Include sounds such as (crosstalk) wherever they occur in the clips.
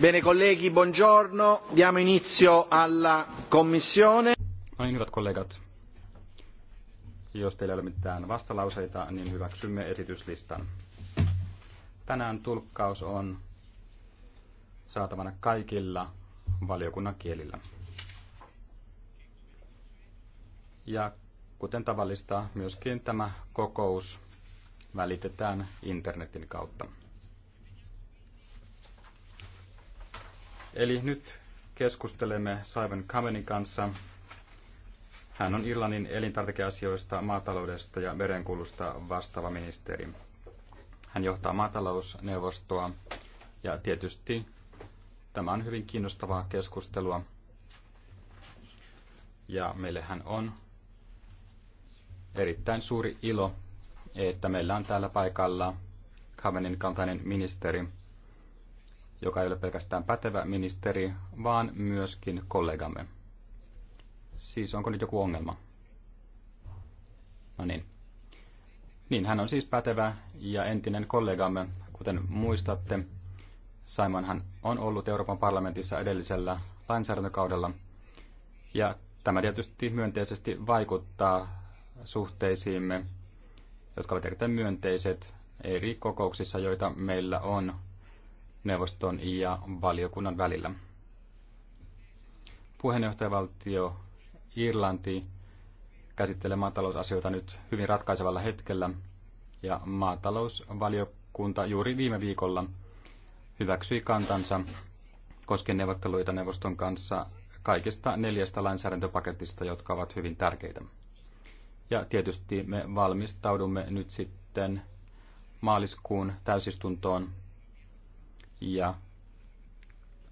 Bene colleghi, buongiorno. Diamo inizio alla commissione. No niin, hyvät kollegat. Jos teillä ei ole mitään vastalauseita, niin hyväksymme esityslistan. Tänään tulkkaus on saatavana kaikilla valiokunnan kielillä. Ja kuten tavallista, myöskin tämä kokous välitetään internetin kautta. Eli nyt keskustelemme Simon Kamenin kanssa. Hän on Irlannin elintarvikeasioista, maataloudesta ja merenkulusta vastaava ministeri. Hän johtaa maatalousneuvostoa ja tietysti tämä on hyvin kiinnostavaa keskustelua. Ja meille hän on erittäin suuri ilo, että meillä on täällä paikalla Kamenin kaltainen ministeri, joka ei ole pelkästään pätevä ministeri, vaan myöskin kollegamme. Siis onko nyt joku ongelma? No niin. Niin, hän on siis pätevä ja entinen kollegamme. Kuten muistatte, Simonhan on ollut Euroopan parlamentissa edellisellä lainsäädäntökaudella. Ja tämä tietysti myönteisesti vaikuttaa suhteisiimme, jotka ovat erittäin myönteiset eri kokouksissa, joita meillä on neuvoston ja valiokunnan välillä. Puheenjohtajavaltio Irlanti käsittelee maatalousasioita nyt hyvin ratkaisevalla hetkellä, ja maatalousvaliokunta juuri viime viikolla hyväksyi kantansa koskien neuvotteluita neuvoston kanssa kaikista neljästä lainsäädäntöpaketista, jotka ovat hyvin tärkeitä. Ja tietysti me valmistaudumme nyt sitten maaliskuun täysistuntoon ja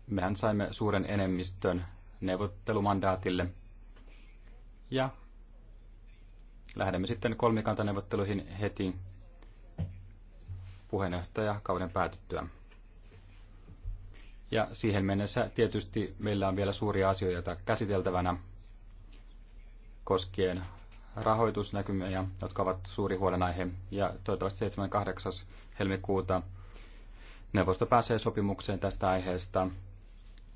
mehän saimme suuren enemmistön neuvottelumandaatille. Ja lähdemme sitten kolmikantaneuvotteluihin heti kauden päätyttyä. Ja siihen mennessä tietysti meillä on vielä suuria asioita käsiteltävänä koskien rahoitusnäkymiä, jotka ovat suuri huolenaihe. Ja toivottavasti 7.8. helmikuuta Neuvosto pääsee sopimukseen tästä aiheesta,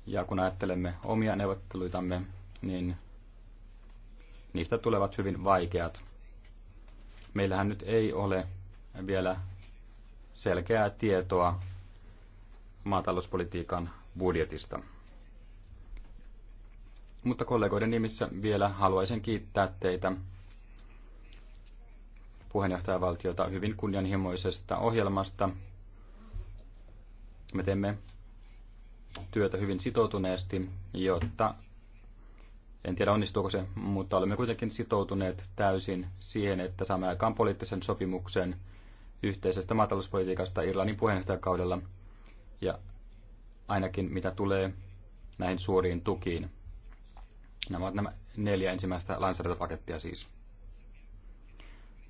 ja kun ajattelemme omia neuvotteluitamme, niin niistä tulevat hyvin vaikeat. Meillähän nyt ei ole vielä selkeää tietoa maatalouspolitiikan budjetista. Mutta kollegoiden nimissä vielä haluaisin kiittää teitä puheenjohtajavaltiota hyvin kunnianhimoisesta ohjelmasta, me teemme työtä hyvin sitoutuneesti, jotta en tiedä onnistuuko se, mutta olemme kuitenkin sitoutuneet täysin siihen, että saamme aikaan poliittisen sopimuksen yhteisestä maatalouspolitiikasta Irlannin puheenjohtajakaudella ja ainakin mitä tulee näihin suoriin tukiin. Nämä ovat nämä neljä ensimmäistä lainsäädäntöpakettia siis.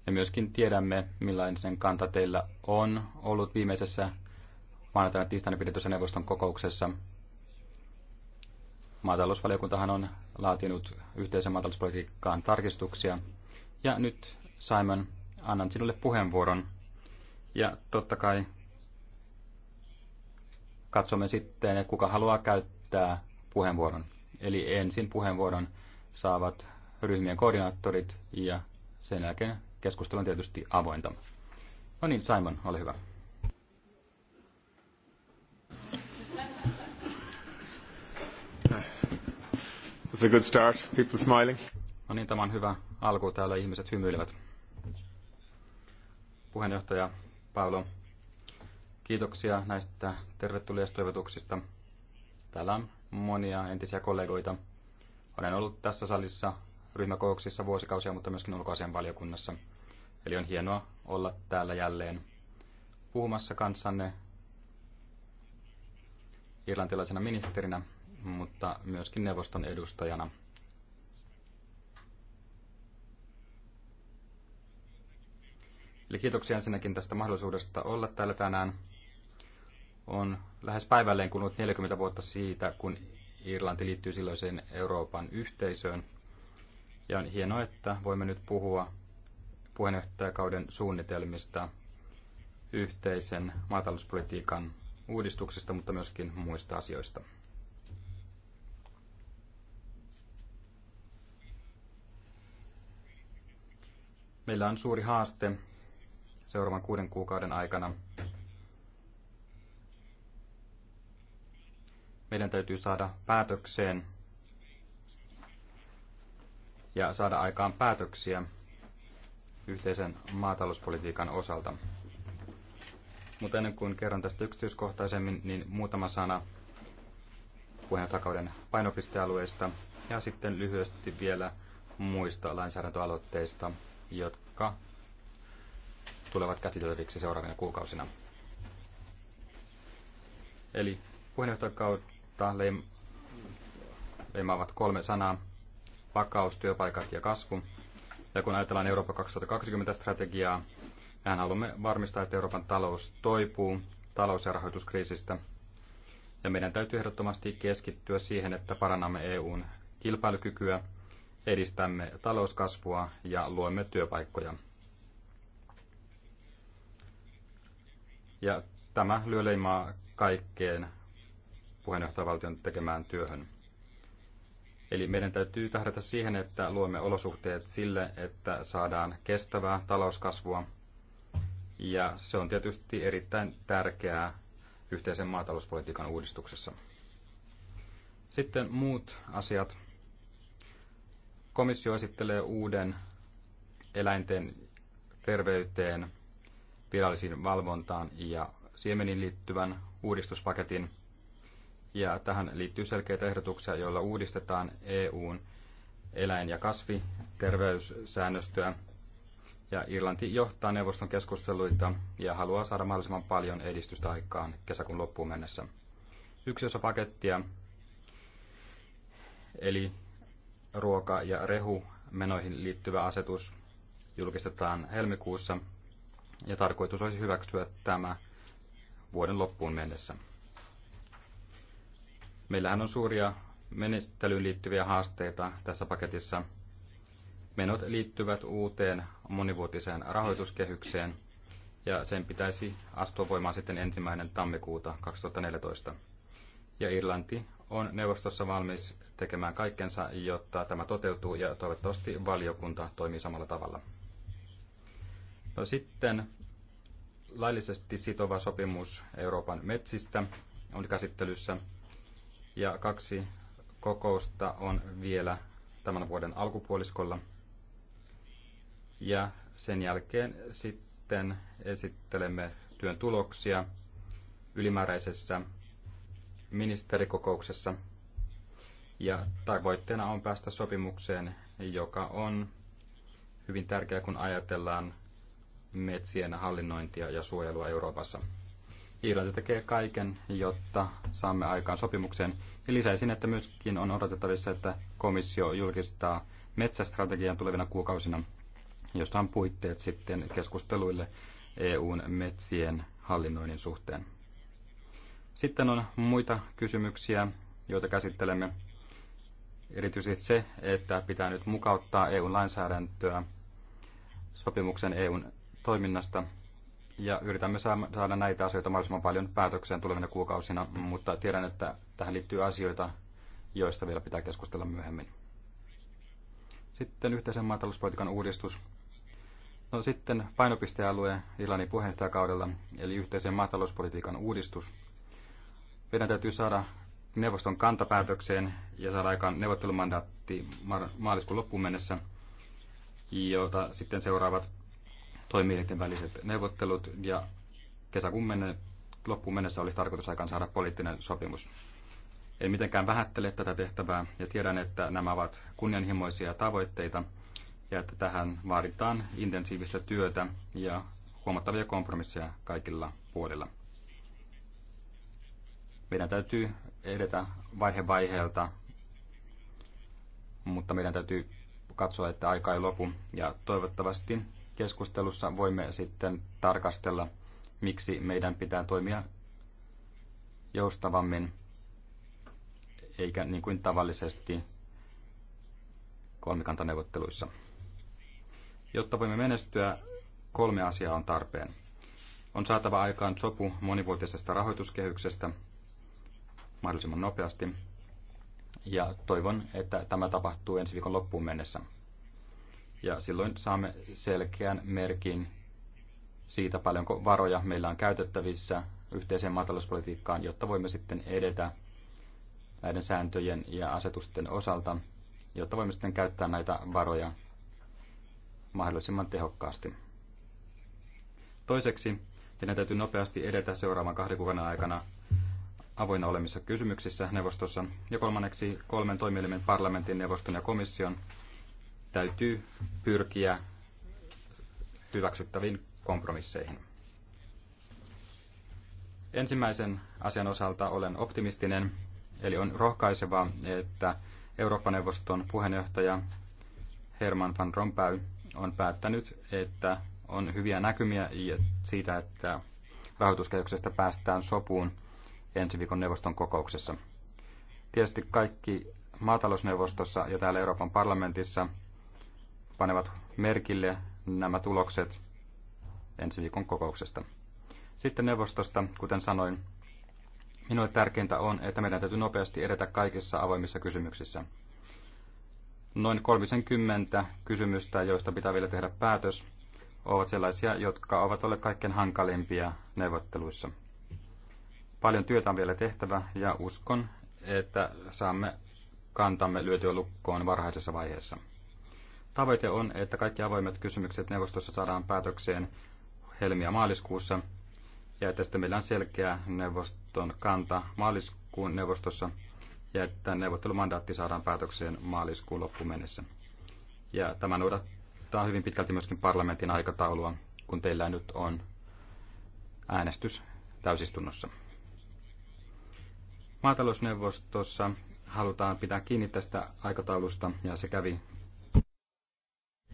Ja myöskin tiedämme, millainen kanta teillä on ollut viimeisessä maanantaina tiistaina pidetyssä neuvoston kokouksessa. Maatalousvaliokuntahan on laatinut yhteisen maatalouspolitiikkaan tarkistuksia. Ja nyt Simon, annan sinulle puheenvuoron. Ja totta kai katsomme sitten, että kuka haluaa käyttää puheenvuoron. Eli ensin puheenvuoron saavat ryhmien koordinaattorit ja sen jälkeen keskustelu on tietysti avointa. No niin, Simon, ole hyvä. That's a good start. People smiling. No niin, tämä on hyvä alku. Täällä ihmiset hymyilevät. Puheenjohtaja Paolo, kiitoksia näistä tervetulleista toivotuksista. Täällä on monia entisiä kollegoita. Olen ollut tässä salissa ryhmäkouksissa vuosikausia, mutta myöskin ulkoasian valiokunnassa. Eli on hienoa olla täällä jälleen puhumassa kanssanne irlantilaisena ministerinä, mutta myöskin neuvoston edustajana. Eli kiitoksia ensinnäkin tästä mahdollisuudesta olla täällä tänään. On lähes päivälleen kulunut 40 vuotta siitä, kun Irlanti liittyy silloiseen Euroopan yhteisöön. Ja on hienoa, että voimme nyt puhua puheenjohtajakauden suunnitelmista yhteisen maatalouspolitiikan uudistuksista, mutta myöskin muista asioista. Meillä on suuri haaste seuraavan kuuden kuukauden aikana. Meidän täytyy saada päätökseen ja saada aikaan päätöksiä yhteisen maatalouspolitiikan osalta. Mutta ennen kuin kerron tästä yksityiskohtaisemmin, niin muutama sana puheenjohtajakauden painopistealueista ja sitten lyhyesti vielä muista lainsäädäntöaloitteista, jotka tulevat käsiteltäviksi seuraavina kuukausina. Eli puheenjohtajakautta leim- leimaavat kolme sanaa, vakaus, työpaikat ja kasvu. Ja kun ajatellaan Eurooppa 2020 strategiaa, Mehän haluamme varmistaa, että Euroopan talous toipuu talous- ja rahoituskriisistä. Ja meidän täytyy ehdottomasti keskittyä siihen, että parannamme EUn kilpailukykyä, edistämme talouskasvua ja luomme työpaikkoja. Ja tämä lyö leimaa kaikkeen puheenjohtajavaltion tekemään työhön. Eli meidän täytyy tähdätä siihen, että luomme olosuhteet sille, että saadaan kestävää talouskasvua ja se on tietysti erittäin tärkeää yhteisen maatalouspolitiikan uudistuksessa. Sitten muut asiat. Komissio esittelee uuden eläinten terveyteen, virallisiin valvontaan ja siemeniin liittyvän uudistuspaketin. Ja tähän liittyy selkeitä ehdotuksia, joilla uudistetaan EUn eläin- ja kasviterveyssäännöstöä ja Irlanti johtaa neuvoston keskusteluita ja haluaa saada mahdollisimman paljon edistystä aikaan kesäkuun loppuun mennessä. Yksi osa pakettia, eli ruoka- ja rehumenoihin liittyvä asetus, julkistetaan helmikuussa ja tarkoitus olisi hyväksyä tämä vuoden loppuun mennessä. Meillähän on suuria menettelyyn liittyviä haasteita tässä paketissa – Menot liittyvät uuteen monivuotiseen rahoituskehykseen ja sen pitäisi astua voimaan sitten ensimmäinen tammikuuta 2014. Ja Irlanti on neuvostossa valmis tekemään kaikkensa, jotta tämä toteutuu ja toivottavasti valiokunta toimii samalla tavalla. No sitten laillisesti sitova sopimus Euroopan metsistä on käsittelyssä ja kaksi kokousta on vielä tämän vuoden alkupuoliskolla – ja sen jälkeen sitten esittelemme työn tuloksia ylimääräisessä ministerikokouksessa. Ja tavoitteena on päästä sopimukseen, joka on hyvin tärkeä, kun ajatellaan metsien hallinnointia ja suojelua Euroopassa. Irlanti tekee kaiken, jotta saamme aikaan sopimuksen. Ja lisäisin, että myöskin on odotettavissa, että komissio julkistaa metsästrategian tulevina kuukausina jossa on puitteet sitten keskusteluille EUn metsien hallinnoinnin suhteen. Sitten on muita kysymyksiä, joita käsittelemme. Erityisesti se, että pitää nyt mukauttaa EUn lainsäädäntöä sopimuksen EUn toiminnasta ja yritämme saada näitä asioita mahdollisimman paljon päätökseen tulevina kuukausina, mutta tiedän, että tähän liittyy asioita, joista vielä pitää keskustella myöhemmin. Sitten yhteisen maatalouspolitiikan uudistus. No sitten painopistealue Irlannin puheenjohtajakaudella, eli yhteisen maatalouspolitiikan uudistus. Meidän täytyy saada neuvoston kantapäätökseen ja saada aikaan neuvottelumandaatti maaliskuun loppuun mennessä, jota sitten seuraavat toimijoiden väliset neuvottelut ja kesäkuun menne, loppuun mennessä olisi tarkoitus aikaan saada poliittinen sopimus. En mitenkään vähättele tätä tehtävää ja tiedän, että nämä ovat kunnianhimoisia tavoitteita – ja että tähän vaaditaan intensiivistä työtä ja huomattavia kompromisseja kaikilla puolilla. Meidän täytyy edetä vaihe vaiheelta, mutta meidän täytyy katsoa, että aika ei lopu. Ja toivottavasti keskustelussa voimme sitten tarkastella, miksi meidän pitää toimia joustavammin, eikä niin kuin tavallisesti kolmikantaneuvotteluissa. Jotta voimme menestyä, kolme asiaa on tarpeen. On saatava aikaan sopu monivuotisesta rahoituskehyksestä mahdollisimman nopeasti, ja toivon, että tämä tapahtuu ensi viikon loppuun mennessä. Ja silloin saamme selkeän merkin siitä, paljonko varoja meillä on käytettävissä yhteiseen maatalouspolitiikkaan, jotta voimme sitten edetä näiden sääntöjen ja asetusten osalta, jotta voimme sitten käyttää näitä varoja mahdollisimman tehokkaasti. Toiseksi teidän täytyy nopeasti edetä seuraavan kahden kuukauden aikana avoinna olemissa kysymyksissä neuvostossa. Ja kolmanneksi kolmen toimielimen parlamentin, neuvoston ja komission täytyy pyrkiä hyväksyttäviin kompromisseihin. Ensimmäisen asian osalta olen optimistinen, eli on rohkaisevaa, että Eurooppa-neuvoston puheenjohtaja Herman van Rompuy on päättänyt, että on hyviä näkymiä siitä, että rahoituskehyksestä päästään sopuun ensi viikon neuvoston kokouksessa. Tietysti kaikki maatalousneuvostossa ja täällä Euroopan parlamentissa panevat merkille nämä tulokset ensi viikon kokouksesta. Sitten neuvostosta, kuten sanoin, minulle tärkeintä on, että meidän täytyy nopeasti edetä kaikissa avoimissa kysymyksissä – Noin 30 kysymystä, joista pitää vielä tehdä päätös, ovat sellaisia, jotka ovat olleet kaikkein hankalimpia neuvotteluissa. Paljon työtä on vielä tehtävä ja uskon, että saamme kantamme lyötyä lukkoon varhaisessa vaiheessa. Tavoite on, että kaikki avoimet kysymykset neuvostossa saadaan päätökseen helmi- ja maaliskuussa, ja että sitten meillä on selkeä neuvoston kanta maaliskuun neuvostossa – ja että neuvottelumandaatti saadaan päätökseen maaliskuun loppuun mennessä. Ja tämä noudattaa hyvin pitkälti myöskin parlamentin aikataulua, kun teillä nyt on äänestys täysistunnossa. Maatalousneuvostossa halutaan pitää kiinni tästä aikataulusta ja se kävi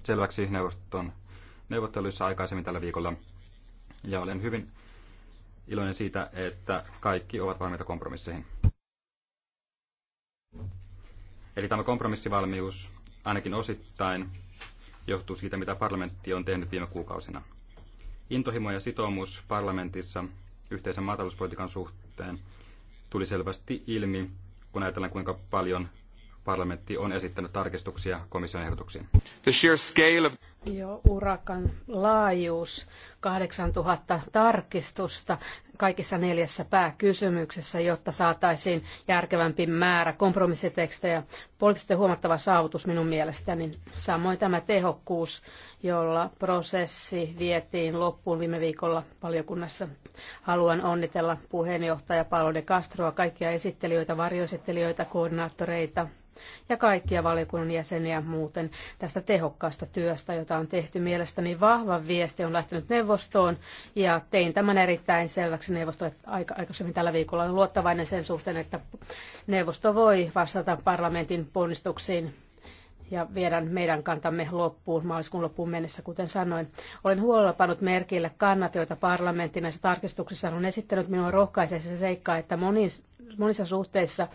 selväksi neuvoston neuvotteluissa aikaisemmin tällä viikolla. Ja olen hyvin iloinen siitä, että kaikki ovat valmiita kompromisseihin. Eli tämä kompromissivalmius ainakin osittain johtuu siitä, mitä parlamentti on tehnyt viime kuukausina. Intohimo ja sitoumus parlamentissa yhteisen maatalouspolitiikan suhteen tuli selvästi ilmi, kun ajatellaan kuinka paljon parlamentti on esittänyt tarkistuksia komission ehdotuksiin. The sheer scale of... Joo, urakan laajuus, 8000 tarkistusta, kaikissa neljässä pääkysymyksessä, jotta saataisiin järkevämpi määrä kompromissitekstejä. Poliittisesti huomattava saavutus minun mielestäni. Samoin tämä tehokkuus, jolla prosessi vietiin loppuun viime viikolla valiokunnassa. Haluan onnitella puheenjohtaja Paolo de Castroa, kaikkia esittelijöitä, varjoesittelijöitä, koordinaattoreita, ja kaikkia valiokunnan jäseniä muuten tästä tehokkaasta työstä, jota on tehty. Mielestäni vahva viesti on lähtenyt neuvostoon ja tein tämän erittäin selväksi neuvostolle aika, aikaisemmin tällä viikolla. Olen luottavainen sen suhteen, että neuvosto voi vastata parlamentin ponnistuksiin ja viedä meidän kantamme loppuun maaliskuun loppuun mennessä, kuten sanoin. Olen huolella pannut merkille kannat, joita parlamentti näissä tarkistuksissa on esittänyt. Minua rohkaisee se seikka, että monissa suhteissa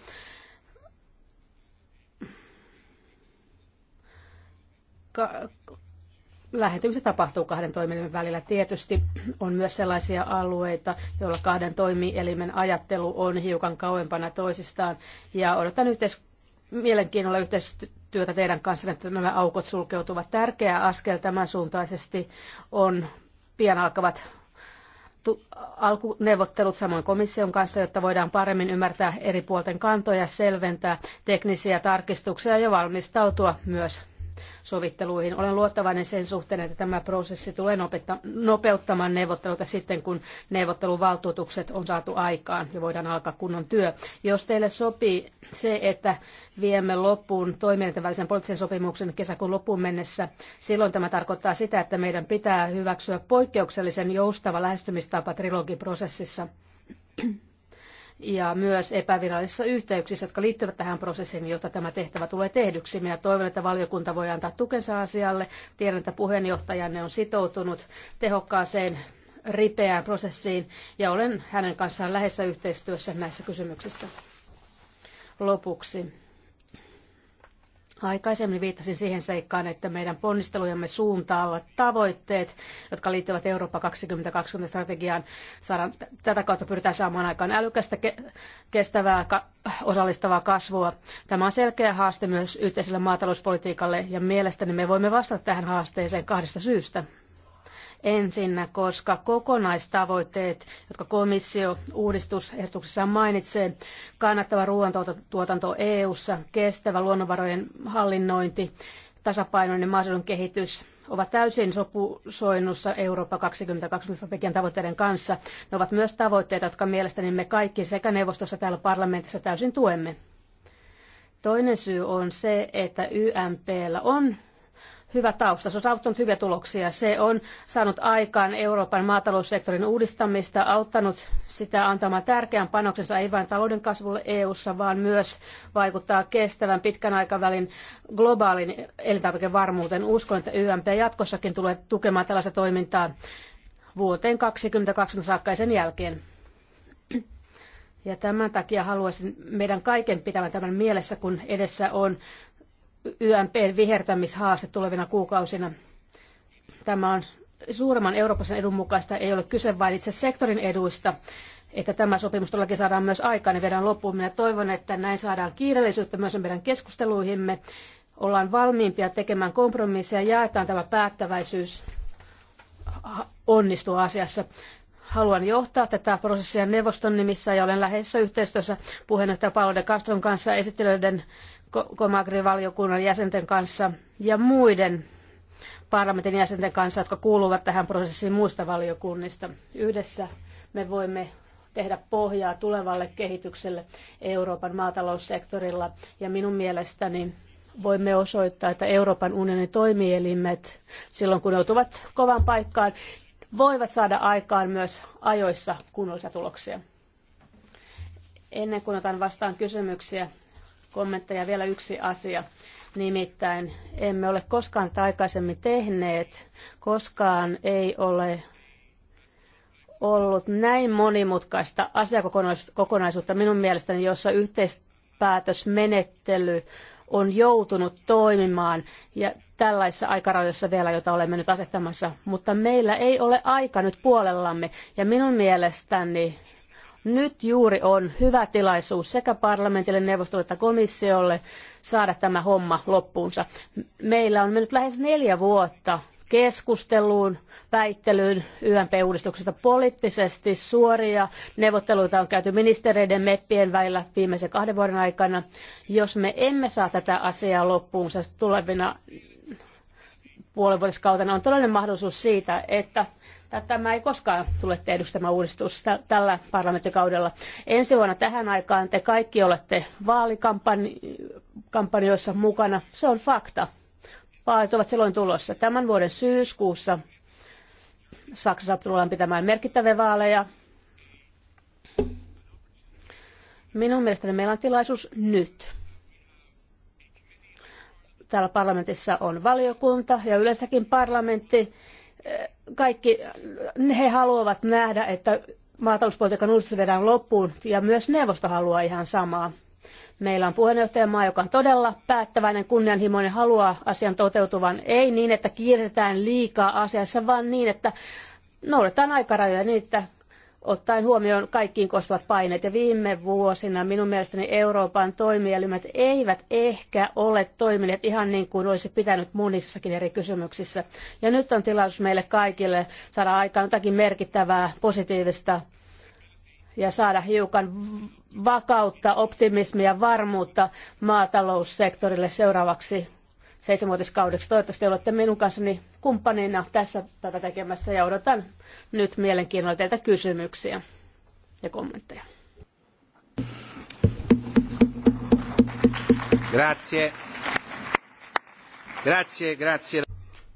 lähentymistä tapahtuu kahden toimielimen välillä. Tietysti on myös sellaisia alueita, joilla kahden toimielimen ajattelu on hiukan kauempana toisistaan. Ja odotan yhteis- mielenkiinnolla yhteistyötä teidän kanssa, että nämä aukot sulkeutuvat. Tärkeä askel tämän suuntaisesti on pian alkavat alkuneuvottelut samoin komission kanssa, jotta voidaan paremmin ymmärtää eri puolten kantoja, selventää teknisiä tarkistuksia ja valmistautua myös sovitteluihin. Olen luottavainen sen suhteen, että tämä prosessi tulee nopeuttamaan neuvotteluita sitten, kun neuvotteluvaltuutukset on saatu aikaan ja voidaan alkaa kunnon työ. Jos teille sopii se, että viemme loppuun toimijoiden välisen poliittisen sopimuksen kesäkuun loppuun mennessä, silloin tämä tarkoittaa sitä, että meidän pitää hyväksyä poikkeuksellisen joustava lähestymistapa trilogiprosessissa ja myös epävirallisissa yhteyksissä, jotka liittyvät tähän prosessiin, jotta tämä tehtävä tulee tehdyksi. Minä toivon, että valiokunta voi antaa tukensa asialle. Tiedän, että puheenjohtajanne on sitoutunut tehokkaaseen ripeään prosessiin ja olen hänen kanssaan läheisessä yhteistyössä näissä kysymyksissä. Lopuksi Aikaisemmin viittasin siihen seikkaan, että meidän ponnistelujamme suuntaavat tavoitteet, jotka liittyvät Eurooppa 2020 strategiaan. Saadaan, tätä kautta pyritään saamaan aikaan älykästä, kestävää, osallistavaa kasvua. Tämä on selkeä haaste myös yhteiselle maatalouspolitiikalle ja mielestäni me voimme vastata tähän haasteeseen kahdesta syystä ensinnä, koska kokonaistavoitteet, jotka komissio uudistusehdotuksessaan mainitsee, kannattava ruoantuotanto EU-ssa, kestävä luonnonvarojen hallinnointi, tasapainoinen maaseudun kehitys, ovat täysin sopusoinnussa Eurooppa 2020 strategian tavoitteiden kanssa. Ne ovat myös tavoitteita, jotka mielestäni me kaikki sekä neuvostossa täällä parlamentissa täysin tuemme. Toinen syy on se, että YMPllä on hyvä tausta. Se on saavuttanut hyviä tuloksia. Se on saanut aikaan Euroopan maataloussektorin uudistamista, auttanut sitä antamaan tärkeän panoksensa ei vain talouden kasvulle EU-ssa, vaan myös vaikuttaa kestävän pitkän aikavälin globaalin elintarvikevarmuuteen. Uskon, että YMP jatkossakin tulee tukemaan tällaista toimintaa vuoteen 2020 saakka ja sen jälkeen. Ja tämän takia haluaisin meidän kaiken pitävän tämän mielessä, kun edessä on YMPn vihertämishaaste tulevina kuukausina. Tämä on suuremman Euroopan edun mukaista. Ei ole kyse vain itse sektorin eduista, että tämä sopimus todellakin saadaan myös aikaan ja viedään loppuun. Minä toivon, että näin saadaan kiireellisyyttä myös meidän keskusteluihimme. Ollaan valmiimpia tekemään kompromisseja, jaetaan tämä päättäväisyys onnistua asiassa. Haluan johtaa tätä prosessia neuvoston nimissä ja olen läheisessä yhteistyössä puheenjohtaja Paolo de Castron kanssa esittelyiden Komagri-valiokunnan jäsenten kanssa ja muiden parlamentin jäsenten kanssa, jotka kuuluvat tähän prosessiin muista valiokunnista. Yhdessä me voimme tehdä pohjaa tulevalle kehitykselle Euroopan maataloussektorilla. Ja minun mielestäni voimme osoittaa, että Euroopan unionin toimielimet silloin, kun joutuvat kovan paikkaan, voivat saada aikaan myös ajoissa kunnollisia tuloksia. Ennen kuin otan vastaan kysymyksiä, kommentteja. Vielä yksi asia. Nimittäin emme ole koskaan tätä aikaisemmin tehneet. Koskaan ei ole ollut näin monimutkaista asiakokonaisuutta minun mielestäni, jossa yhteispäätösmenettely on joutunut toimimaan ja tällaisessa aikarajoissa vielä, jota olemme nyt asettamassa. Mutta meillä ei ole aika nyt puolellamme ja minun mielestäni nyt juuri on hyvä tilaisuus sekä parlamentille, neuvostolle että komissiolle saada tämä homma loppuunsa. Meillä on mennyt lähes neljä vuotta keskusteluun, väittelyyn YMP-uudistuksesta poliittisesti suoria. Neuvotteluita on käyty ministereiden meppien välillä viimeisen kahden vuoden aikana. Jos me emme saa tätä asiaa loppuunsa tulevina puolenvuotiskautena, on todellinen mahdollisuus siitä, että Tämä ei koskaan tule tehdyksi tämä uudistus tällä parlamenttikaudella. Ensi vuonna tähän aikaan te kaikki olette vaalikampanjoissa mukana. Se on fakta. Vaalit ovat silloin tulossa. Tämän vuoden syyskuussa Saksassa tullaan pitämään merkittäviä vaaleja. Minun mielestäni meillä on tilaisuus nyt täällä parlamentissa on valiokunta ja yleensäkin parlamentti kaikki he haluavat nähdä, että maatalouspolitiikan uudistus vedään loppuun ja myös neuvosto haluaa ihan samaa. Meillä on puheenjohtajamaa, joka on todella päättäväinen, kunnianhimoinen, haluaa asian toteutuvan. Ei niin, että kiirretään liikaa asiassa, vaan niin, että noudatetaan aikarajoja niin, että ottaen huomioon kaikkiin kostuvat paineet. Ja viime vuosina minun mielestäni Euroopan toimielimet eivät ehkä ole toimineet ihan niin kuin olisi pitänyt monissakin eri kysymyksissä. Ja nyt on tilaisuus meille kaikille saada aikaan jotakin merkittävää, positiivista ja saada hiukan vakautta, optimismia ja varmuutta maataloussektorille seuraavaksi seitsemänvuotiskaudeksi. Toivottavasti olette minun kanssani kumppanina tässä tätä tekemässä ja odotan nyt mielenkiinnolla teiltä kysymyksiä ja kommentteja. Grazie. Grazie, grazie.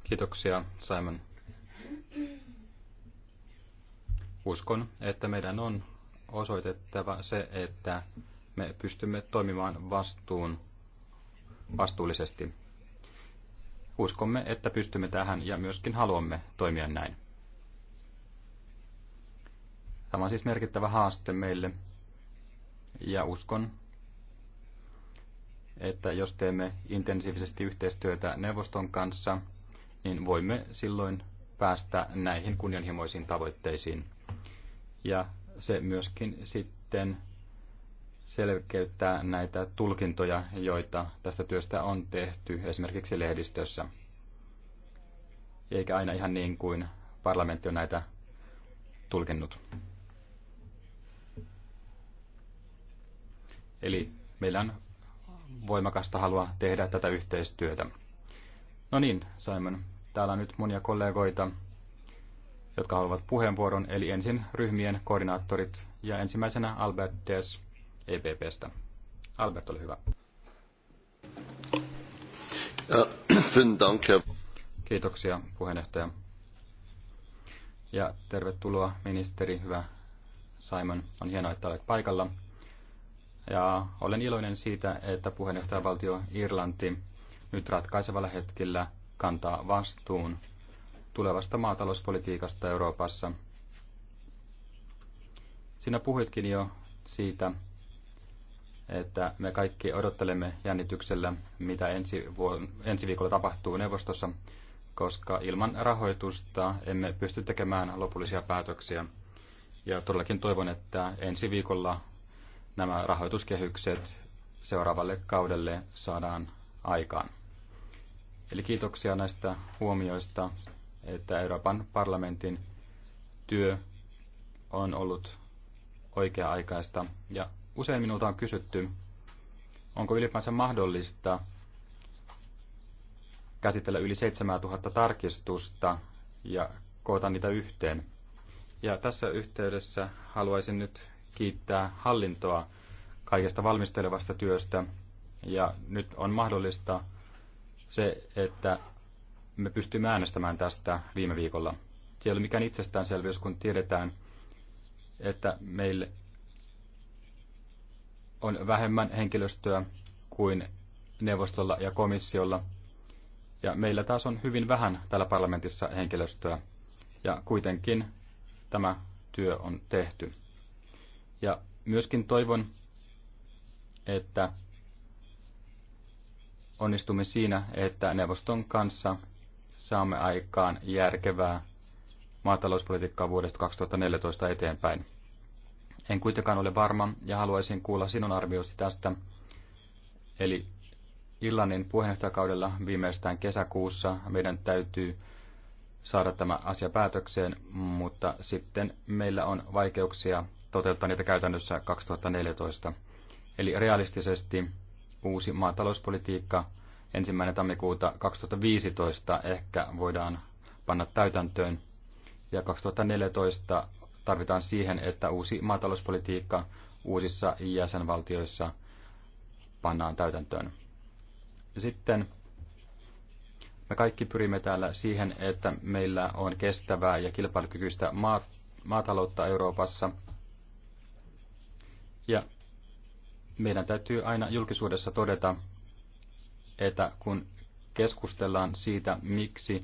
Kiitoksia Simon. Uskon, että meidän on osoitettava se, että me pystymme toimimaan vastuun vastuullisesti uskomme, että pystymme tähän ja myöskin haluamme toimia näin. Tämä on siis merkittävä haaste meille ja uskon, että jos teemme intensiivisesti yhteistyötä neuvoston kanssa, niin voimme silloin päästä näihin kunnianhimoisiin tavoitteisiin. Ja se myöskin sitten selkeyttää näitä tulkintoja, joita tästä työstä on tehty esimerkiksi lehdistössä. Eikä aina ihan niin kuin parlamentti on näitä tulkinnut. Eli meillä on voimakasta halua tehdä tätä yhteistyötä. No niin, Simon, täällä on nyt monia kollegoita, jotka haluavat puheenvuoron, eli ensin ryhmien koordinaattorit ja ensimmäisenä Albert Des EPPstä. Albert, oli hyvä. Kiitoksia puheenjohtaja. Ja tervetuloa ministeri, hyvä Simon. On hienoa, että olet paikalla. Ja olen iloinen siitä, että puheenjohtajavaltio Irlanti nyt ratkaisevalla hetkellä kantaa vastuun tulevasta maatalouspolitiikasta Euroopassa. Sinä puhuitkin jo siitä, että me kaikki odottelemme jännityksellä, mitä ensi, ensi viikolla tapahtuu neuvostossa, koska ilman rahoitusta emme pysty tekemään lopullisia päätöksiä. Ja todellakin toivon, että ensi viikolla nämä rahoituskehykset seuraavalle kaudelle saadaan aikaan. Eli kiitoksia näistä huomioista, että Euroopan parlamentin työ on ollut oikea-aikaista ja Usein minulta on kysytty, onko ylipäänsä mahdollista käsitellä yli 7000 tarkistusta ja koota niitä yhteen. Ja tässä yhteydessä haluaisin nyt kiittää hallintoa kaikesta valmistelevasta työstä. Ja nyt on mahdollista se, että me pystymme äänestämään tästä viime viikolla. Se ei ole mikään itsestäänselvyys, kun tiedetään, että meille on vähemmän henkilöstöä kuin neuvostolla ja komissiolla. Ja meillä taas on hyvin vähän täällä parlamentissa henkilöstöä. Ja kuitenkin tämä työ on tehty. Ja myöskin toivon, että onnistumme siinä, että neuvoston kanssa saamme aikaan järkevää maatalouspolitiikkaa vuodesta 2014 eteenpäin. En kuitenkaan ole varma ja haluaisin kuulla sinun arviosi tästä. Eli illanin puheenjohtajakaudella viimeistään kesäkuussa meidän täytyy saada tämä asia päätökseen, mutta sitten meillä on vaikeuksia toteuttaa niitä käytännössä 2014. Eli realistisesti uusi maatalouspolitiikka ensimmäinen tammikuuta 2015 ehkä voidaan panna täytäntöön ja 2014 tarvitaan siihen, että uusi maatalouspolitiikka uusissa jäsenvaltioissa pannaan täytäntöön. Sitten me kaikki pyrimme täällä siihen, että meillä on kestävää ja kilpailukykyistä maataloutta Euroopassa. Ja meidän täytyy aina julkisuudessa todeta, että kun keskustellaan siitä, miksi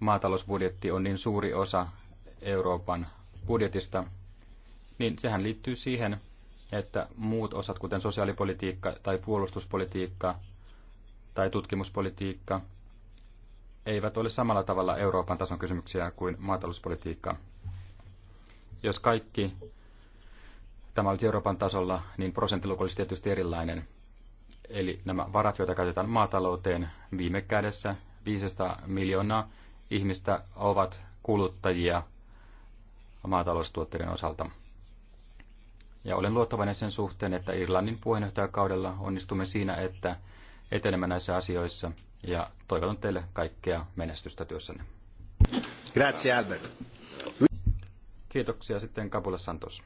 maatalousbudjetti on niin suuri osa Euroopan budjetista, niin sehän liittyy siihen, että muut osat, kuten sosiaalipolitiikka tai puolustuspolitiikka tai tutkimuspolitiikka, eivät ole samalla tavalla Euroopan tason kysymyksiä kuin maatalouspolitiikka. Jos kaikki tämä olisi Euroopan tasolla, niin prosenttiluku olisi tietysti erilainen. Eli nämä varat, joita käytetään maatalouteen, viime kädessä 500 miljoonaa ihmistä ovat kuluttajia maataloustuotteiden osalta. Ja olen luottavainen sen suhteen, että Irlannin puheenjohtajakaudella onnistumme siinä, että etenemme näissä asioissa ja toivotan teille kaikkea menestystä työssänne. Grazie Albert. Kiitoksia sitten Kapula Santos.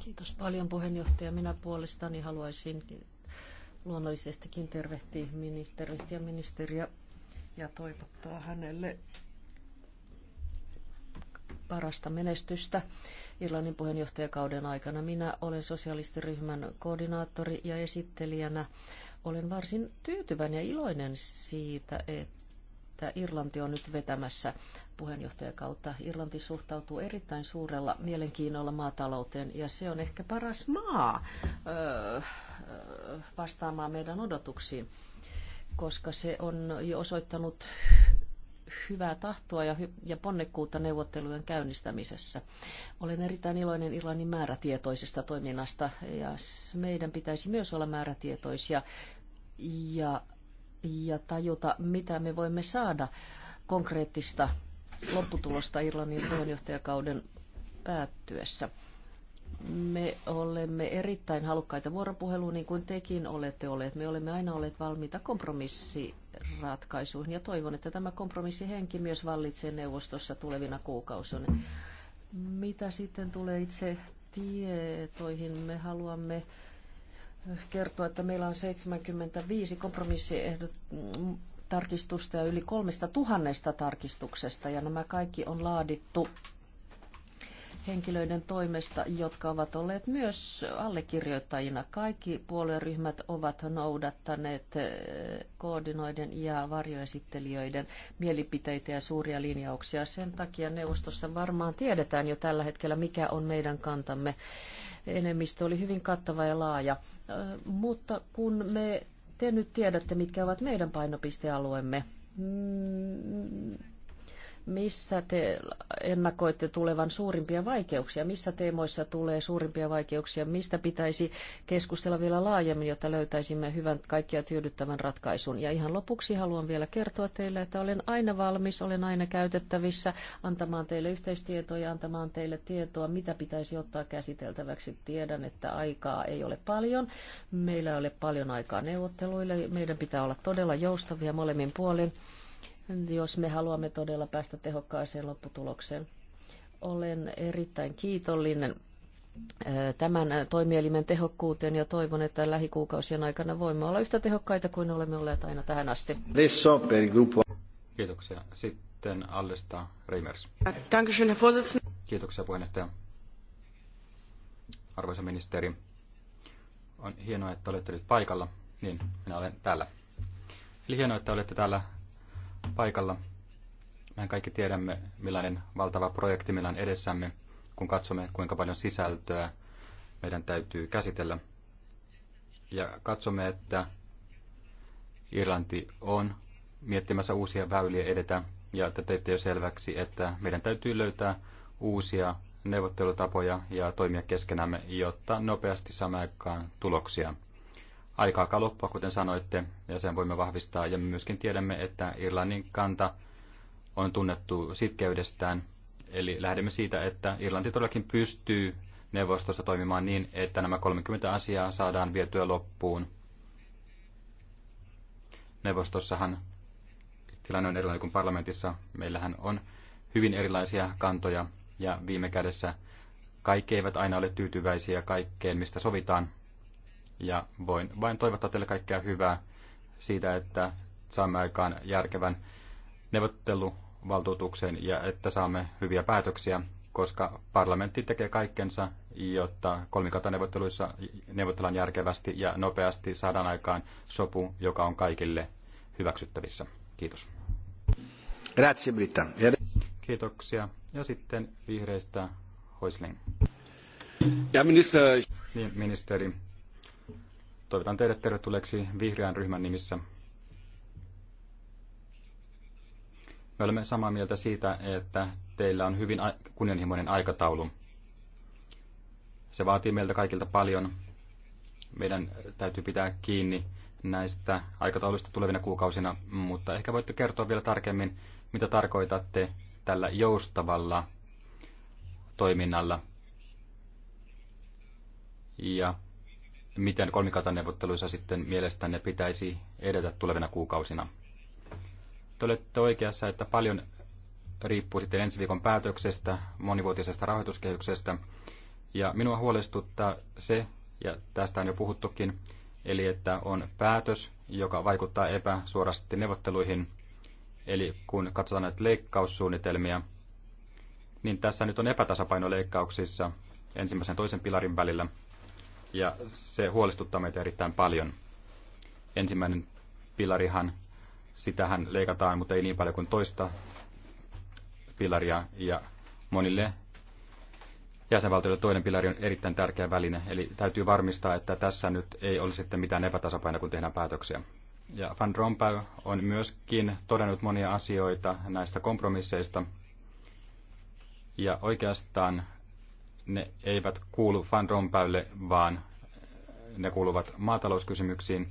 Kiitos paljon puheenjohtaja. Minä puolestani haluaisin luonnollisestikin tervehtiä ministeriä, ministeriä ja toivottaa hänelle parasta menestystä Irlannin puheenjohtajakauden aikana. Minä olen sosialistiryhmän koordinaattori ja esittelijänä. Olen varsin tyytyväinen ja iloinen siitä, että Irlanti on nyt vetämässä puheenjohtajakautta. Irlanti suhtautuu erittäin suurella mielenkiinnolla maatalouteen ja se on ehkä paras maa öö, vastaamaan meidän odotuksiin koska se on jo osoittanut hyvää tahtoa ja, ja ponnekkuutta neuvottelujen käynnistämisessä. Olen erittäin iloinen Irlannin määrätietoisesta toiminnasta ja meidän pitäisi myös olla määrätietoisia ja, ja tajuta, mitä me voimme saada konkreettista lopputulosta Irlannin puheenjohtajakauden päättyessä. Me olemme erittäin halukkaita vuoropuheluun, niin kuin tekin olette olleet. Me olemme aina olleet valmiita kompromissiratkaisuihin ja toivon, että tämä kompromissihenki myös vallitsee neuvostossa tulevina kuukausina. Mitä sitten tulee itse tietoihin? Me haluamme kertoa, että meillä on 75 kompromissiehdot tarkistusta ja yli kolmesta tuhannesta tarkistuksesta ja nämä kaikki on laadittu henkilöiden toimesta, jotka ovat olleet myös allekirjoittajina. Kaikki puolueryhmät ovat noudattaneet eh, koordinoiden ja varjoesittelijöiden mielipiteitä ja suuria linjauksia. Sen takia neuvostossa varmaan tiedetään jo tällä hetkellä, mikä on meidän kantamme. Enemmistö oli hyvin kattava ja laaja, eh, mutta kun me te nyt tiedätte, mitkä ovat meidän painopistealueemme, mm, missä te ennakoitte tulevan suurimpia vaikeuksia? Missä teemoissa tulee suurimpia vaikeuksia? Mistä pitäisi keskustella vielä laajemmin, jotta löytäisimme hyvän kaikkia tyydyttävän ratkaisun? Ja ihan lopuksi haluan vielä kertoa teille, että olen aina valmis, olen aina käytettävissä antamaan teille yhteistietoja, antamaan teille tietoa, mitä pitäisi ottaa käsiteltäväksi. Tiedän, että aikaa ei ole paljon. Meillä ei ole paljon aikaa neuvotteluille. Meidän pitää olla todella joustavia molemmin puolin jos me haluamme todella päästä tehokkaaseen lopputulokseen. Olen erittäin kiitollinen tämän toimielimen tehokkuuteen ja toivon, että lähikuukausien aikana voimme olla yhtä tehokkaita kuin olemme olleet aina tähän asti. Kiitoksia. Sitten Allesta Reimers. Kiitoksia puheenjohtaja. Arvoisa ministeri, on hienoa, että olette nyt paikalla. Niin, minä olen täällä. Eli hienoa, että olette täällä paikalla. Mehän kaikki tiedämme, millainen valtava projekti meillä on edessämme, kun katsomme, kuinka paljon sisältöä meidän täytyy käsitellä. Ja katsomme, että Irlanti on miettimässä uusia väyliä edetä, ja te teitte jo selväksi, että meidän täytyy löytää uusia neuvottelutapoja ja toimia keskenämme, jotta nopeasti saamme aikaan tuloksia aika alkaa loppua, kuten sanoitte, ja sen voimme vahvistaa. Ja myöskin tiedämme, että Irlannin kanta on tunnettu sitkeydestään. Eli lähdemme siitä, että Irlanti todellakin pystyy neuvostossa toimimaan niin, että nämä 30 asiaa saadaan vietyä loppuun. Neuvostossahan tilanne on erilainen kuin parlamentissa. Meillähän on hyvin erilaisia kantoja ja viime kädessä kaikki eivät aina ole tyytyväisiä kaikkeen, mistä sovitaan ja voin vain toivottaa teille kaikkea hyvää siitä, että saamme aikaan järkevän neuvotteluvaltuutuksen ja että saamme hyviä päätöksiä, koska parlamentti tekee kaikkensa, jotta kolmikantaneuvotteluissa neuvotellaan järkevästi ja nopeasti saadaan aikaan sopu, joka on kaikille hyväksyttävissä. Kiitos. Grazie, Britta. Kiitoksia. Ja sitten vihreistä Hoisling. Ja ministeri. Niin, ministeri Toivotan teidät tervetulleeksi vihreän ryhmän nimissä. Me olemme samaa mieltä siitä, että teillä on hyvin kunnianhimoinen aikataulu. Se vaatii meiltä kaikilta paljon. Meidän täytyy pitää kiinni näistä aikatauluista tulevina kuukausina, mutta ehkä voitte kertoa vielä tarkemmin, mitä tarkoitatte tällä joustavalla toiminnalla. Ja miten kolmikantaneuvotteluissa sitten mielestänne pitäisi edetä tulevina kuukausina. Te olette oikeassa, että paljon riippuu sitten ensi viikon päätöksestä, monivuotisesta rahoituskehyksestä. Ja minua huolestuttaa se, ja tästä on jo puhuttukin, eli että on päätös, joka vaikuttaa epäsuorasti neuvotteluihin. Eli kun katsotaan näitä leikkaussuunnitelmia, niin tässä nyt on epätasapaino leikkauksissa ensimmäisen ja toisen pilarin välillä – ja se huolestuttaa meitä erittäin paljon. Ensimmäinen pilarihan, sitähän leikataan, mutta ei niin paljon kuin toista pilaria, ja monille jäsenvaltioille toinen pilari on erittäin tärkeä väline, eli täytyy varmistaa, että tässä nyt ei ole sitten mitään epätasapainoa, kun tehdään päätöksiä. Ja Van Rompuy on myöskin todennut monia asioita näistä kompromisseista, ja oikeastaan ne eivät kuulu Van Rompuylle, vaan ne kuuluvat maatalouskysymyksiin.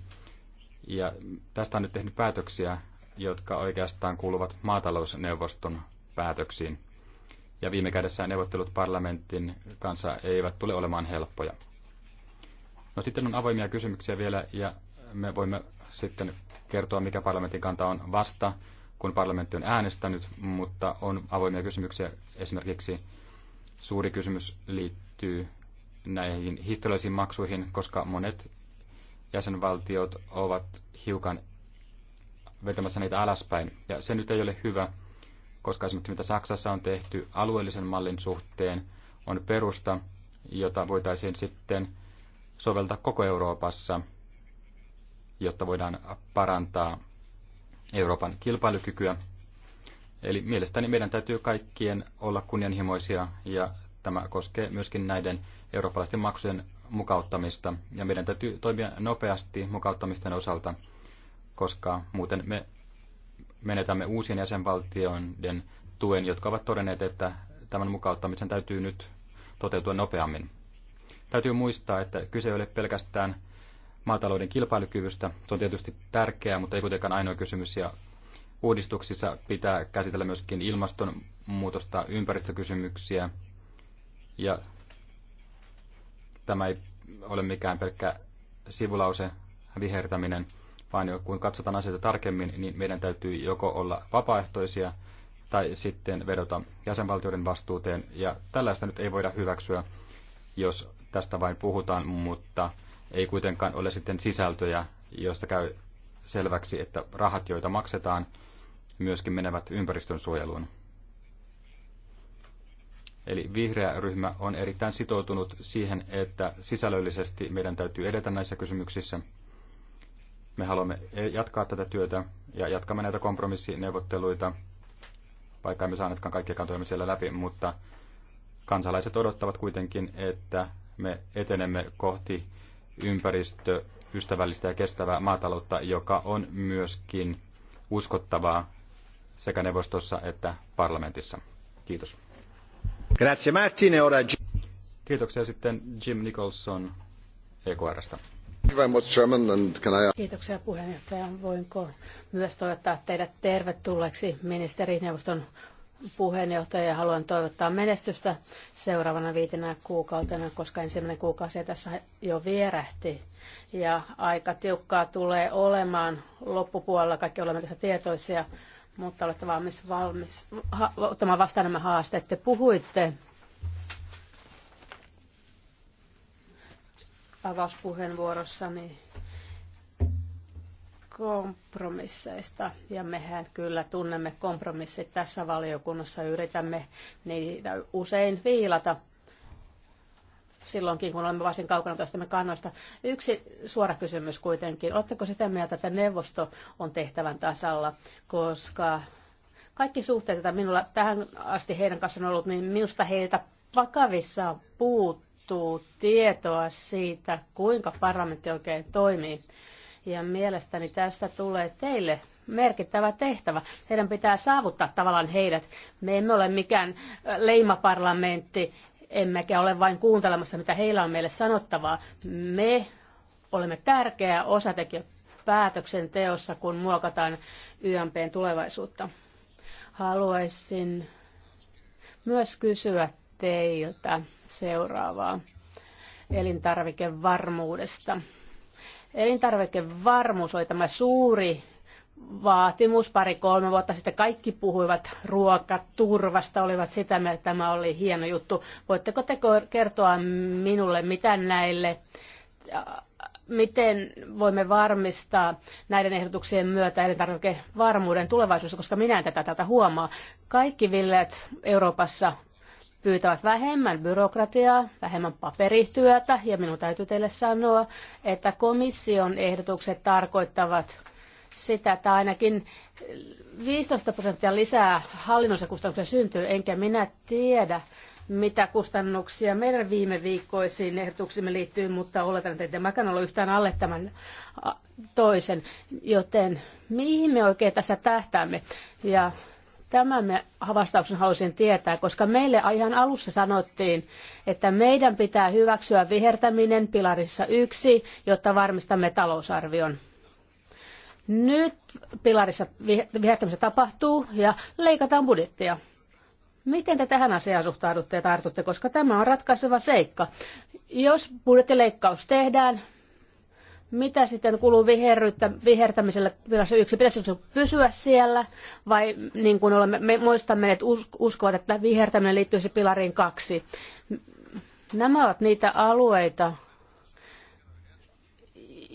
Ja tästä on nyt tehnyt päätöksiä, jotka oikeastaan kuuluvat maatalousneuvoston päätöksiin. Ja viime kädessä neuvottelut parlamentin kanssa eivät tule olemaan helppoja. No sitten on avoimia kysymyksiä vielä ja me voimme sitten kertoa, mikä parlamentin kanta on vasta, kun parlamentti on äänestänyt, mutta on avoimia kysymyksiä esimerkiksi Suuri kysymys liittyy näihin historiallisiin maksuihin, koska monet jäsenvaltiot ovat hiukan vetämässä niitä alaspäin. Ja se nyt ei ole hyvä, koska esimerkiksi mitä Saksassa on tehty alueellisen mallin suhteen, on perusta, jota voitaisiin sitten soveltaa koko Euroopassa, jotta voidaan parantaa Euroopan kilpailukykyä Eli mielestäni meidän täytyy kaikkien olla kunnianhimoisia ja tämä koskee myöskin näiden eurooppalaisten maksujen mukauttamista. Ja meidän täytyy toimia nopeasti mukauttamisten osalta, koska muuten me menetämme uusien jäsenvaltioiden tuen, jotka ovat todenneet, että tämän mukauttamisen täytyy nyt toteutua nopeammin. Täytyy muistaa, että kyse ei ole pelkästään maatalouden kilpailukyvystä. Se on tietysti tärkeää, mutta ei kuitenkaan ainoa kysymys. Ja uudistuksissa pitää käsitellä myöskin ilmastonmuutosta, ympäristökysymyksiä. Ja tämä ei ole mikään pelkkä sivulause vihertäminen, vaan kun katsotaan asioita tarkemmin, niin meidän täytyy joko olla vapaaehtoisia tai sitten vedota jäsenvaltioiden vastuuteen. Ja tällaista nyt ei voida hyväksyä, jos tästä vain puhutaan, mutta ei kuitenkaan ole sitten sisältöjä, joista käy selväksi, että rahat, joita maksetaan, myöskin menevät ympäristön suojeluun. Eli vihreä ryhmä on erittäin sitoutunut siihen, että sisällöllisesti meidän täytyy edetä näissä kysymyksissä. Me haluamme e- jatkaa tätä työtä ja jatkamme näitä kompromissineuvotteluita, vaikka emme saaneetkaan kaikkia kantoja siellä läpi, mutta kansalaiset odottavat kuitenkin, että me etenemme kohti ympäristöystävällistä ja kestävää maataloutta, joka on myöskin uskottavaa sekä neuvostossa että parlamentissa. Kiitos. Grazie Martin, e ora... Kiitoksia sitten Jim Nicholson EKRstä. Kiitoksia puheenjohtaja. Voinko myös toivottaa teidät tervetulleeksi ministerineuvoston puheenjohtaja ja haluan toivottaa menestystä seuraavana viitenä kuukautena, koska ensimmäinen kuukausi tässä jo vierähti ja aika tiukkaa tulee olemaan loppupuolella. Kaikki olemme tässä tietoisia mutta olette valmis, valmis ha, ottamaan vastaan nämä haasteet. Te puhuitte avauspuheenvuorossani kompromisseista, ja mehän kyllä tunnemme kompromissit tässä valiokunnassa, yritämme niitä usein viilata – silloinkin, kun olemme varsin kaukana tästä kannasta. Yksi suora kysymys kuitenkin. Oletteko sitä mieltä, että neuvosto on tehtävän tasalla, koska kaikki suhteet, joita minulla tähän asti heidän kanssaan on ollut, niin minusta heiltä vakavissa puuttuu tietoa siitä, kuinka parlamentti oikein toimii. Ja mielestäni tästä tulee teille merkittävä tehtävä. Heidän pitää saavuttaa tavallaan heidät. Me emme ole mikään leimaparlamentti, emmekä ole vain kuuntelemassa, mitä heillä on meille sanottavaa. Me olemme tärkeä osatekijä päätöksenteossa, kun muokataan YMPn tulevaisuutta. Haluaisin myös kysyä teiltä seuraavaa elintarvikevarmuudesta. Elintarvikevarmuus oli tämä suuri vaatimus pari-kolme vuotta sitten. Kaikki puhuivat ruokaturvasta, olivat sitä mieltä, että tämä oli hieno juttu. Voitteko te kertoa minulle, mitä näille, äh, miten voimme varmistaa näiden ehdotuksien myötä elintarvikevarmuuden tulevaisuus, koska minä en tätä tätä huomaa. Kaikki villeet Euroopassa pyytävät vähemmän byrokratiaa, vähemmän paperityötä, ja minun täytyy teille sanoa, että komission ehdotukset tarkoittavat sitä, että ainakin 15 prosenttia lisää hallinnollisia kustannuksia syntyy, enkä minä tiedä, mitä kustannuksia meidän viime viikkoisiin ehdotuksimme liittyy, mutta oletan, että tämä tämäkään ole yhtään alle tämän toisen. Joten mihin me oikein tässä tähtäämme? Ja tämän me vastauksen halusin tietää, koska meille ihan alussa sanottiin, että meidän pitää hyväksyä vihertäminen pilarissa yksi, jotta varmistamme talousarvion. Nyt pilarissa vihertämistä tapahtuu ja leikataan budjettia. Miten te tähän asiaan suhtaudutte ja tartutte, koska tämä on ratkaiseva seikka. Jos budjettileikkaus tehdään, mitä sitten kuluu vihertämiselle pilassa yksi? Pitäisikö se pysyä siellä vai niin kuin olemme, me muistamme, että uskovat, että vihertäminen liittyisi pilariin kaksi? Nämä ovat niitä alueita,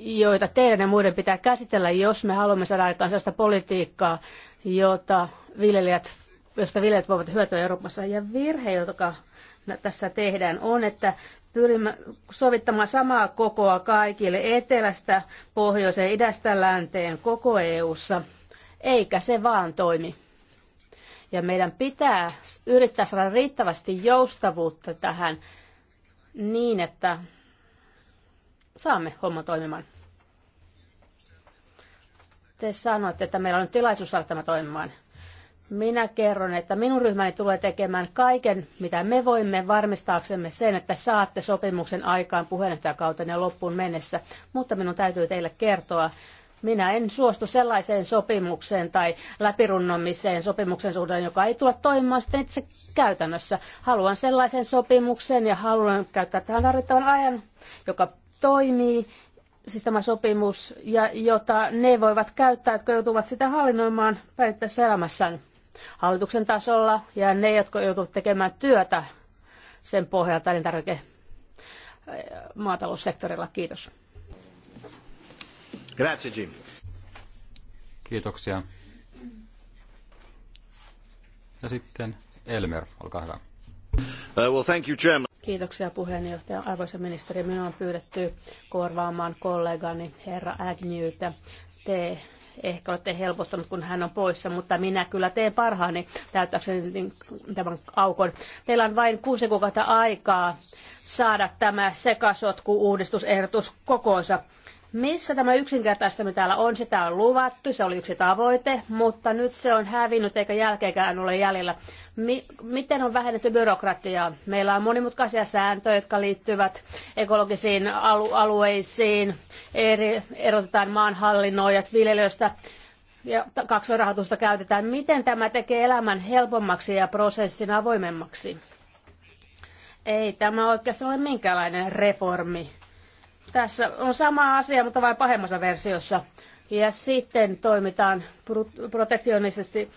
joita teidän ja muiden pitää käsitellä, jos me haluamme saada aikaan sellaista politiikkaa, jota viljelijät, josta viljelijät voivat hyötyä Euroopassa. Ja virhe, joka tässä tehdään, on, että pyrimme sovittamaan samaa kokoa kaikille etelästä, pohjoiseen, idästä, länteen, koko EU:ssa, eikä se vaan toimi. Ja meidän pitää yrittää saada riittävästi joustavuutta tähän niin, että saamme homma toimimaan. Te sanoitte, että meillä on tilaisuus saada tämä toimimaan. Minä kerron, että minun ryhmäni tulee tekemään kaiken, mitä me voimme varmistaaksemme sen, että saatte sopimuksen aikaan ja loppuun mennessä. Mutta minun täytyy teille kertoa, minä en suostu sellaiseen sopimukseen tai läpirunnomiseen sopimuksen suhteen, joka ei tule toimimaan sitten itse käytännössä. Haluan sellaisen sopimuksen ja haluan käyttää tähän tarvittavan ajan, joka toimii, siis tämä sopimus, ja jota ne voivat käyttää, jotka joutuvat sitä hallinnoimaan päivittäisessä elämässään hallituksen tasolla, ja ne, jotka joutuvat tekemään työtä sen pohjalta elintarvike maataloussektorilla. Kiitos. Grazie, Jim. Kiitoksia. Ja sitten Elmer, olkaa hyvä. Uh, well, thank you, Chairman. Kiitoksia puheenjohtaja. Arvoisa ministeri, minua on pyydetty korvaamaan kollegani herra Agnewtä. Te ehkä olette helpottanut, kun hän on poissa, mutta minä kyllä teen parhaani täyttääkseni niin, tämän aukon. Teillä on vain kuusi kuukautta aikaa saada tämä sekasotku-uudistusehdotus kokoonsa. Missä tämä yksinkertaistaminen täällä on, sitä on luvattu, se oli yksi tavoite, mutta nyt se on hävinnyt eikä jälkeenkään ole jäljellä. Mi- miten on vähennetty byrokratiaa? Meillä on monimutkaisia sääntöjä, jotka liittyvät ekologisiin alu- alueisiin, eri, erotetaan maanhallinnoijat viljelijöistä ja kaksoirahoitusta käytetään. Miten tämä tekee elämän helpommaksi ja prosessin avoimemmaksi? Ei tämä oikeastaan ole minkäänlainen reformi tässä on sama asia, mutta vain pahemmassa versiossa. Ja sitten toimitaan protektionisesti.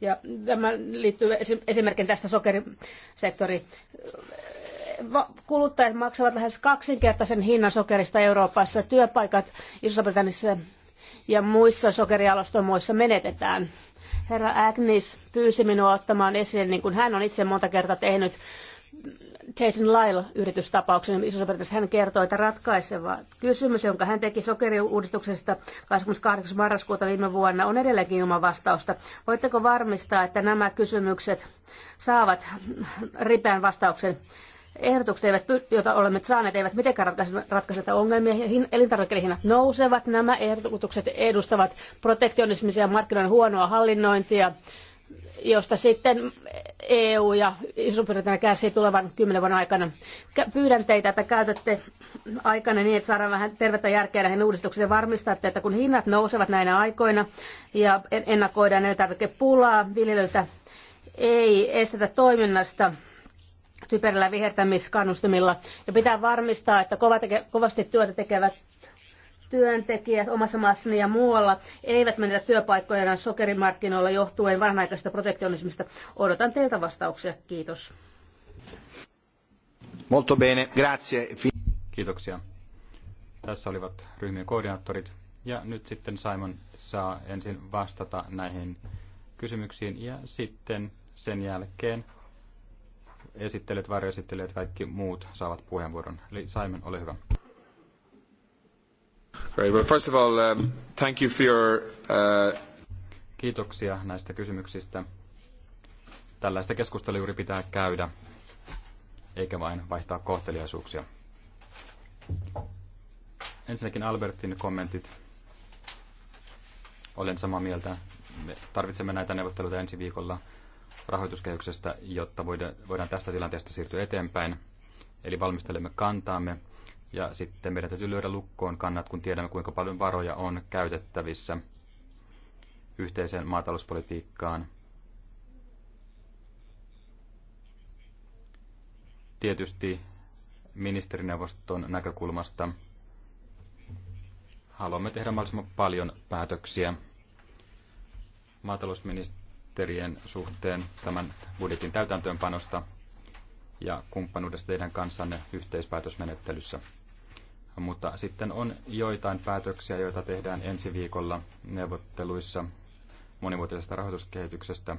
Ja tämä liittyy esimerkkinä tästä sokerisektori. Kuluttajat maksavat lähes kaksinkertaisen hinnan sokerista Euroopassa. Työpaikat Iso-Britanniassa ja muissa sokerialastomoissa menetetään. Herra Agnes pyysi minua ottamaan esille, niin kuin hän on itse monta kertaa tehnyt Jason Lyle-yritystapauksen niin isossa britanniassa hän kertoi, että ratkaiseva kysymys, jonka hän teki sokeriuudistuksesta 28. marraskuuta viime vuonna, on edelleenkin ilman vastausta. Voitteko varmistaa, että nämä kysymykset saavat ripeän vastauksen? Ehdotukset, eivät, joita olemme saaneet, eivät mitenkään ratkaise, ratkaise ongelmia. Elintarvikkeiden hinnat nousevat. Nämä ehdotukset edustavat protektionismisia markkinoiden huonoa hallinnointia josta sitten EU ja Iso-Britannia kärsii tulevan kymmenen vuoden aikana. Pyydän teitä, että käytätte aikana niin, että saadaan vähän tervettä järkeä näihin uudistuksiin ja varmistatte, että kun hinnat nousevat näinä aikoina ja ennakoidaan elintarvikepulaa viljelyltä, ei estetä toiminnasta typerillä vihertämiskannustimilla. Ja pitää varmistaa, että kovasti työtä tekevät työntekijät omassa maassani ja muualla eivät menetä työpaikkojaan sokerimarkkinoilla johtuen vanhanaikaisesta protektionismista. Odotan teiltä vastauksia. Kiitos. Molto bene, grazie. Kiitoksia. Tässä olivat ryhmien koordinaattorit. Ja nyt sitten Simon saa ensin vastata näihin kysymyksiin ja sitten sen jälkeen esittelijät, varjoesittelijät, kaikki muut saavat puheenvuoron. Eli Simon, ole hyvä. Great. Well, first of all, um, thank you for your, uh... Kiitoksia näistä kysymyksistä. Tällaista keskustelua juuri pitää käydä, eikä vain vaihtaa kohteliaisuuksia. Ensinnäkin Albertin kommentit. Olen samaa mieltä. Me tarvitsemme näitä neuvotteluita ensi viikolla rahoituskehyksestä, jotta voidaan tästä tilanteesta siirtyä eteenpäin. Eli valmistelemme kantaamme ja sitten meidän täytyy lyödä lukkoon kannat, kun tiedämme, kuinka paljon varoja on käytettävissä yhteiseen maatalouspolitiikkaan. Tietysti ministerineuvoston näkökulmasta haluamme tehdä mahdollisimman paljon päätöksiä maatalousministerien suhteen tämän budjetin täytäntöönpanosta ja kumppanuudesta teidän kanssanne yhteispäätösmenettelyssä. Mutta sitten on joitain päätöksiä, joita tehdään ensi viikolla neuvotteluissa monivuotisesta rahoituskehityksestä.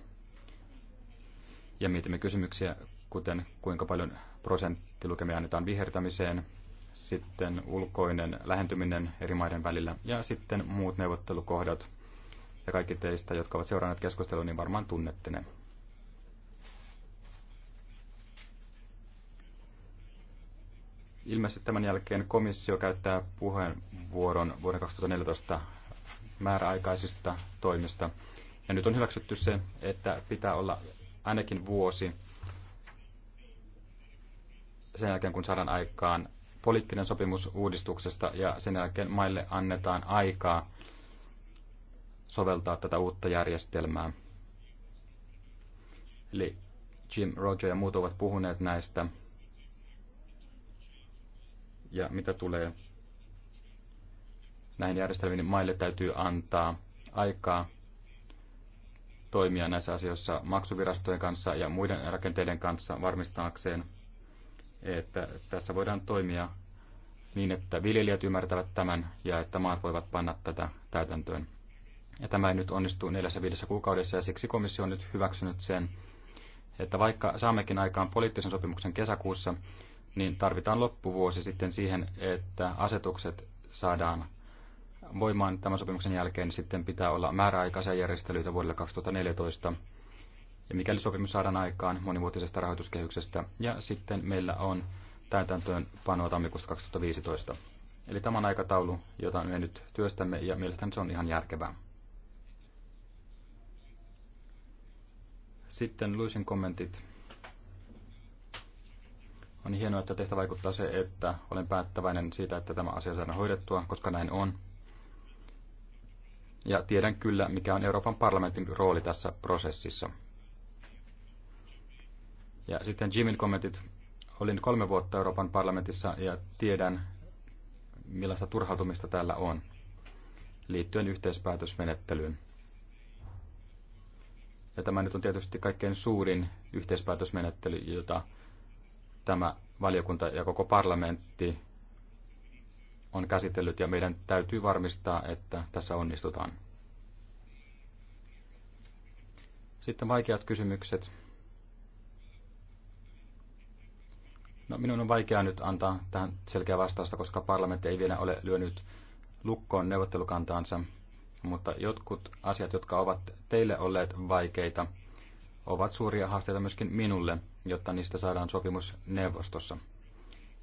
Ja mietimme kysymyksiä, kuten kuinka paljon prosenttilukemia annetaan vihertämiseen, sitten ulkoinen lähentyminen eri maiden välillä ja sitten muut neuvottelukohdat. Ja kaikki teistä, jotka ovat seuranneet keskustelua, niin varmaan tunnette ne. Ilmeisesti tämän jälkeen komissio käyttää puheenvuoron vuoden 2014 määräaikaisista toimista. Ja nyt on hyväksytty se, että pitää olla ainakin vuosi sen jälkeen, kun saadaan aikaan poliittinen sopimus uudistuksesta ja sen jälkeen maille annetaan aikaa soveltaa tätä uutta järjestelmää. Eli Jim, Roger ja muut ovat puhuneet näistä ja mitä tulee näihin järjestelmiin, niin maille täytyy antaa aikaa toimia näissä asioissa maksuvirastojen kanssa ja muiden rakenteiden kanssa varmistaakseen, että tässä voidaan toimia niin, että viljelijät ymmärtävät tämän ja että maat voivat panna tätä täytäntöön. Ja tämä ei nyt onnistu neljässä viidessä kuukaudessa ja siksi komissio on nyt hyväksynyt sen, että vaikka saammekin aikaan poliittisen sopimuksen kesäkuussa, niin tarvitaan loppuvuosi sitten siihen, että asetukset saadaan voimaan tämän sopimuksen jälkeen, niin sitten pitää olla määräaikaisia järjestelyitä vuodelle 2014. Ja mikäli sopimus saadaan aikaan monivuotisesta rahoituskehyksestä, ja sitten meillä on täytäntöön panoa tammikuusta 2015. Eli tämä on aikataulu, jota me nyt työstämme, ja mielestäni se on ihan järkevää. Sitten Luisin kommentit on hienoa, että teistä vaikuttaa se, että olen päättäväinen siitä, että tämä asia saadaan hoidettua, koska näin on. Ja tiedän kyllä, mikä on Euroopan parlamentin rooli tässä prosessissa. Ja sitten Jimin kommentit. Olin kolme vuotta Euroopan parlamentissa ja tiedän, millaista turhautumista täällä on liittyen yhteispäätösmenettelyyn. Ja tämä nyt on tietysti kaikkein suurin yhteispäätösmenettely, jota tämä valiokunta ja koko parlamentti on käsitellyt ja meidän täytyy varmistaa, että tässä onnistutaan. Sitten vaikeat kysymykset. No, minun on vaikea nyt antaa tähän selkeä vastausta, koska parlamentti ei vielä ole lyönyt lukkoon neuvottelukantaansa, mutta jotkut asiat, jotka ovat teille olleet vaikeita, ovat suuria haasteita myöskin minulle, jotta niistä saadaan sopimus neuvostossa.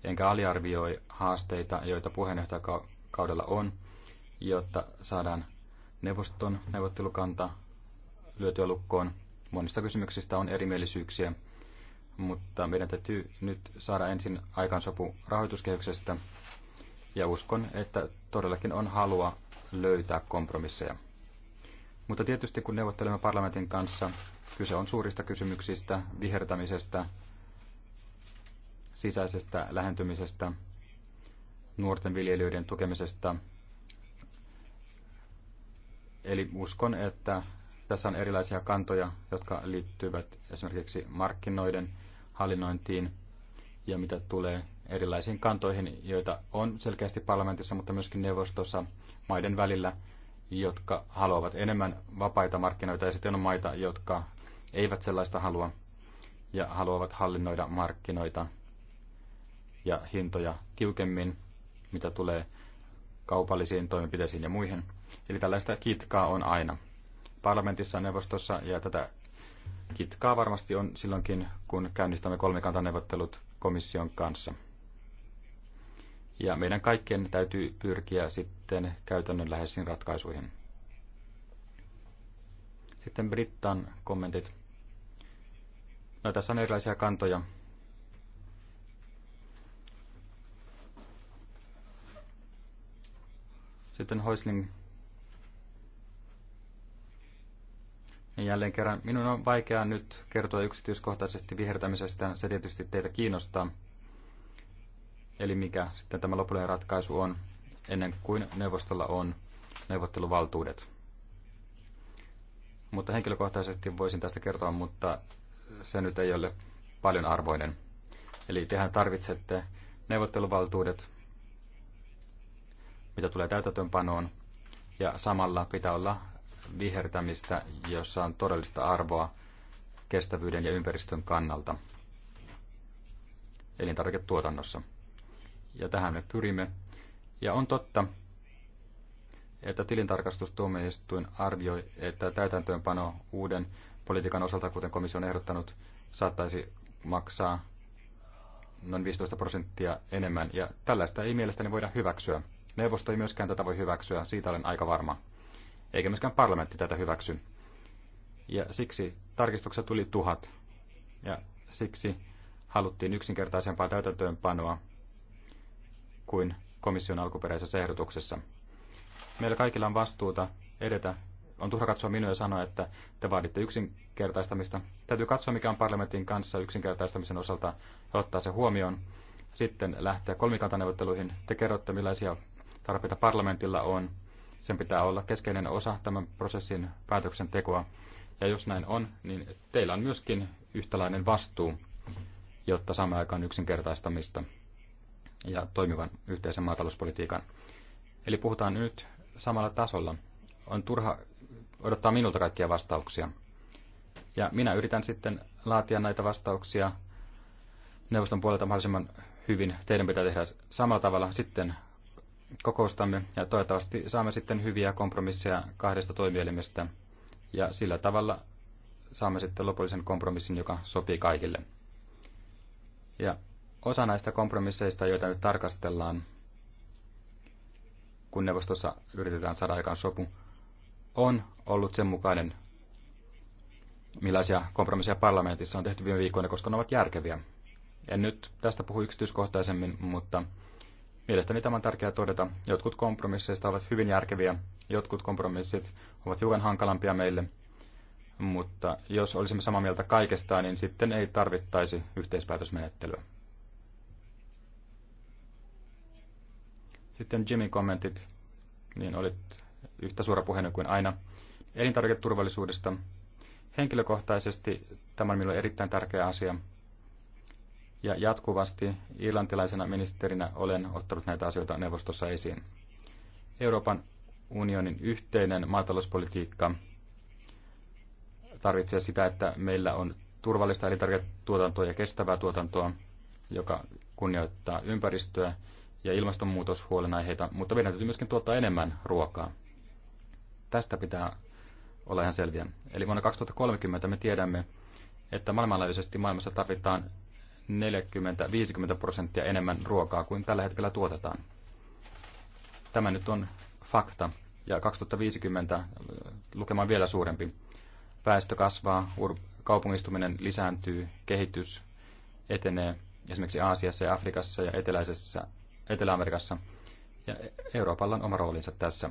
Enkä aliarvioi haasteita, joita puheenjohtajakaudella on, jotta saadaan neuvoston neuvottelukanta lyötyä lukkoon. Monista kysymyksistä on erimielisyyksiä, mutta meidän täytyy nyt saada ensin aikaan sopu rahoituskehyksestä, ja uskon, että todellakin on halua löytää kompromisseja. Mutta tietysti kun neuvottelemme parlamentin kanssa, Kyse on suurista kysymyksistä, vihertämisestä, sisäisestä lähentymisestä, nuorten viljelijöiden tukemisesta. Eli uskon, että tässä on erilaisia kantoja, jotka liittyvät esimerkiksi markkinoiden hallinnointiin ja mitä tulee erilaisiin kantoihin, joita on selkeästi parlamentissa, mutta myöskin neuvostossa maiden välillä, jotka haluavat enemmän vapaita markkinoita ja sitten on maita, jotka eivät sellaista halua ja haluavat hallinnoida markkinoita ja hintoja tiukemmin, mitä tulee kaupallisiin toimenpiteisiin ja muihin. Eli tällaista kitkaa on aina. Parlamentissa, neuvostossa ja tätä kitkaa varmasti on silloinkin, kun käynnistämme kolmikantaneuvottelut komission kanssa. Ja meidän kaikkien täytyy pyrkiä sitten käytännönläheisiin ratkaisuihin. Sitten Brittan kommentit. No, tässä on erilaisia kantoja. Sitten Hoisling. Ja jälleen kerran, minun on vaikea nyt kertoa yksityiskohtaisesti vihertämisestä. Se tietysti teitä kiinnostaa. Eli mikä sitten tämä lopullinen ratkaisu on, ennen kuin neuvostolla on neuvotteluvaltuudet. Mutta henkilökohtaisesti voisin tästä kertoa, mutta se nyt ei ole paljon arvoinen. Eli tehän tarvitsette neuvotteluvaltuudet, mitä tulee täytäntöönpanoon, ja samalla pitää olla vihertämistä, jossa on todellista arvoa kestävyyden ja ympäristön kannalta elintarviketuotannossa. Ja tähän me pyrimme. Ja on totta, että tilintarkastustuomioistuin arvioi, että täytäntöönpano uuden politiikan osalta, kuten komissio on ehdottanut, saattaisi maksaa noin 15 prosenttia enemmän, ja tällaista ei mielestäni voida hyväksyä. Neuvosto ei myöskään tätä voi hyväksyä, siitä olen aika varma. Eikä myöskään parlamentti tätä hyväksy. Ja siksi tarkistuksessa tuli tuhat, ja siksi haluttiin yksinkertaisempaa täytäntöönpanoa kuin komission alkuperäisessä ehdotuksessa. Meillä kaikilla on vastuuta edetä. On turha katsoa minua ja sanoa, että te vaaditte yksinkertaistamista. Täytyy katsoa, mikä on parlamentin kanssa yksinkertaistamisen osalta ja ottaa se huomioon. Sitten lähteä kolmikantaneuvotteluihin. Te kerrotte, millaisia tarpeita parlamentilla on. Sen pitää olla keskeinen osa tämän prosessin päätöksentekoa. Ja jos näin on, niin teillä on myöskin yhtäläinen vastuu, jotta saamme aikaan yksinkertaistamista ja toimivan yhteisen maatalouspolitiikan. Eli puhutaan nyt samalla tasolla. On turha odottaa minulta kaikkia vastauksia. Ja minä yritän sitten laatia näitä vastauksia neuvoston puolelta mahdollisimman hyvin. Teidän pitää tehdä samalla tavalla sitten kokoustamme ja toivottavasti saamme sitten hyviä kompromisseja kahdesta toimielimestä ja sillä tavalla saamme sitten lopullisen kompromissin, joka sopii kaikille. Ja osa näistä kompromisseista, joita nyt tarkastellaan, kun neuvostossa yritetään saada aikaan sopu, on ollut sen mukainen, millaisia kompromisseja parlamentissa on tehty viime viikkoina, koska ne ovat järkeviä. En nyt tästä puhu yksityiskohtaisemmin, mutta mielestäni tämä on tärkeää todeta. Jotkut kompromisseista ovat hyvin järkeviä, jotkut kompromissit ovat hiukan hankalampia meille, mutta jos olisimme samaa mieltä kaikesta, niin sitten ei tarvittaisi yhteispäätösmenettelyä. Sitten Jimmy kommentit, niin olit yhtä suora puheinen kuin aina. Elintarviketurvallisuudesta. Henkilökohtaisesti tämä on minulle erittäin tärkeä asia. Ja jatkuvasti irlantilaisena ministerinä olen ottanut näitä asioita neuvostossa esiin. Euroopan unionin yhteinen maatalouspolitiikka tarvitsee sitä, että meillä on turvallista elintarviketuotantoa ja kestävää tuotantoa, joka kunnioittaa ympäristöä ja ilmastonmuutos huolenaiheita, mutta meidän täytyy myöskin tuottaa enemmän ruokaa. Tästä pitää olla ihan selviä. Eli vuonna 2030 me tiedämme, että maailmanlaajuisesti maailmassa tarvitaan 40-50 prosenttia enemmän ruokaa kuin tällä hetkellä tuotetaan. Tämä nyt on fakta. Ja 2050 äh, lukema on vielä suurempi. Väestö kasvaa, kaupungistuminen lisääntyy, kehitys etenee esimerkiksi Aasiassa ja Afrikassa ja eteläisessä Etelä-Amerikassa, ja Euroopalla on oma roolinsa tässä.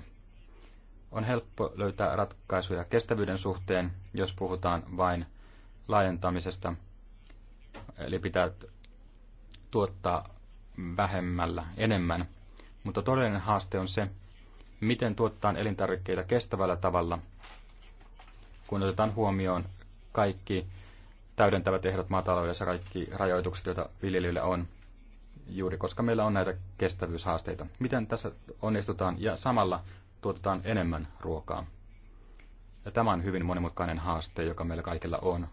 On helppo löytää ratkaisuja kestävyyden suhteen, jos puhutaan vain laajentamisesta, eli pitää tuottaa vähemmällä enemmän. Mutta todellinen haaste on se, miten tuottaa elintarvikkeita kestävällä tavalla, kun otetaan huomioon kaikki täydentävät ehdot maataloudessa, kaikki rajoitukset, joita viljelijöillä on, juuri koska meillä on näitä kestävyyshaasteita. Miten tässä onnistutaan ja samalla tuotetaan enemmän ruokaa? Ja tämä on hyvin monimutkainen haaste, joka meillä kaikilla on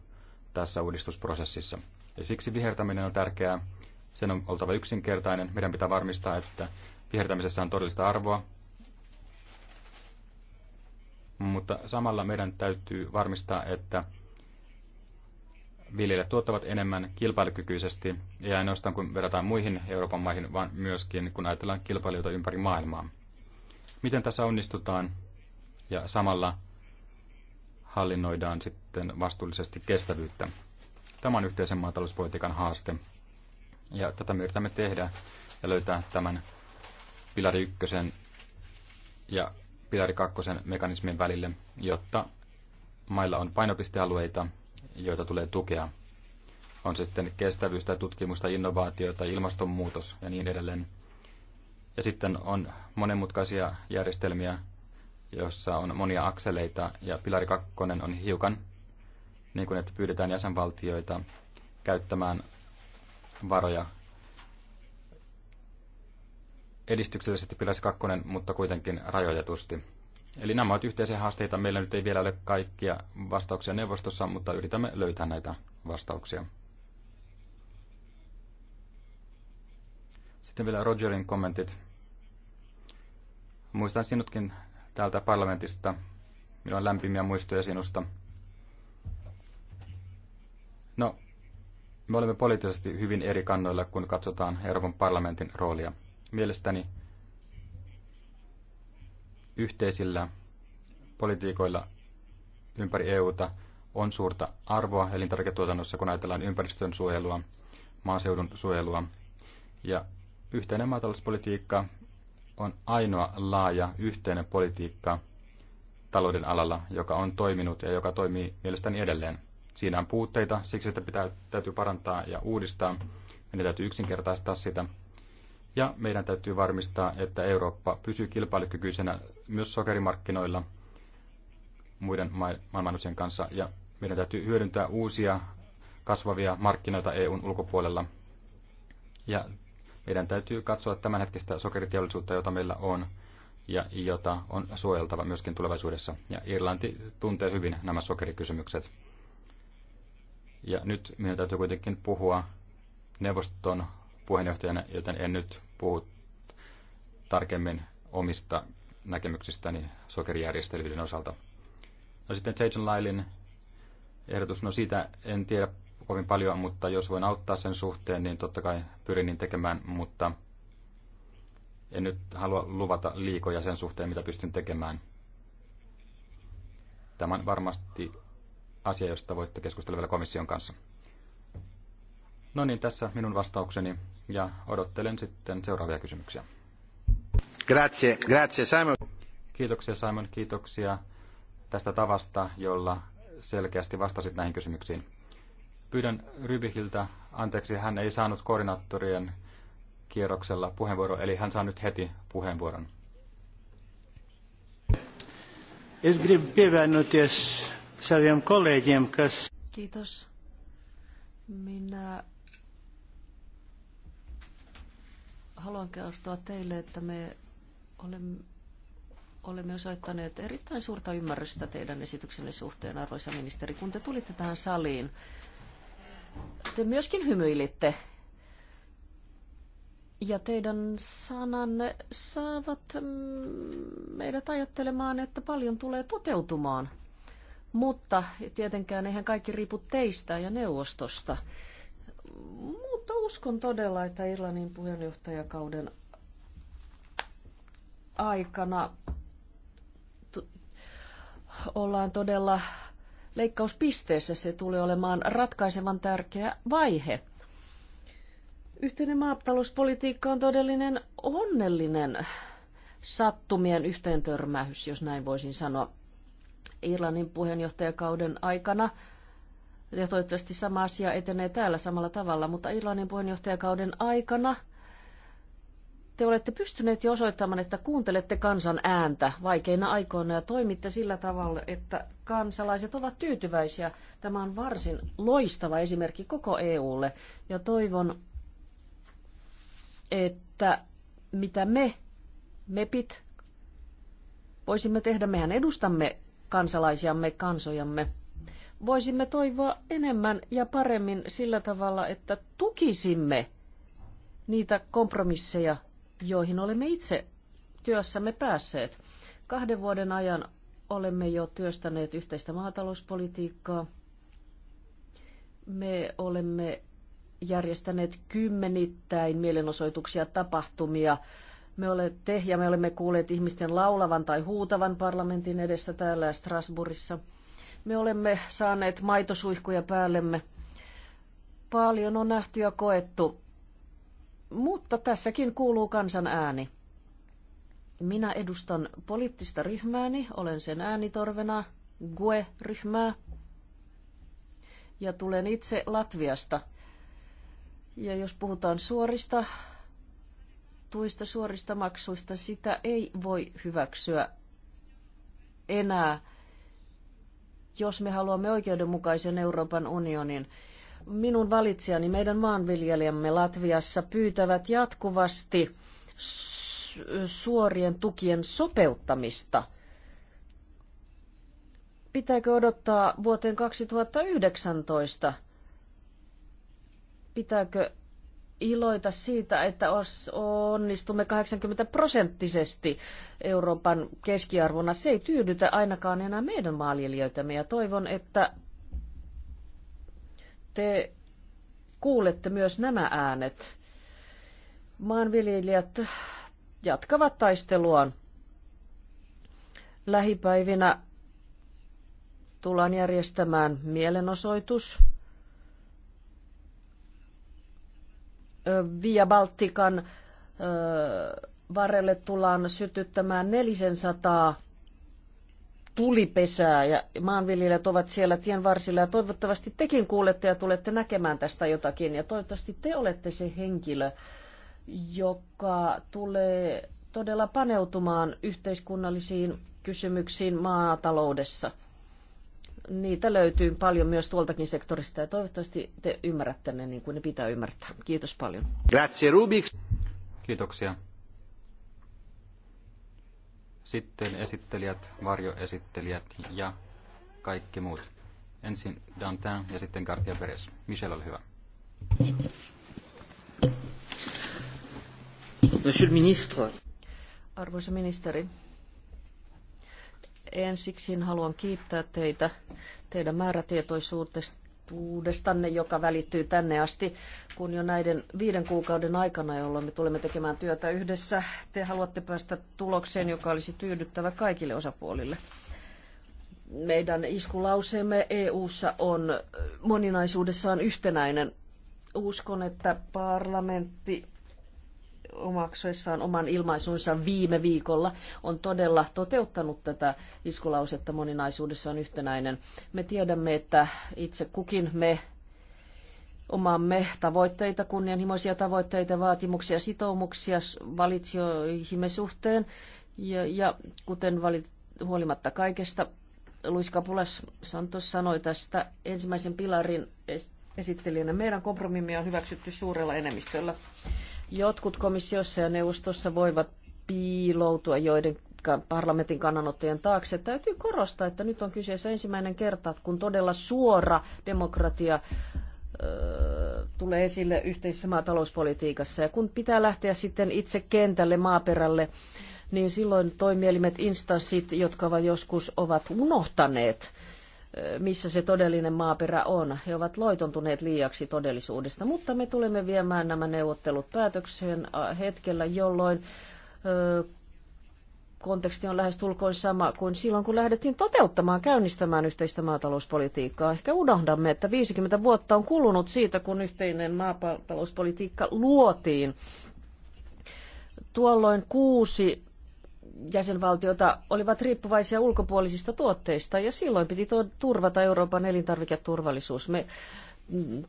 tässä uudistusprosessissa. Ja siksi vihertäminen on tärkeää. Sen on oltava yksinkertainen. Meidän pitää varmistaa, että vihertämisessä on todellista arvoa. Mutta samalla meidän täytyy varmistaa, että viljelijät tuottavat enemmän kilpailukykyisesti, ei ainoastaan kun verrataan muihin Euroopan maihin, vaan myöskin kun ajatellaan kilpailijoita ympäri maailmaa. Miten tässä onnistutaan ja samalla hallinnoidaan sitten vastuullisesti kestävyyttä? Tämä on yhteisen maatalouspolitiikan haaste. Ja tätä me yritämme tehdä ja löytää tämän pilari ykkösen ja pilari kakkosen mekanismien välille, jotta mailla on painopistealueita, joita tulee tukea. On se sitten kestävyystä, tutkimusta, innovaatioita, ilmastonmuutos ja niin edelleen. Ja sitten on monenmutkaisia järjestelmiä, joissa on monia akseleita, ja pilari kakkonen on hiukan, niin kuin että pyydetään jäsenvaltioita käyttämään varoja edistyksellisesti pilari kakkonen, mutta kuitenkin rajoitetusti. Eli nämä ovat yhteisiä haasteita. Meillä nyt ei vielä ole kaikkia vastauksia neuvostossa, mutta yritämme löytää näitä vastauksia. Sitten vielä Rogerin kommentit. Muistan sinutkin täältä parlamentista. Minulla on lämpimiä muistoja sinusta. No, me olemme poliittisesti hyvin eri kannoilla, kun katsotaan Euroopan parlamentin roolia. Mielestäni yhteisillä politiikoilla ympäri EUta on suurta arvoa elintarviketuotannossa, kun ajatellaan ympäristön suojelua, maaseudun suojelua. Ja yhteinen maatalouspolitiikka on ainoa laaja yhteinen politiikka talouden alalla, joka on toiminut ja joka toimii mielestäni edelleen. Siinä on puutteita, siksi sitä pitää, täytyy parantaa ja uudistaa. Meidän täytyy yksinkertaistaa sitä. Ja meidän täytyy varmistaa, että Eurooppa pysyy kilpailukykyisenä myös sokerimarkkinoilla muiden maailmanosien kanssa. Ja meidän täytyy hyödyntää uusia kasvavia markkinoita EUn ulkopuolella. Ja meidän täytyy katsoa tämänhetkistä sokeriteollisuutta, jota meillä on ja jota on suojeltava myöskin tulevaisuudessa. Ja Irlanti tuntee hyvin nämä sokerikysymykset. Ja nyt meidän täytyy kuitenkin puhua neuvoston puheenjohtajana, joten en nyt puhu tarkemmin omista näkemyksistäni sokerijärjestelyiden osalta. No sitten Jason Lailin ehdotus, no siitä en tiedä kovin paljon, mutta jos voin auttaa sen suhteen, niin totta kai pyrin niin tekemään, mutta en nyt halua luvata liikoja sen suhteen, mitä pystyn tekemään. Tämä on varmasti asia, josta voitte keskustella vielä komission kanssa. No niin, tässä minun vastaukseni ja odottelen sitten seuraavia kysymyksiä. Grazie, grazie Simon. Kiitoksia Simon, kiitoksia tästä tavasta, jolla selkeästi vastasit näihin kysymyksiin. Pyydän Rybihiltä anteeksi, hän ei saanut koordinaattorien kierroksella puheenvuoro, eli hän saa nyt heti puheenvuoron. Kiitos. Minä haluan kertoa teille, että me olemme olemme osoittaneet erittäin suurta ymmärrystä teidän esityksenne suhteen, arvoisa ministeri. Kun te tulitte tähän saliin, te myöskin hymyilitte. Ja teidän sananne saavat mm, meidät ajattelemaan, että paljon tulee toteutumaan. Mutta tietenkään eihän kaikki riipu teistä ja neuvostosta. Mutta uskon todella, että Irlannin puheenjohtajakauden aikana ollaan todella leikkauspisteessä. Se tulee olemaan ratkaisevan tärkeä vaihe. Yhteinen maatalouspolitiikka on todellinen onnellinen sattumien yhteentörmäys, jos näin voisin sanoa. Irlannin puheenjohtajakauden aikana ja toivottavasti sama asia etenee täällä samalla tavalla, mutta Irlannin puheenjohtajakauden aikana te olette pystyneet jo osoittamaan, että kuuntelette kansan ääntä vaikeina aikoina ja toimitte sillä tavalla, että kansalaiset ovat tyytyväisiä. Tämä on varsin loistava esimerkki koko EUlle ja toivon, että mitä me, MEPit, voisimme tehdä, mehän edustamme kansalaisiamme, kansojamme – voisimme toivoa enemmän ja paremmin sillä tavalla, että tukisimme niitä kompromisseja, joihin olemme itse työssämme päässeet. Kahden vuoden ajan olemme jo työstäneet yhteistä maatalouspolitiikkaa. Me olemme järjestäneet kymmenittäin mielenosoituksia, tapahtumia. Me olette, ja me olemme kuulleet ihmisten laulavan tai huutavan parlamentin edessä täällä Strasbourgissa – me olemme saaneet maitosuihkuja päällemme. Paljon on nähty ja koettu, mutta tässäkin kuuluu kansan ääni. Minä edustan poliittista ryhmääni, olen sen äänitorvena, GUE-ryhmää, ja tulen itse Latviasta. Ja jos puhutaan suorista tuista, suorista maksuista, sitä ei voi hyväksyä enää jos me haluamme oikeudenmukaisen Euroopan unionin. Minun valitsijani, meidän maanviljelijämme Latviassa pyytävät jatkuvasti suorien tukien sopeuttamista. Pitääkö odottaa vuoteen 2019? Pitääkö iloita siitä, että os onnistumme 80 prosenttisesti Euroopan keskiarvona. Se ei tyydytä ainakaan enää meidän maanviljelijöitämme ja toivon, että te kuulette myös nämä äänet. Maanviljelijät jatkavat taisteluaan. Lähipäivinä tullaan järjestämään mielenosoitus Via Baltikan varrelle tullaan sytyttämään 400 tulipesää ja maanviljelijät ovat siellä tien varsilla ja toivottavasti tekin kuulette ja tulette näkemään tästä jotakin ja toivottavasti te olette se henkilö, joka tulee todella paneutumaan yhteiskunnallisiin kysymyksiin maataloudessa – niitä löytyy paljon myös tuoltakin sektorista ja toivottavasti te ymmärrätte ne niin kuin ne pitää ymmärtää. Kiitos paljon. Grazie Rubik. Kiitoksia. Sitten esittelijät, varjoesittelijät ja kaikki muut. Ensin Dantin ja sitten Garcia Perez. Michel, ole hyvä. Monsieur le ministre. Arvoisa ministeri, Ensiksi haluan kiittää teitä teidän määrätietoisuudestanne, joka välittyy tänne asti, kun jo näiden viiden kuukauden aikana, jolloin me tulemme tekemään työtä yhdessä, te haluatte päästä tulokseen, joka olisi tyydyttävä kaikille osapuolille meidän iskulauseemme EU:ssa on äh, moninaisuudessaan yhtenäinen. Uskon, että parlamentti omaksuessaan oman ilmaisunsa viime viikolla on todella toteuttanut tätä iskulausetta on yhtenäinen. Me tiedämme, että itse kukin me omamme tavoitteita, kunnianhimoisia tavoitteita, vaatimuksia, sitoumuksia valitsijoihimme suhteen. Ja, ja kuten valit, huolimatta kaikesta, Luis Capulas Santos sanoi tästä ensimmäisen pilarin esittelijänä, meidän kompromimme on hyväksytty suurella enemmistöllä. Jotkut komissiossa ja neuvostossa voivat piiloutua joiden parlamentin kannanottojen taakse. Täytyy korostaa, että nyt on kyseessä ensimmäinen kerta, kun todella suora demokratia tulee esille yhteisessä maatalouspolitiikassa. Ja kun pitää lähteä sitten itse kentälle, maaperälle, niin silloin toimielimet instanssit, jotka ovat joskus ovat unohtaneet missä se todellinen maaperä on. He ovat loitontuneet liiaksi todellisuudesta, mutta me tulemme viemään nämä neuvottelut päätökseen äh, hetkellä, jolloin konteksti on lähes tulkoin sama kuin silloin, kun lähdettiin toteuttamaan, käynnistämään yhteistä maatalouspolitiikkaa. Ehkä unohdamme, että 50 vuotta on kulunut siitä, kun yhteinen maatalouspolitiikka luotiin. Tuolloin kuusi jäsenvaltiota olivat riippuvaisia ulkopuolisista tuotteista ja silloin piti turvata Euroopan elintarviketurvallisuus. Me mm,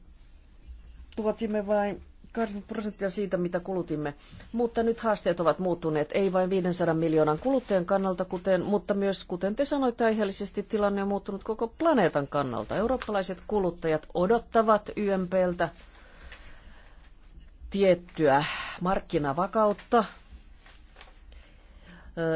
tuotimme vain 80 prosenttia siitä, mitä kulutimme. Mutta nyt haasteet ovat muuttuneet, ei vain 500 miljoonan kuluttajan kannalta, kuten, mutta myös, kuten te sanoitte aiheellisesti, tilanne on muuttunut koko planeetan kannalta. Eurooppalaiset kuluttajat odottavat YMPltä tiettyä markkinavakautta,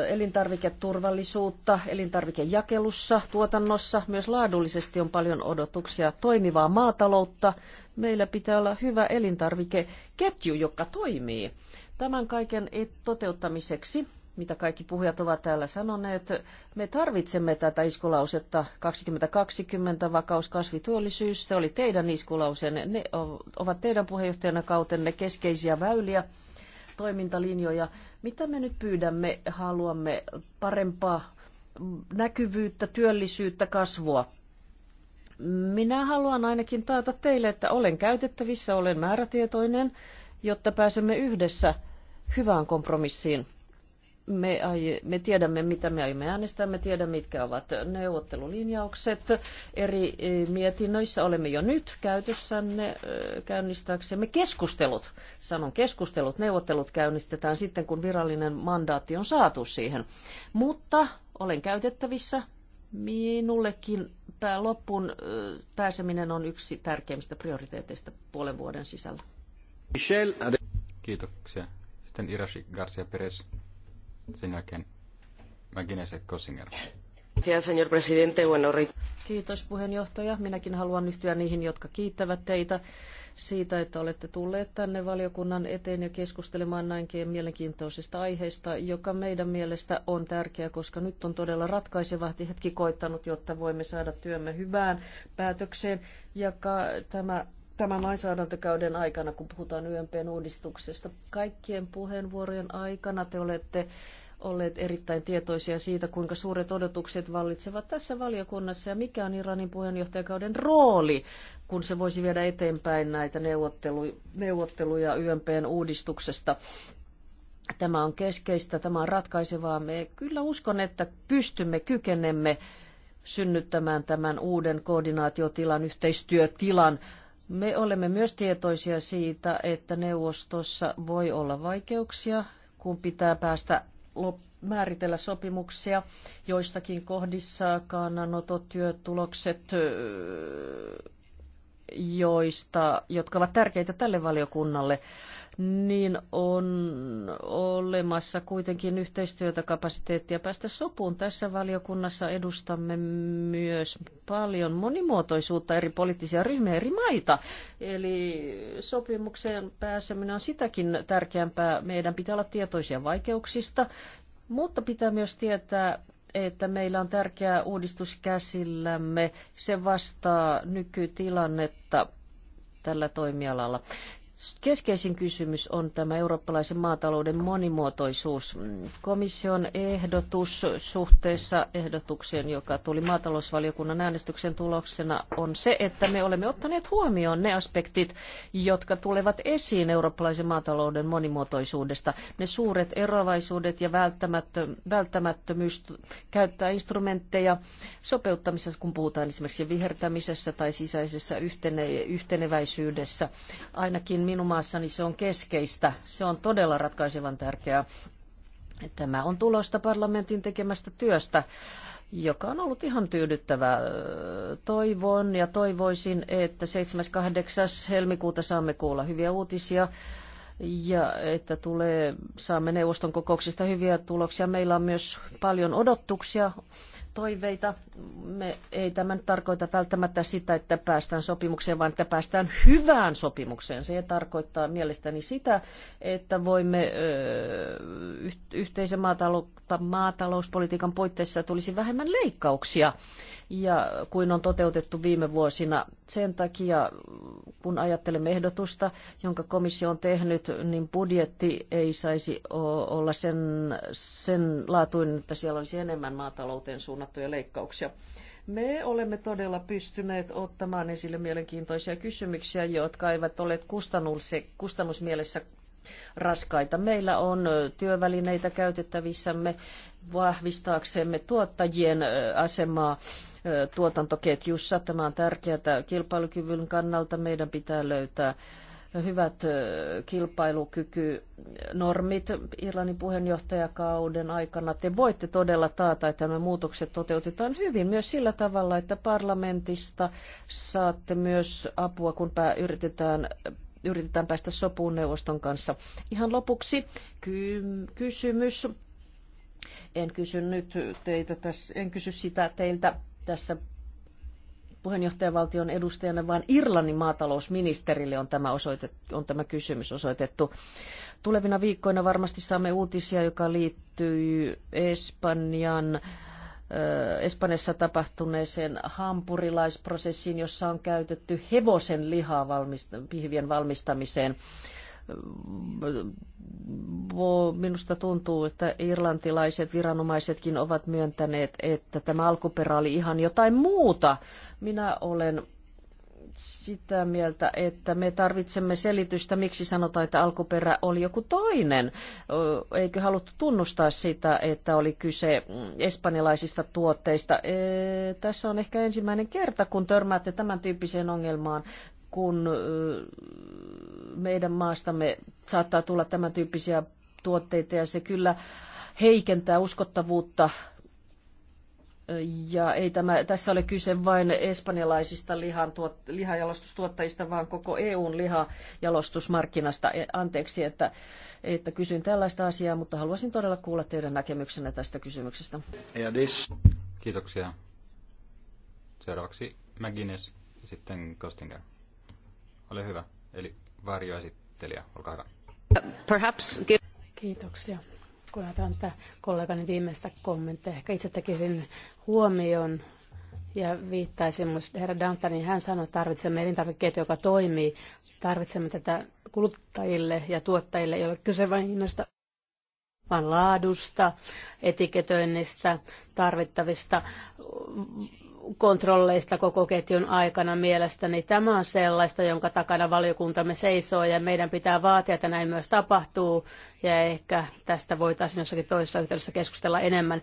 elintarviketurvallisuutta elintarvikejakelussa, tuotannossa. Myös laadullisesti on paljon odotuksia toimivaa maataloutta. Meillä pitää olla hyvä elintarvikeketju, joka toimii. Tämän kaiken toteuttamiseksi mitä kaikki puhujat ovat täällä sanoneet. Me tarvitsemme tätä iskulausetta 2020 vakaus, kasvi, työllisyys. Se oli teidän iskulauseenne. Ne ovat teidän puheenjohtajana kautenne keskeisiä väyliä toimintalinjoja. Mitä me nyt pyydämme? Haluamme parempaa näkyvyyttä, työllisyyttä, kasvua. Minä haluan ainakin taata teille, että olen käytettävissä, olen määrätietoinen, jotta pääsemme yhdessä hyvään kompromissiin me, aie, me tiedämme, mitä me aiomme äänestää, me tiedämme, mitkä ovat neuvottelulinjaukset. Eri e, mietinnöissä olemme jo nyt käytössänne e, käynnistääksemme keskustelut. Sanon keskustelut, neuvottelut käynnistetään sitten, kun virallinen mandaatti on saatu siihen. Mutta olen käytettävissä. Minullekin pää, loppuun e, pääseminen on yksi tärkeimmistä prioriteeteista puolen vuoden sisällä. Kiitoksia. Sitten Irashi Garcia Perez. Sen jälkeen Mäkinäiset Kosinger. Kiitos puheenjohtaja. Minäkin haluan yhtyä niihin, jotka kiittävät teitä siitä, että olette tulleet tänne valiokunnan eteen ja keskustelemaan näinkin mielenkiintoisesta aiheesta, joka meidän mielestä on tärkeä, koska nyt on todella ratkaiseva hetki koittanut, jotta voimme saada työmme hyvään päätökseen. Ja tämä tämän lainsäädäntökauden aikana, kun puhutaan YMPn uudistuksesta. Kaikkien puheenvuorojen aikana te olette olleet erittäin tietoisia siitä, kuinka suuret odotukset vallitsevat tässä valiokunnassa ja mikä on Iranin puheenjohtajakauden rooli, kun se voisi viedä eteenpäin näitä neuvottelu, neuvotteluja YMPn uudistuksesta. Tämä on keskeistä, tämä on ratkaisevaa. Me kyllä uskon, että pystymme, kykenemme synnyttämään tämän uuden koordinaatiotilan, yhteistyötilan me olemme myös tietoisia siitä, että neuvostossa voi olla vaikeuksia, kun pitää päästä määritellä sopimuksia. Joissakin kohdissa kannanotot, työtulokset, joista, jotka ovat tärkeitä tälle valiokunnalle niin on olemassa kuitenkin yhteistyötä, kapasiteettia päästä sopuun. Tässä valiokunnassa edustamme myös paljon monimuotoisuutta eri poliittisia ryhmiä, eri maita. Eli sopimukseen pääseminen on sitäkin tärkeämpää. Meidän pitää olla tietoisia vaikeuksista, mutta pitää myös tietää, että meillä on tärkeä uudistus käsillämme. Se vastaa nykytilannetta tällä toimialalla. Keskeisin kysymys on tämä eurooppalaisen maatalouden monimuotoisuus. Komission ehdotus suhteessa ehdotukseen, joka tuli maatalousvaliokunnan äänestyksen tuloksena, on se, että me olemme ottaneet huomioon ne aspektit, jotka tulevat esiin eurooppalaisen maatalouden monimuotoisuudesta. Ne suuret eroavaisuudet ja välttämättö, välttämättömyys käyttää instrumentteja sopeuttamisessa, kun puhutaan esimerkiksi vihertämisessä tai sisäisessä yhtene, yhteneväisyydessä. Ainakin minun maassani se on keskeistä. Se on todella ratkaisevan tärkeää. Tämä on tulosta parlamentin tekemästä työstä, joka on ollut ihan tyydyttävää. Toivon ja toivoisin, että 7.8. helmikuuta saamme kuulla hyviä uutisia ja että tulee, saamme neuvoston kokouksista hyviä tuloksia. Meillä on myös paljon odotuksia toiveita. Me ei tämä nyt tarkoita välttämättä sitä, että päästään sopimukseen, vaan että päästään hyvään sopimukseen. Se tarkoittaa mielestäni sitä, että voimme ö, yhteisen maatalou- maatalouspolitiikan puitteissa tulisi vähemmän leikkauksia ja kuin on toteutettu viime vuosina. Sen takia, kun ajattelemme ehdotusta, jonka komissio on tehnyt, niin budjetti ei saisi olla sen, sen laatuinen, että siellä olisi enemmän maatalouteen suunnattu luvattuja leikkauksia. Me olemme todella pystyneet ottamaan esille mielenkiintoisia kysymyksiä, jotka eivät ole kustannus, kustannusmielessä raskaita. Meillä on työvälineitä käytettävissämme vahvistaaksemme tuottajien asemaa tuotantoketjussa. Tämä on tärkeää kilpailukyvyn kannalta. Meidän pitää löytää hyvät kilpailukykynormit Irlannin puheenjohtajakauden aikana. Te voitte todella taata, että nämä muutokset toteutetaan hyvin myös sillä tavalla, että parlamentista saatte myös apua, kun yritetään yritetään päästä sopuun neuvoston kanssa. Ihan lopuksi ky- kysymys. En kysy nyt teitä tässä, en kysy sitä teiltä tässä puheenjohtajavaltion edustajana, vaan Irlannin maatalousministerille on tämä, osoitet, on tämä kysymys osoitettu. Tulevina viikkoina varmasti saamme uutisia, joka liittyy Espanjan Espanjassa tapahtuneeseen hampurilaisprosessiin, jossa on käytetty hevosen lihaa valmist- pihvien valmistamiseen minusta tuntuu, että irlantilaiset viranomaisetkin ovat myöntäneet, että tämä alkuperä oli ihan jotain muuta. Minä olen sitä mieltä, että me tarvitsemme selitystä, miksi sanotaan, että alkuperä oli joku toinen. Eikö haluttu tunnustaa sitä, että oli kyse espanjalaisista tuotteista? Ee, tässä on ehkä ensimmäinen kerta, kun törmäätte tämän tyyppiseen ongelmaan kun meidän maastamme saattaa tulla tämän tyyppisiä tuotteita ja se kyllä heikentää uskottavuutta. Ja ei tämä, tässä ole kyse vain espanjalaisista lihan, tuot, lihajalostustuottajista, vaan koko EUn lihajalostusmarkkinasta. E, anteeksi, että, että kysyn tällaista asiaa, mutta haluaisin todella kuulla teidän näkemyksenne tästä kysymyksestä. Kiitoksia. Seuraavaksi McGuinness ja sitten Kostinger. Ole hyvä. Eli varjoesittelijä, olkaa hyvä. Perhaps Kiitoksia. Kun otan tätä kollegani viimeistä kommenttia, ehkä itse tekisin huomion ja viittaisin myös herra Dantanin, niin hän sanoi, että tarvitsemme elintarvikkeita, joka toimii. Tarvitsemme tätä kuluttajille ja tuottajille, ei ole kyse vain hinnasta, vaan laadusta, etiketöinnistä, tarvittavista kontrolleista koko ketjun aikana mielestäni. Tämä on sellaista, jonka takana valiokuntamme seisoo ja meidän pitää vaatia, että näin myös tapahtuu ja ehkä tästä voitaisiin jossakin toisessa yhteydessä keskustella enemmän.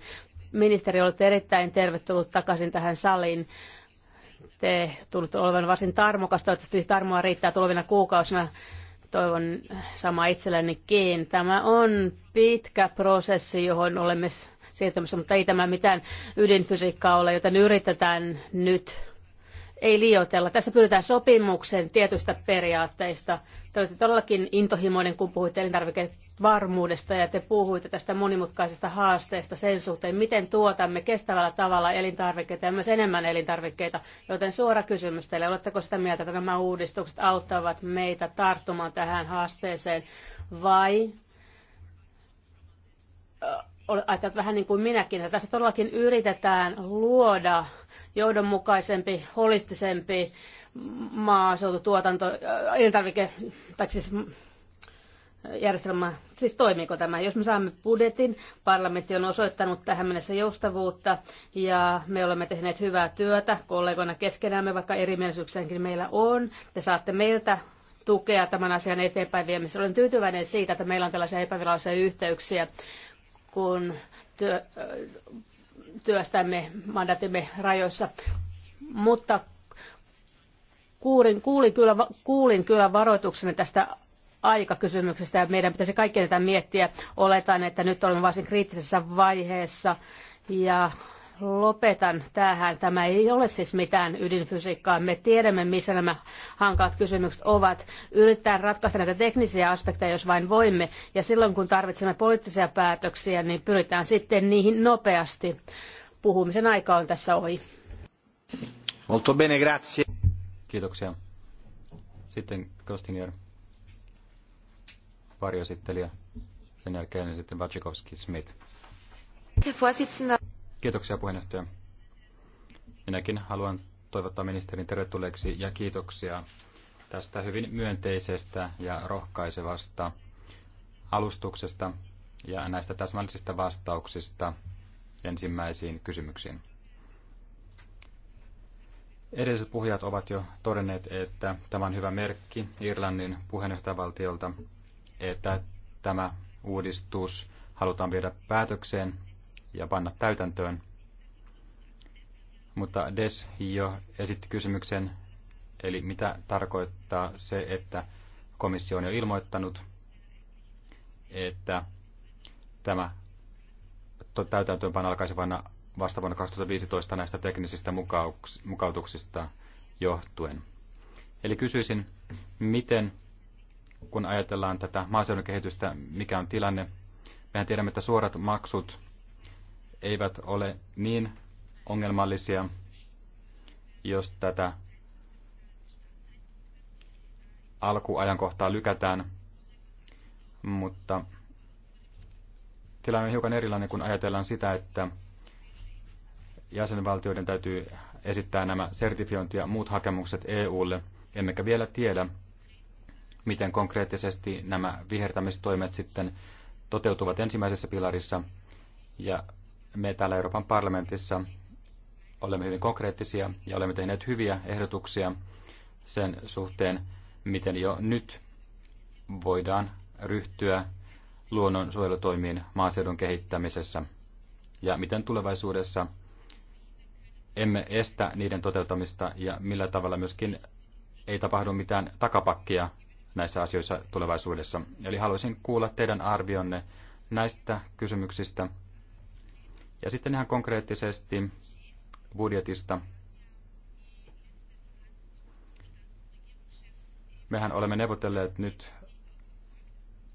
Ministeri, olette erittäin tervetullut takaisin tähän saliin. Te tulette olevan varsin tarmokas. Toivottavasti tarmoa riittää tulevina kuukausina toivon sama itsellenikin. Tämä on pitkä prosessi, johon olemme siirtymässä, mutta ei tämä mitään ydinfysiikkaa ole, joten yritetään nyt ei liioitella. Tässä pyydetään sopimukseen tietystä periaatteista. Te olette todellakin intohimoinen, kun puhuitte elintarvikevarmuudesta ja te puhuitte tästä monimutkaisesta haasteesta sen suhteen, miten tuotamme kestävällä tavalla elintarvikkeita ja myös enemmän elintarvikkeita. Joten suora kysymys teille, oletteko sitä mieltä, että nämä uudistukset auttavat meitä tarttumaan tähän haasteeseen vai ajattelet vähän niin kuin minäkin, että tässä todellakin yritetään luoda johdonmukaisempi, holistisempi maaseututuotanto, äh, elintarvike, tai siis mm, järjestelmä, siis toimiiko tämä? Jos me saamme budjetin, parlamentti on osoittanut tähän mennessä joustavuutta ja me olemme tehneet hyvää työtä kollegoina keskenämme, vaikka erimielisyyksiäkin meillä on. Te saatte meiltä tukea tämän asian eteenpäin viemisessä. Olen tyytyväinen siitä, että meillä on tällaisia epävirallisia yhteyksiä kun työ, työstämme mandatimme rajoissa. Mutta kuulin, kuulin, kyllä, kuulin kyllä varoituksenne tästä aikakysymyksestä ja meidän pitäisi kaikkien tätä miettiä. Oletan, että nyt olemme varsin kriittisessä vaiheessa ja lopetan tähän. Tämä ei ole siis mitään ydinfysiikkaa. Me tiedämme, missä nämä hankalat kysymykset ovat. Yritetään ratkaista näitä teknisiä aspekteja, jos vain voimme. Ja silloin, kun tarvitsemme poliittisia päätöksiä, niin pyritään sitten niihin nopeasti. Puhumisen aika on tässä ohi. Molto bene, grazie. Kiitoksia. Sitten Kostinger, varjoesittelijä, sen jälkeen sitten Wachikowski-Smith. Herr Vorsitzender. Kiitoksia puheenjohtaja. Minäkin haluan toivottaa ministerin tervetulleeksi ja kiitoksia tästä hyvin myönteisestä ja rohkaisevasta alustuksesta ja näistä täsmällisistä vastauksista ensimmäisiin kysymyksiin. Edelliset puhujat ovat jo todenneet, että tämä on hyvä merkki Irlannin puheenjohtajavaltiolta, että tämä uudistus halutaan viedä päätökseen ja panna täytäntöön. Mutta Des jo esitti kysymyksen, eli mitä tarkoittaa se, että komissio on jo ilmoittanut, että tämä täytäntöönpano alkaisi vain vasta vuonna 2015 näistä teknisistä mukautuksista johtuen. Eli kysyisin, miten, kun ajatellaan tätä maaseudun kehitystä, mikä on tilanne, mehän tiedämme, että suorat maksut eivät ole niin ongelmallisia, jos tätä alkuajankohtaa lykätään, mutta tilanne on hiukan erilainen, kun ajatellaan sitä, että jäsenvaltioiden täytyy esittää nämä sertifiointi- ja muut hakemukset EUlle, emmekä vielä tiedä, miten konkreettisesti nämä vihertämistoimet sitten toteutuvat ensimmäisessä pilarissa, ja me täällä Euroopan parlamentissa olemme hyvin konkreettisia ja olemme tehneet hyviä ehdotuksia sen suhteen, miten jo nyt voidaan ryhtyä luonnonsuojelutoimiin maaseudun kehittämisessä ja miten tulevaisuudessa emme estä niiden toteutamista ja millä tavalla myöskin ei tapahdu mitään takapakkia näissä asioissa tulevaisuudessa. Eli haluaisin kuulla teidän arvionne näistä kysymyksistä ja sitten ihan konkreettisesti budjetista. Mehän olemme neuvotelleet nyt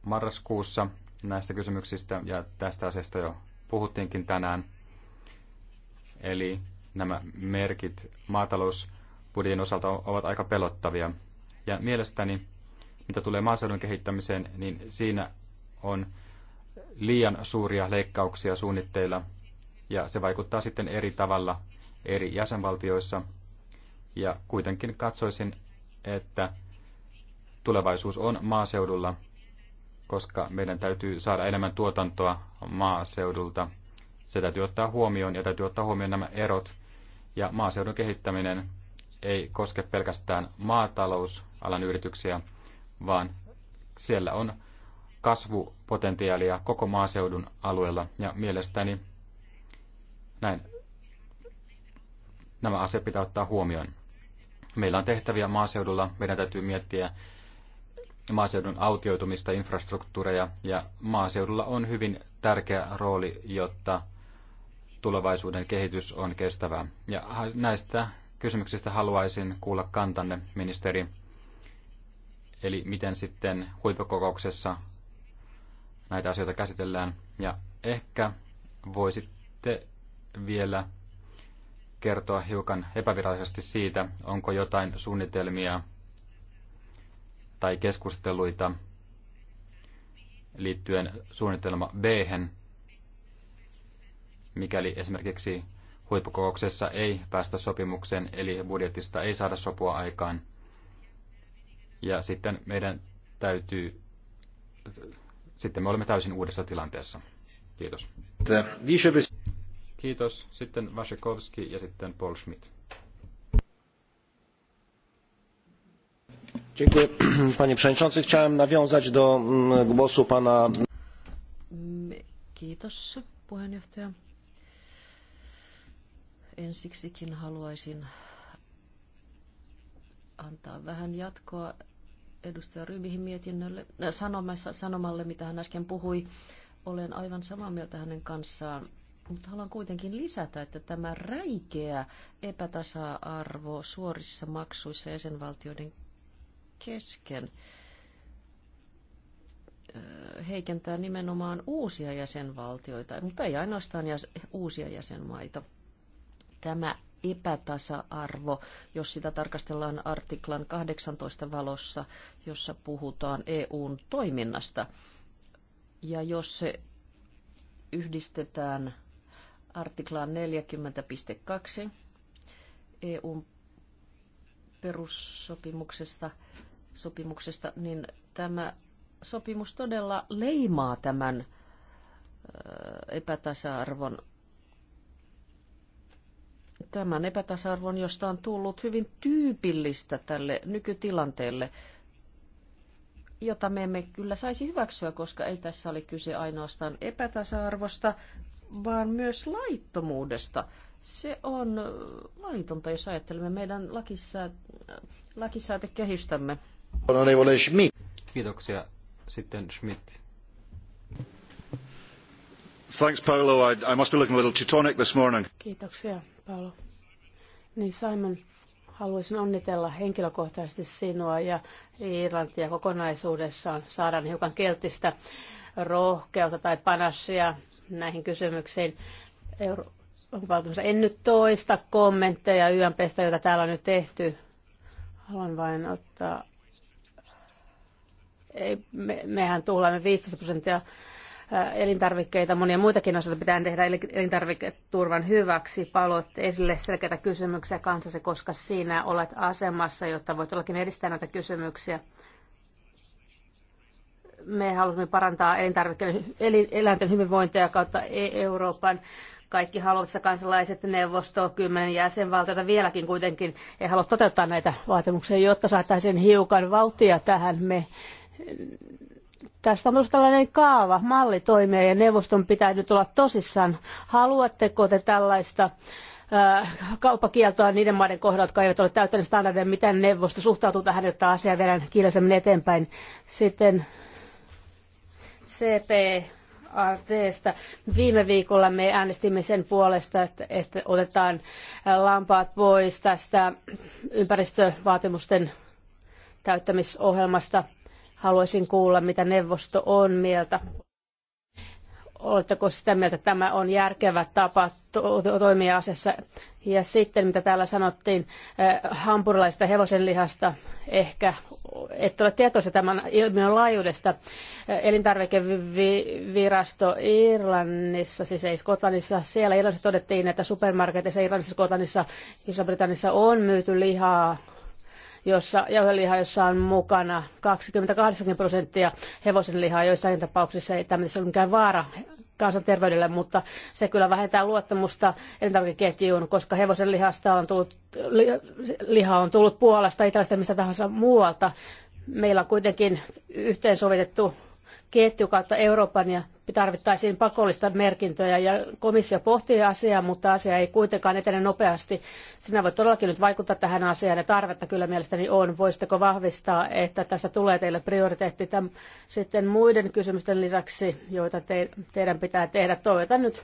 marraskuussa näistä kysymyksistä ja tästä asiasta jo puhuttiinkin tänään. Eli nämä merkit maatalousbudjetin osalta ovat aika pelottavia. Ja mielestäni, mitä tulee maaseudun kehittämiseen, niin siinä on liian suuria leikkauksia suunnitteilla ja se vaikuttaa sitten eri tavalla eri jäsenvaltioissa. Ja kuitenkin katsoisin, että tulevaisuus on maaseudulla, koska meidän täytyy saada enemmän tuotantoa maaseudulta. Se täytyy ottaa huomioon ja täytyy ottaa huomioon nämä erot. Ja maaseudun kehittäminen ei koske pelkästään maatalousalan yrityksiä, vaan siellä on kasvupotentiaalia koko maaseudun alueella. Ja mielestäni näin. Nämä asiat pitää ottaa huomioon. Meillä on tehtäviä maaseudulla. Meidän täytyy miettiä maaseudun autioitumista, infrastruktuureja ja maaseudulla on hyvin tärkeä rooli, jotta tulevaisuuden kehitys on kestävää. Ja näistä kysymyksistä haluaisin kuulla kantanne, ministeri. Eli miten sitten huippukokouksessa näitä asioita käsitellään. Ja ehkä voisitte vielä kertoa hiukan epävirallisesti siitä, onko jotain suunnitelmia tai keskusteluita liittyen suunnitelma b mikäli esimerkiksi huippukokouksessa ei päästä sopimukseen, eli budjetista ei saada sopua aikaan. Ja sitten meidän täytyy, sitten me olemme täysin uudessa tilanteessa. Kiitos. Kiitos. Sitten Vasekovski ja sitten Paul Schmidt. Dziękuję, (clears throat) panie przewodniczący. Chciałem nawiązać do mm, głosu pana... Mm, kiitos, puheenjohtaja. Ensiksikin haluaisin antaa vähän jatkoa edustaja Rymihin mietinnölle, äh, sanomalle, mitä hän äsken puhui. Olen aivan samaa mieltä hänen kanssaan mutta haluan kuitenkin lisätä, että tämä räikeä epätasa-arvo suorissa maksuissa jäsenvaltioiden kesken heikentää nimenomaan uusia jäsenvaltioita, mutta ei ainoastaan uusia jäsenmaita. Tämä epätasa-arvo, jos sitä tarkastellaan artiklan 18 valossa, jossa puhutaan EUn toiminnasta. Ja jos se yhdistetään artiklaan 40.2 EUn perussopimuksesta, sopimuksesta, niin tämä sopimus todella leimaa tämän epätasa-arvon tämän epätasa-arvon, josta on tullut hyvin tyypillistä tälle nykytilanteelle, jota me emme kyllä saisi hyväksyä, koska ei tässä ole kyse ainoastaan epätasa-arvosta, vaan myös laittomuudesta. Se on laitonta, jos ajattelemme meidän lakisäätekehystämme. Schmidt. Kiitoksia. Sitten Schmidt. Thanks, Paolo. I, I must be looking a little Teutonic this morning. Kiitoksia, Paolo. Niin Simon, haluaisin onnitella henkilökohtaisesti sinua ja Irlantia kokonaisuudessaan. Saadaan hiukan keltistä rohkeutta tai panassia näihin kysymyksiin. en nyt toista kommentteja YMPstä, joita täällä on nyt tehty. Haluan vain ottaa... Ei, me, mehän tuhlaamme 15 prosenttia elintarvikkeita, monia muitakin asioita pitää tehdä elintarviketurvan hyväksi. Palot esille selkeitä kysymyksiä kanssasi, koska siinä olet asemassa, jotta voit ollakin edistää näitä kysymyksiä me halusimme parantaa elintarvikkeiden, eläinten hyvinvointia kautta e- Euroopan. Kaikki haluavat kansalaiset, neuvosto, kymmenen jäsenvaltiota vieläkin kuitenkin ei halua toteuttaa näitä vaatimuksia, jotta saataisiin hiukan vauhtia tähän. Me Tästä on tullut tällainen kaava, malli toimia ja neuvoston pitää nyt olla tosissaan. Haluatteko te tällaista äh, kauppakieltoa niiden maiden kohdalla, jotka eivät ole täyttäneet standardeja, miten neuvosto suhtautuu tähän, jotta asia vielä kiireisemmin eteenpäin. Sitten CP Viime viikolla me äänestimme sen puolesta, että, että otetaan lampaat pois tästä ympäristövaatimusten täyttämisohjelmasta. Haluaisin kuulla, mitä neuvosto on mieltä. Oletteko sitä mieltä, että tämä on järkevä tapa to- toimia asiassa? Ja sitten, mitä täällä sanottiin, eh, hampurilaisesta hevosenlihasta ehkä, että ole tietoisia tämän ilmiön laajuudesta. Eh, elintarvikevirasto Irlannissa, siis ei Skotlannissa, siellä Irlannissa todettiin, että supermarketeissa Irlannissa, Skotlannissa, Iso-Britanniassa on myyty lihaa jossa jauhelihaa, jossa on mukana 28 prosenttia hevosenlihaa, joissain tapauksissa ei tämmöisessä ole mikään vaara kansanterveydelle, mutta se kyllä vähentää luottamusta elintarvikeketjuun, koska hevosen lihasta on tullut, liha on tullut Puolasta, Italiasta, mistä tahansa muualta. Meillä on kuitenkin yhteensovitettu ketju kautta Euroopan ja tarvittaisiin pakollista merkintöjä ja komissio pohtii asiaa, mutta asia ei kuitenkaan etene nopeasti. Sinä voit todellakin nyt vaikuttaa tähän asiaan ja tarvetta kyllä mielestäni on. Voisitteko vahvistaa, että tästä tulee teille prioriteetti tämän, sitten muiden kysymysten lisäksi, joita te, teidän pitää tehdä? Toivotan nyt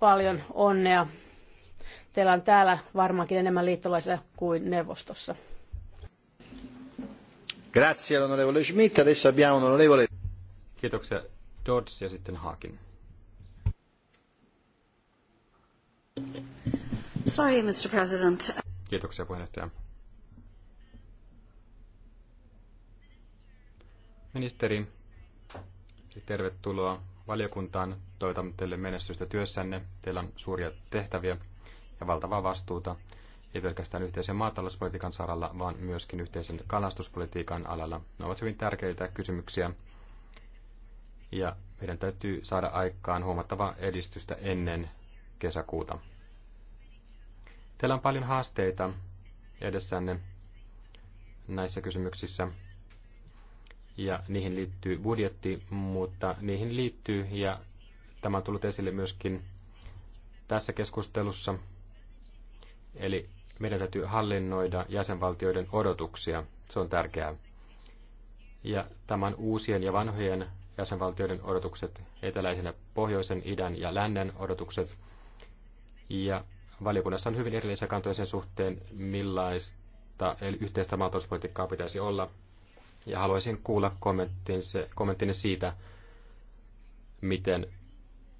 paljon onnea. Teillä on täällä varmaankin enemmän liittolaisia kuin neuvostossa. Grazie all'onorevole Schmidt, adesso abbiamo l'onorevole Kiitoksia Dodds ja sitten Haakin. Sorry, Mr. President. Kiitoksia puheenjohtaja. Ministeri, siis tervetuloa valiokuntaan. Toivotan teille menestystä työssänne. Teillä on suuria tehtäviä ja valtavaa vastuuta, ei pelkästään yhteisen maatalouspolitiikan saralla, vaan myöskin yhteisen kalastuspolitiikan alalla. Ne ovat hyvin tärkeitä kysymyksiä, ja meidän täytyy saada aikaan huomattavaa edistystä ennen kesäkuuta. Teillä on paljon haasteita edessänne näissä kysymyksissä ja niihin liittyy budjetti, mutta niihin liittyy ja tämä on tullut esille myöskin tässä keskustelussa. Eli meidän täytyy hallinnoida jäsenvaltioiden odotuksia. Se on tärkeää. Ja tämän uusien ja vanhojen jäsenvaltioiden odotukset, eteläisen ja pohjoisen, idän ja lännen odotukset. Ja valiokunnassa on hyvin erillisiä kantoja sen suhteen, millaista eli yhteistä maatalouspolitiikkaa pitäisi olla. Ja haluaisin kuulla kommenttinne siitä, miten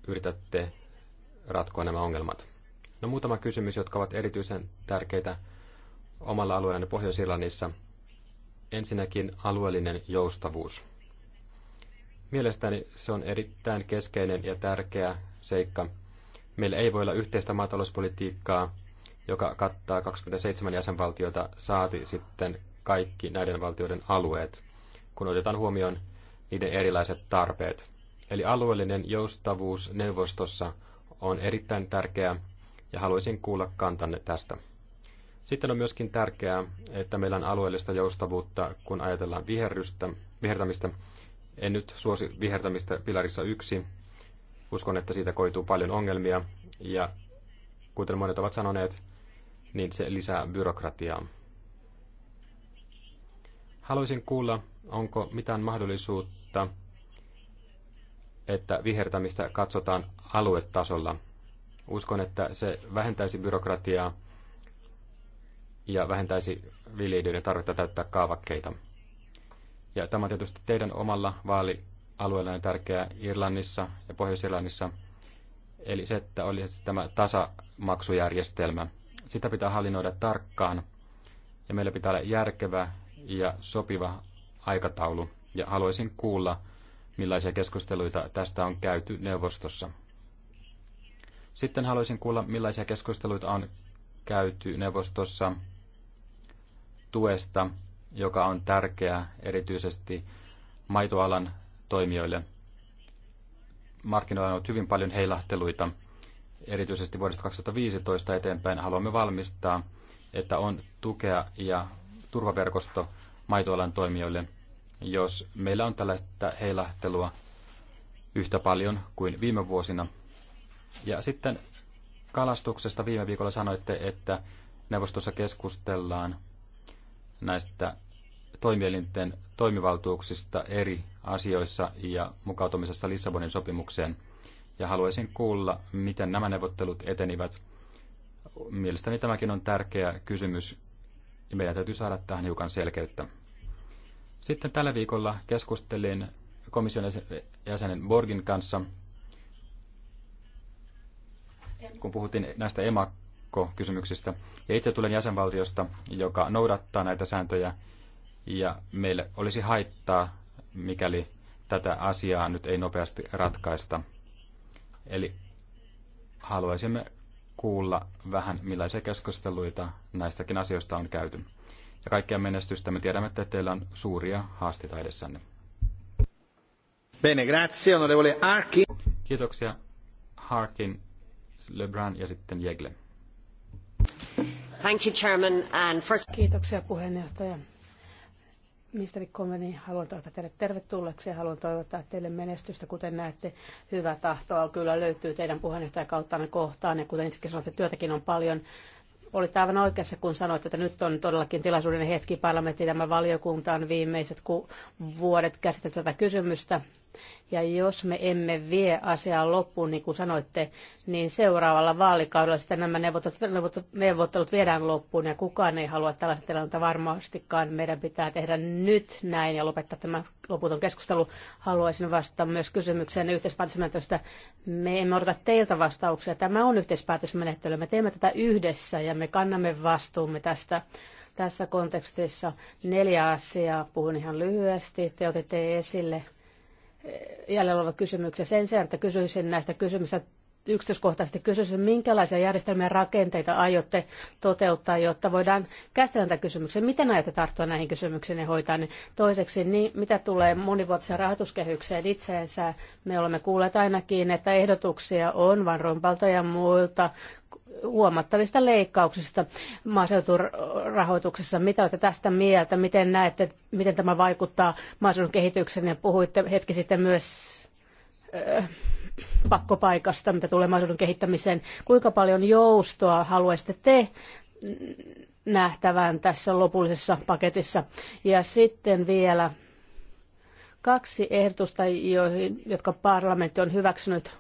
yritätte ratkoa nämä ongelmat. No muutama kysymys, jotka ovat erityisen tärkeitä omalla alueellani Pohjois-Irlannissa. Ensinnäkin alueellinen joustavuus. Mielestäni se on erittäin keskeinen ja tärkeä seikka. Meillä ei voi olla yhteistä maatalouspolitiikkaa, joka kattaa 27 jäsenvaltiota, saati sitten kaikki näiden valtioiden alueet, kun otetaan huomioon niiden erilaiset tarpeet. Eli alueellinen joustavuus neuvostossa on erittäin tärkeää ja haluaisin kuulla kantanne tästä. Sitten on myöskin tärkeää, että meillä on alueellista joustavuutta, kun ajatellaan viherrystä, vihertämistä, en nyt suosi vihertämistä pilarissa yksi. Uskon, että siitä koituu paljon ongelmia ja kuten monet ovat sanoneet, niin se lisää byrokratiaa. Haluaisin kuulla, onko mitään mahdollisuutta, että vihertämistä katsotaan aluetasolla. Uskon, että se vähentäisi byrokratiaa ja vähentäisi viljelijöiden tarvetta täyttää kaavakkeita. Ja tämä on tietysti teidän omalla on tärkeää Irlannissa ja Pohjois-Irlannissa. Eli se, että olisi tämä tasamaksujärjestelmä. Sitä pitää hallinnoida tarkkaan. Ja meillä pitää olla järkevä ja sopiva aikataulu. Ja haluaisin kuulla, millaisia keskusteluita tästä on käyty neuvostossa. Sitten haluaisin kuulla, millaisia keskusteluita on käyty neuvostossa tuesta joka on tärkeä erityisesti maitoalan toimijoille. Markkinoilla on ollut hyvin paljon heilahteluita. Erityisesti vuodesta 2015 eteenpäin haluamme valmistaa, että on tukea ja turvaverkosto maitoalan toimijoille, jos meillä on tällaista heilahtelua yhtä paljon kuin viime vuosina. Ja sitten kalastuksesta viime viikolla sanoitte, että neuvostossa keskustellaan näistä toimielinten toimivaltuuksista eri asioissa ja mukautumisessa Lissabonin sopimukseen. Ja haluaisin kuulla, miten nämä neuvottelut etenivät. Mielestäni tämäkin on tärkeä kysymys, ja meidän täytyy saada tähän hiukan selkeyttä. Sitten tällä viikolla keskustelin komission jäsenen Borgin kanssa, kun puhuttiin näistä emak ennakkokysymyksistä. Ja itse tulen jäsenvaltiosta, joka noudattaa näitä sääntöjä, ja meille olisi haittaa, mikäli tätä asiaa nyt ei nopeasti ratkaista. Eli haluaisimme kuulla vähän, millaisia keskusteluita näistäkin asioista on käyty. Ja kaikkea menestystä me tiedämme, että teillä on suuria haasteita edessänne. Bene, grazie, onorevole Harkin. Kiitoksia Harkin, Lebrun ja sitten Jegle. Kiitoksia puheenjohtaja. Ministeri Komeni, haluan toivottaa teille tervetulleeksi ja haluan toivottaa teille menestystä. Kuten näette, hyvää tahtoa kyllä löytyy teidän puheenjohtajakauttanne kohtaan. Ja kuten itsekin sanoitte, työtäkin on paljon. Olitte aivan oikeassa, kun sanoit, että nyt on todellakin tilaisuuden hetki parlamentti. Tämä valiokunta on viimeiset vuodet käsitellyt tätä kysymystä ja jos me emme vie asiaa loppuun, niin kuin sanoitte, niin seuraavalla vaalikaudella sitten nämä neuvottelut, neuvottelut viedään loppuun ja kukaan ei halua tällaista tilannetta varmastikaan. Meidän pitää tehdä nyt näin ja lopettaa tämä loputon keskustelu. Haluaisin vastata myös kysymykseen yhteispäätösmenettelystä. Me emme odota teiltä vastauksia. Tämä on yhteispäätösmenettely. Me teemme tätä yhdessä ja me kannamme vastuumme tästä tässä kontekstissa neljä asiaa. Puhun ihan lyhyesti. Te otitte esille jäljellä oleva kysymyksiä. Sen sijaan, että kysyisin näistä kysymyksistä yksityiskohtaisesti kysyisin, minkälaisia järjestelmiä rakenteita aiotte toteuttaa, jotta voidaan käsitellä tätä kysymyksiä. Miten aiotte tarttua näihin kysymyksiin ja hoitaa ne? Toiseksi, niin mitä tulee monivuotiseen rahoituskehykseen itseensä, me olemme kuulleet ainakin, että ehdotuksia on Van Rompalta ja muilta huomattavista leikkauksista maaseuturahoituksessa. Mitä olette tästä mieltä? Miten näette, miten tämä vaikuttaa maaseudun kehitykseen? Ja puhuitte hetki sitten myös äh, pakkopaikasta, mitä tulee maaseudun kehittämiseen. Kuinka paljon joustoa haluaisitte te nähtävään tässä lopullisessa paketissa? Ja sitten vielä kaksi ehdotusta, joihin, jotka parlamentti on hyväksynyt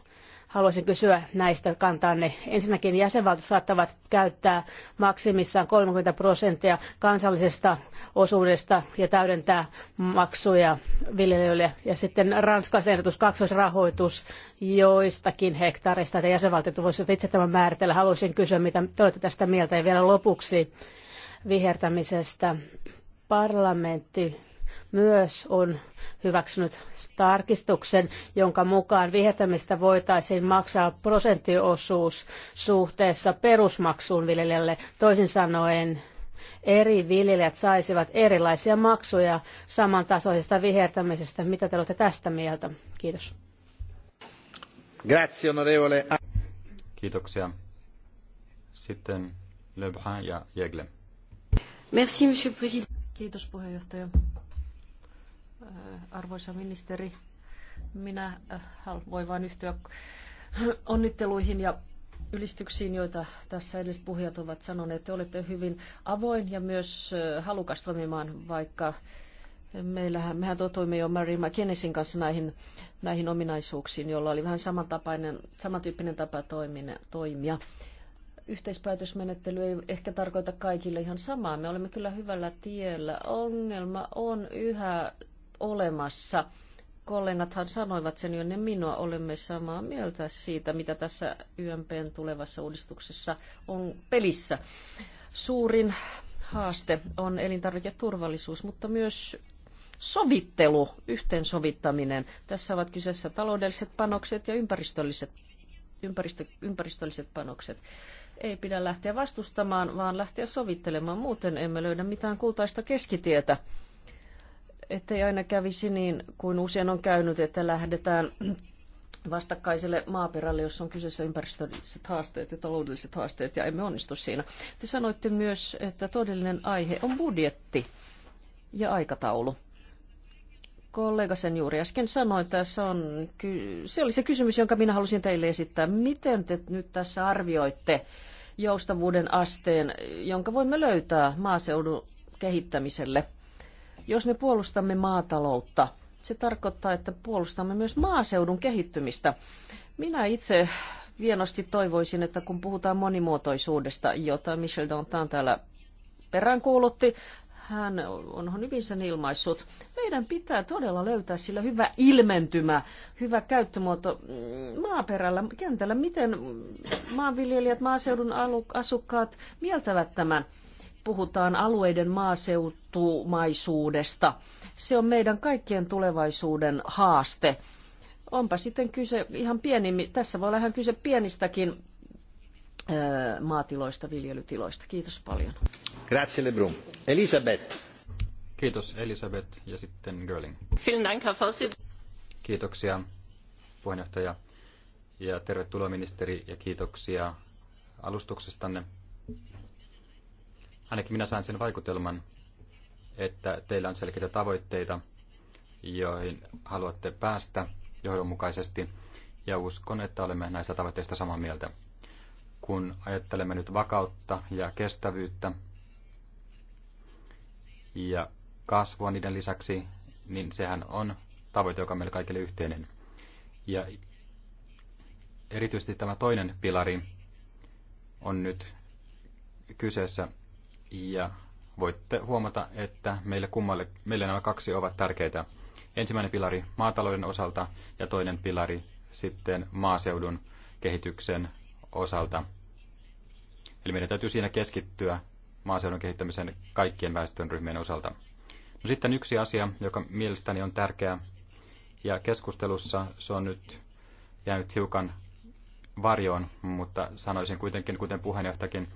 Haluaisin kysyä näistä kantanne. Ensinnäkin jäsenvaltiot saattavat käyttää maksimissaan 30 prosenttia kansallisesta osuudesta ja täydentää maksuja viljelijöille. Ja sitten ranskalaisen ehdotus kaksoisrahoitus joistakin hektaareista, että jäsenvaltiot voisivat itse tämän määritellä. Haluaisin kysyä, mitä te olette tästä mieltä. Ja vielä lopuksi vihertämisestä parlamentti myös on hyväksynyt tarkistuksen, jonka mukaan vihetämistä voitaisiin maksaa prosenttiosuus suhteessa perusmaksuun viljelijälle. Toisin sanoen eri viljelijät saisivat erilaisia maksuja samantasoisesta vihertämisestä. Mitä te olette tästä mieltä? Kiitos. Grazie, onorevole. Kiitoksia. Sitten Lebrun ja Jegle. Merci, monsieur le président. Kiitos puheenjohtaja. Äh, arvoisa ministeri, minä äh, voin vain yhtyä onnitteluihin ja ylistyksiin, joita tässä edelliset puhujat ovat sanoneet. Te olette hyvin avoin ja myös äh, halukas toimimaan, vaikka meillähän, mehän toimimme jo Mary McKinnesin kanssa näihin, näihin ominaisuuksiin, jolla oli vähän samantapainen, samantyyppinen tapa toimia. Yhteispäätösmenettely ei ehkä tarkoita kaikille ihan samaa. Me olemme kyllä hyvällä tiellä. Ongelma on yhä olemassa. Kollegathan sanoivat sen jo ennen minua, olemme samaa mieltä siitä, mitä tässä YMPn tulevassa uudistuksessa on pelissä. Suurin haaste on elintarviketurvallisuus, mutta myös sovittelu, yhteensovittaminen. Tässä ovat kyseessä taloudelliset panokset ja ympäristölliset, ympäristö, ympäristölliset panokset. Ei pidä lähteä vastustamaan, vaan lähteä sovittelemaan. Muuten emme löydä mitään kultaista keskitietä ettei aina kävisi niin kuin usein on käynyt, että lähdetään (clears throat) vastakkaiselle maaperälle, jossa on kyseessä ympäristölliset haasteet ja taloudelliset haasteet, ja emme onnistu siinä. Te sanoitte myös, että todellinen aihe on budjetti ja aikataulu. Kollega sen juuri äsken sanoi, että se, on, se oli se kysymys, jonka minä halusin teille esittää. Miten te nyt tässä arvioitte joustavuuden asteen, jonka voimme löytää maaseudun kehittämiselle? Jos me puolustamme maataloutta, se tarkoittaa, että puolustamme myös maaseudun kehittymistä. Minä itse vienosti toivoisin, että kun puhutaan monimuotoisuudesta, jota Michel Dantan täällä peräänkuulutti, hän on hyvin sen ilmaissut. Meidän pitää todella löytää sillä hyvä ilmentymä, hyvä käyttömuoto maaperällä, kentällä. Miten maanviljelijät, maaseudun asukkaat mieltävät tämän? puhutaan alueiden maaseutumaisuudesta. Se on meidän kaikkien tulevaisuuden haaste. Onpa sitten kyse ihan pieni, tässä voi olla ihan kyse pienistäkin maatiloista, viljelytiloista. Kiitos paljon. Grazie Lebrun. Elisabeth. Kiitos Elisabeth ja sitten Görling. Kiitoksia puheenjohtaja ja tervetuloa ministeri ja kiitoksia alustuksestanne. Ainakin minä sain sen vaikutelman, että teillä on selkeitä tavoitteita, joihin haluatte päästä johdonmukaisesti, ja uskon, että olemme näistä tavoitteista samaa mieltä. Kun ajattelemme nyt vakautta ja kestävyyttä ja kasvua niiden lisäksi, niin sehän on tavoite, joka on meille kaikille yhteinen. Ja erityisesti tämä toinen pilari on nyt kyseessä, ja voitte huomata, että meille, kummalle, meille nämä kaksi ovat tärkeitä. Ensimmäinen pilari maatalouden osalta ja toinen pilari sitten maaseudun kehityksen osalta. Eli meidän täytyy siinä keskittyä maaseudun kehittämisen kaikkien väestönryhmien osalta. No sitten yksi asia, joka mielestäni on tärkeä, ja keskustelussa se on nyt jäänyt hiukan varjoon, mutta sanoisin kuitenkin, kuten puheenjohtajakin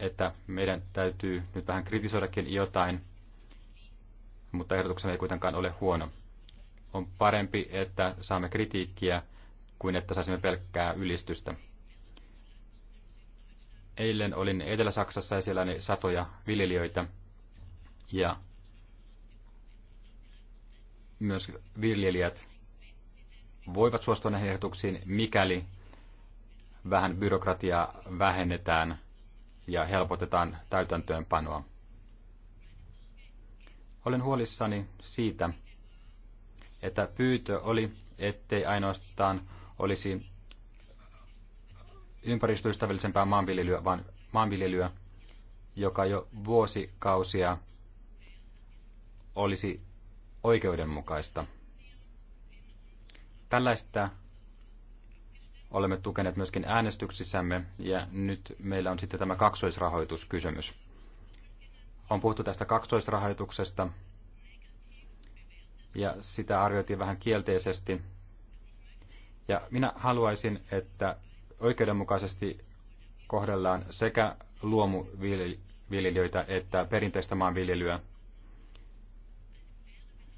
että meidän täytyy nyt vähän kritisoidakin jotain, mutta ehdotuksemme ei kuitenkaan ole huono. On parempi, että saamme kritiikkiä kuin että saisimme pelkkää ylistystä. Eilen olin Etelä-Saksassa ja siellä oli satoja viljelijöitä ja myös viljelijät voivat suostua näihin ehdotuksiin, mikäli vähän byrokratiaa vähennetään – ja helpotetaan täytäntöönpanoa. Olen huolissani siitä, että pyytö oli, ettei ainoastaan olisi ympäristöystävällisempää maanviljelyä, vaan maanviljelyä, joka jo vuosikausia olisi oikeudenmukaista. Tällaista olemme tukeneet myöskin äänestyksissämme ja nyt meillä on sitten tämä kaksoisrahoituskysymys. On puhuttu tästä kaksoisrahoituksesta ja sitä arvioitiin vähän kielteisesti. Ja minä haluaisin, että oikeudenmukaisesti kohdellaan sekä luomuviljelijöitä että perinteistä maanviljelyä.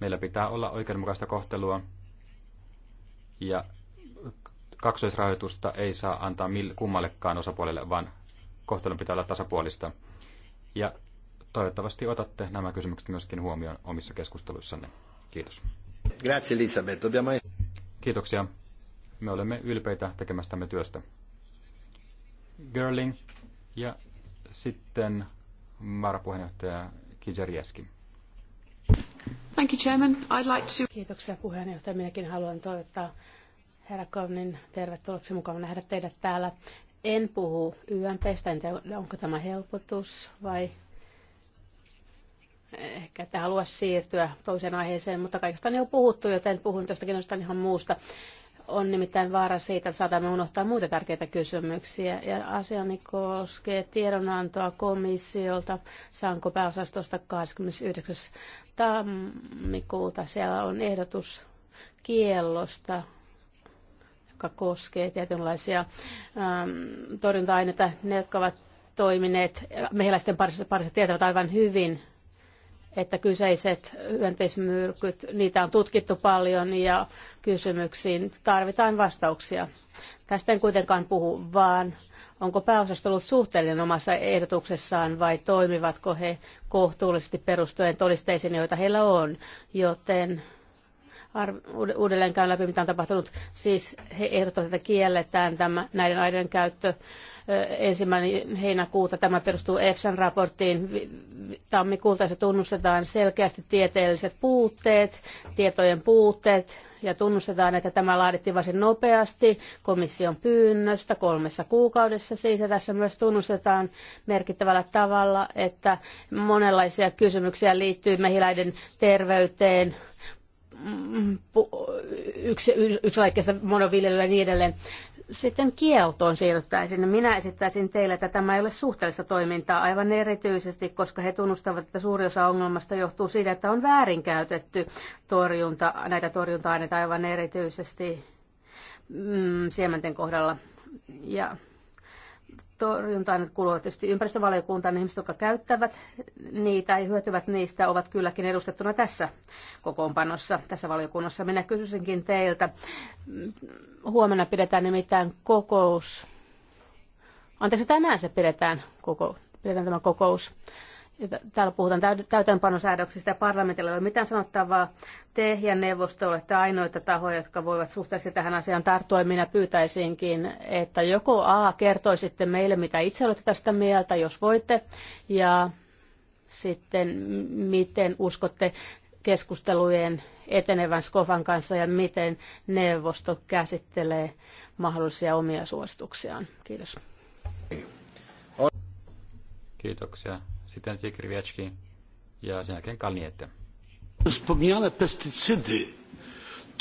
Meillä pitää olla oikeudenmukaista kohtelua ja kaksoisrahoitusta ei saa antaa kummallekaan osapuolelle, vaan kohtelun pitää olla tasapuolista. Ja toivottavasti otatte nämä kysymykset myöskin huomioon omissa keskusteluissanne. Kiitos. Grazie Elisabeth. Dobbiamo... Kiitoksia. Me olemme ylpeitä tekemästämme työstä. Girling ja sitten varapuheenjohtaja Kijarieski. Thank you, Chairman. I'd like to... Kiitoksia puheenjohtaja. Minäkin haluan toivottaa Herra Kovnin, tervetuloksi. mukava nähdä teidät täällä. En puhu YMPstä, en tiedä onko tämä helpotus vai ehkä ette halua siirtyä toiseen aiheeseen, mutta kaikesta on jo puhuttu, joten puhun tuostakin jostain ihan muusta. On nimittäin vaara siitä, että saatamme unohtaa muita tärkeitä kysymyksiä. Ja asiani koskee tiedonantoa komissiolta Sanko pääosastosta 29. tammikuuta. Siellä on ehdotus kiellosta jotka koskee tietynlaisia ähm, torjunta-aineita. Ne, jotka ovat toimineet äh, mehiläisten parissa, parissa tietävät aivan hyvin, että kyseiset hyönteismyrkyt, niitä on tutkittu paljon ja kysymyksiin tarvitaan vastauksia. Tästä en kuitenkaan puhu, vaan onko pääosasto ollut suhteellinen omassa ehdotuksessaan vai toimivatko he kohtuullisesti perustuen todisteisiin, joita heillä on, joten uudelleen käyn läpi, mitä on tapahtunut. Siis he ehdottavat, että kielletään tämä, näiden aineiden käyttö ensimmäinen heinäkuuta. Tämä perustuu EFSAn raporttiin. Tammikuulta se tunnustetaan selkeästi tieteelliset puutteet, tietojen puutteet, ja tunnustetaan, että tämä laadittiin varsin nopeasti komission pyynnöstä kolmessa kuukaudessa. Siis ja tässä myös tunnustetaan merkittävällä tavalla, että monenlaisia kysymyksiä liittyy mehiläiden terveyteen, yksi, yksi vaikeista monoviljelyä ja niin edelleen. Sitten kieltoon siirryttäisiin. Minä esittäisin teille, että tämä ei ole suhteellista toimintaa aivan erityisesti, koska he tunnustavat, että suuri osa ongelmasta johtuu siitä, että on väärinkäytetty torjunta, näitä torjunta-aineita aivan erityisesti mm, siementen kohdalla. Ja torjuntaan kuuluu tietysti ympäristövaliokuntaan, ihmiset, jotka käyttävät niitä ja hyötyvät niistä, ovat kylläkin edustettuna tässä kokoonpanossa, tässä valiokunnassa. Minä kysyisinkin teiltä, huomenna pidetään nimittäin kokous, anteeksi tänään se pidetään, koko, pidetään tämä kokous Täällä puhutaan täytäntöpanosäädöksistä ja parlamentilla ei ole mitään sanottavaa. Te ja neuvosto olette ainoita tahoja, jotka voivat suhteessa tähän asiaan tarttua. Minä pyytäisinkin, että joko A, kertoisitte meille, mitä itse olette tästä mieltä, jos voitte, ja sitten miten uskotte keskustelujen etenevän Skofan kanssa ja miten neuvosto käsittelee mahdollisia omia suosituksiaan. Kiitos. Kiitoksia. Sitten Sikri ja sen jälkeen Kalniette. Wspomniane pestycydy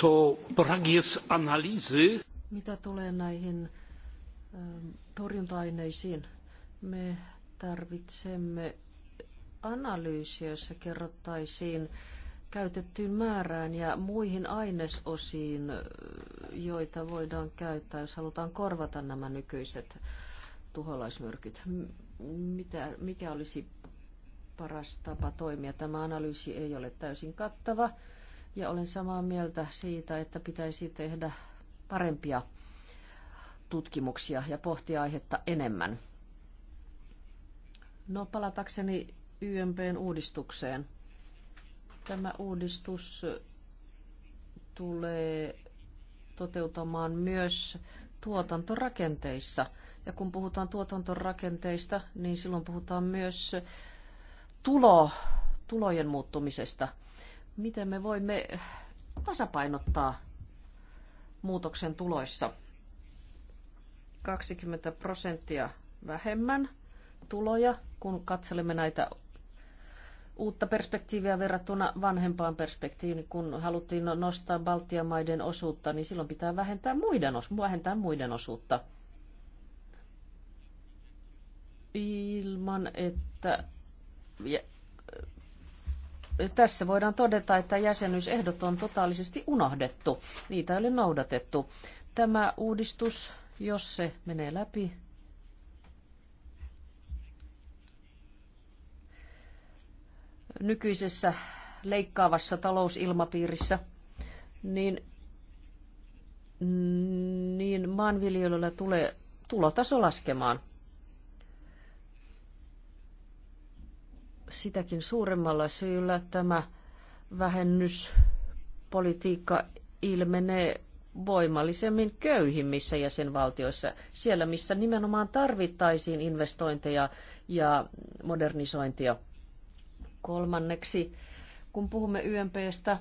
to brak jest analizy. Mitä tulee näihin torjunta-aineisiin, me tarvitsemme analyysiä, jossa kerrottaisiin käytettyyn määrään ja muihin ainesosiin, joita voidaan käyttää, jos halutaan korvata nämä nykyiset tuholaismyrkyt mitä, mikä olisi paras tapa toimia. Tämä analyysi ei ole täysin kattava ja olen samaa mieltä siitä, että pitäisi tehdä parempia tutkimuksia ja pohtia aihetta enemmän. No palatakseni YMPn uudistukseen. Tämä uudistus tulee toteutamaan myös tuotantorakenteissa – ja kun puhutaan tuotantorakenteista, niin silloin puhutaan myös tulo, tulojen muuttumisesta. Miten me voimme tasapainottaa muutoksen tuloissa? 20 prosenttia vähemmän tuloja, kun katselemme näitä uutta perspektiiviä verrattuna vanhempaan perspektiiviin, kun haluttiin nostaa Baltian maiden osuutta, niin silloin pitää vähentää muiden, vähentää muiden osuutta ilman, että tässä voidaan todeta, että jäsenyysehdot on totaalisesti unohdettu. Niitä ei ole noudatettu. Tämä uudistus, jos se menee läpi, nykyisessä leikkaavassa talousilmapiirissä, niin, niin maanviljelijöillä tulee tulotaso laskemaan. sitäkin suuremmalla syyllä tämä vähennyspolitiikka ilmenee voimallisemmin köyhimmissä jäsenvaltioissa, siellä missä nimenomaan tarvittaisiin investointeja ja modernisointia. Kolmanneksi, kun puhumme YMPstä,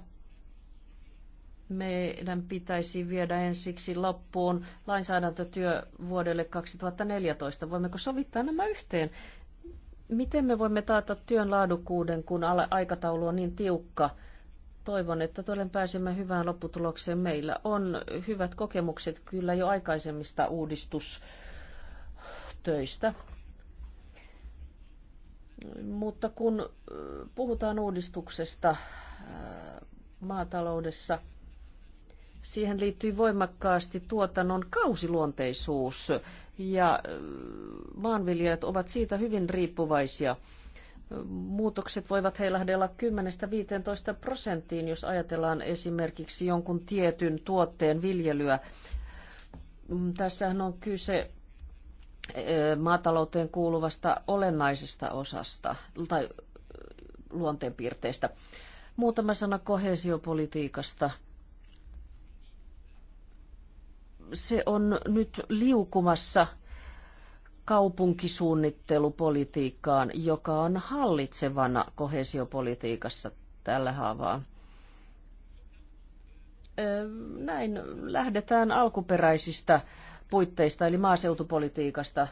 meidän pitäisi viedä ensiksi loppuun lainsäädäntötyö vuodelle 2014. Voimmeko sovittaa nämä yhteen Miten me voimme taata työn laadukkuuden, kun aikataulu on niin tiukka? Toivon, että todella pääsemme hyvään lopputulokseen. Meillä on hyvät kokemukset kyllä jo aikaisemmista uudistustöistä. Mutta kun puhutaan uudistuksesta maataloudessa, siihen liittyy voimakkaasti tuotannon kausiluonteisuus ja maanviljelijät ovat siitä hyvin riippuvaisia. Muutokset voivat heilahdella 10-15 prosenttiin, jos ajatellaan esimerkiksi jonkun tietyn tuotteen viljelyä. Mm, tässähän on kyse maatalouteen kuuluvasta olennaisesta osasta tai luonteenpiirteistä. Muutama sana kohesiopolitiikasta – se on nyt liukumassa kaupunkisuunnittelupolitiikkaan, joka on hallitsevana kohesiopolitiikassa tällä haavaa. Näin lähdetään alkuperäisistä puitteista eli maaseutupolitiikasta.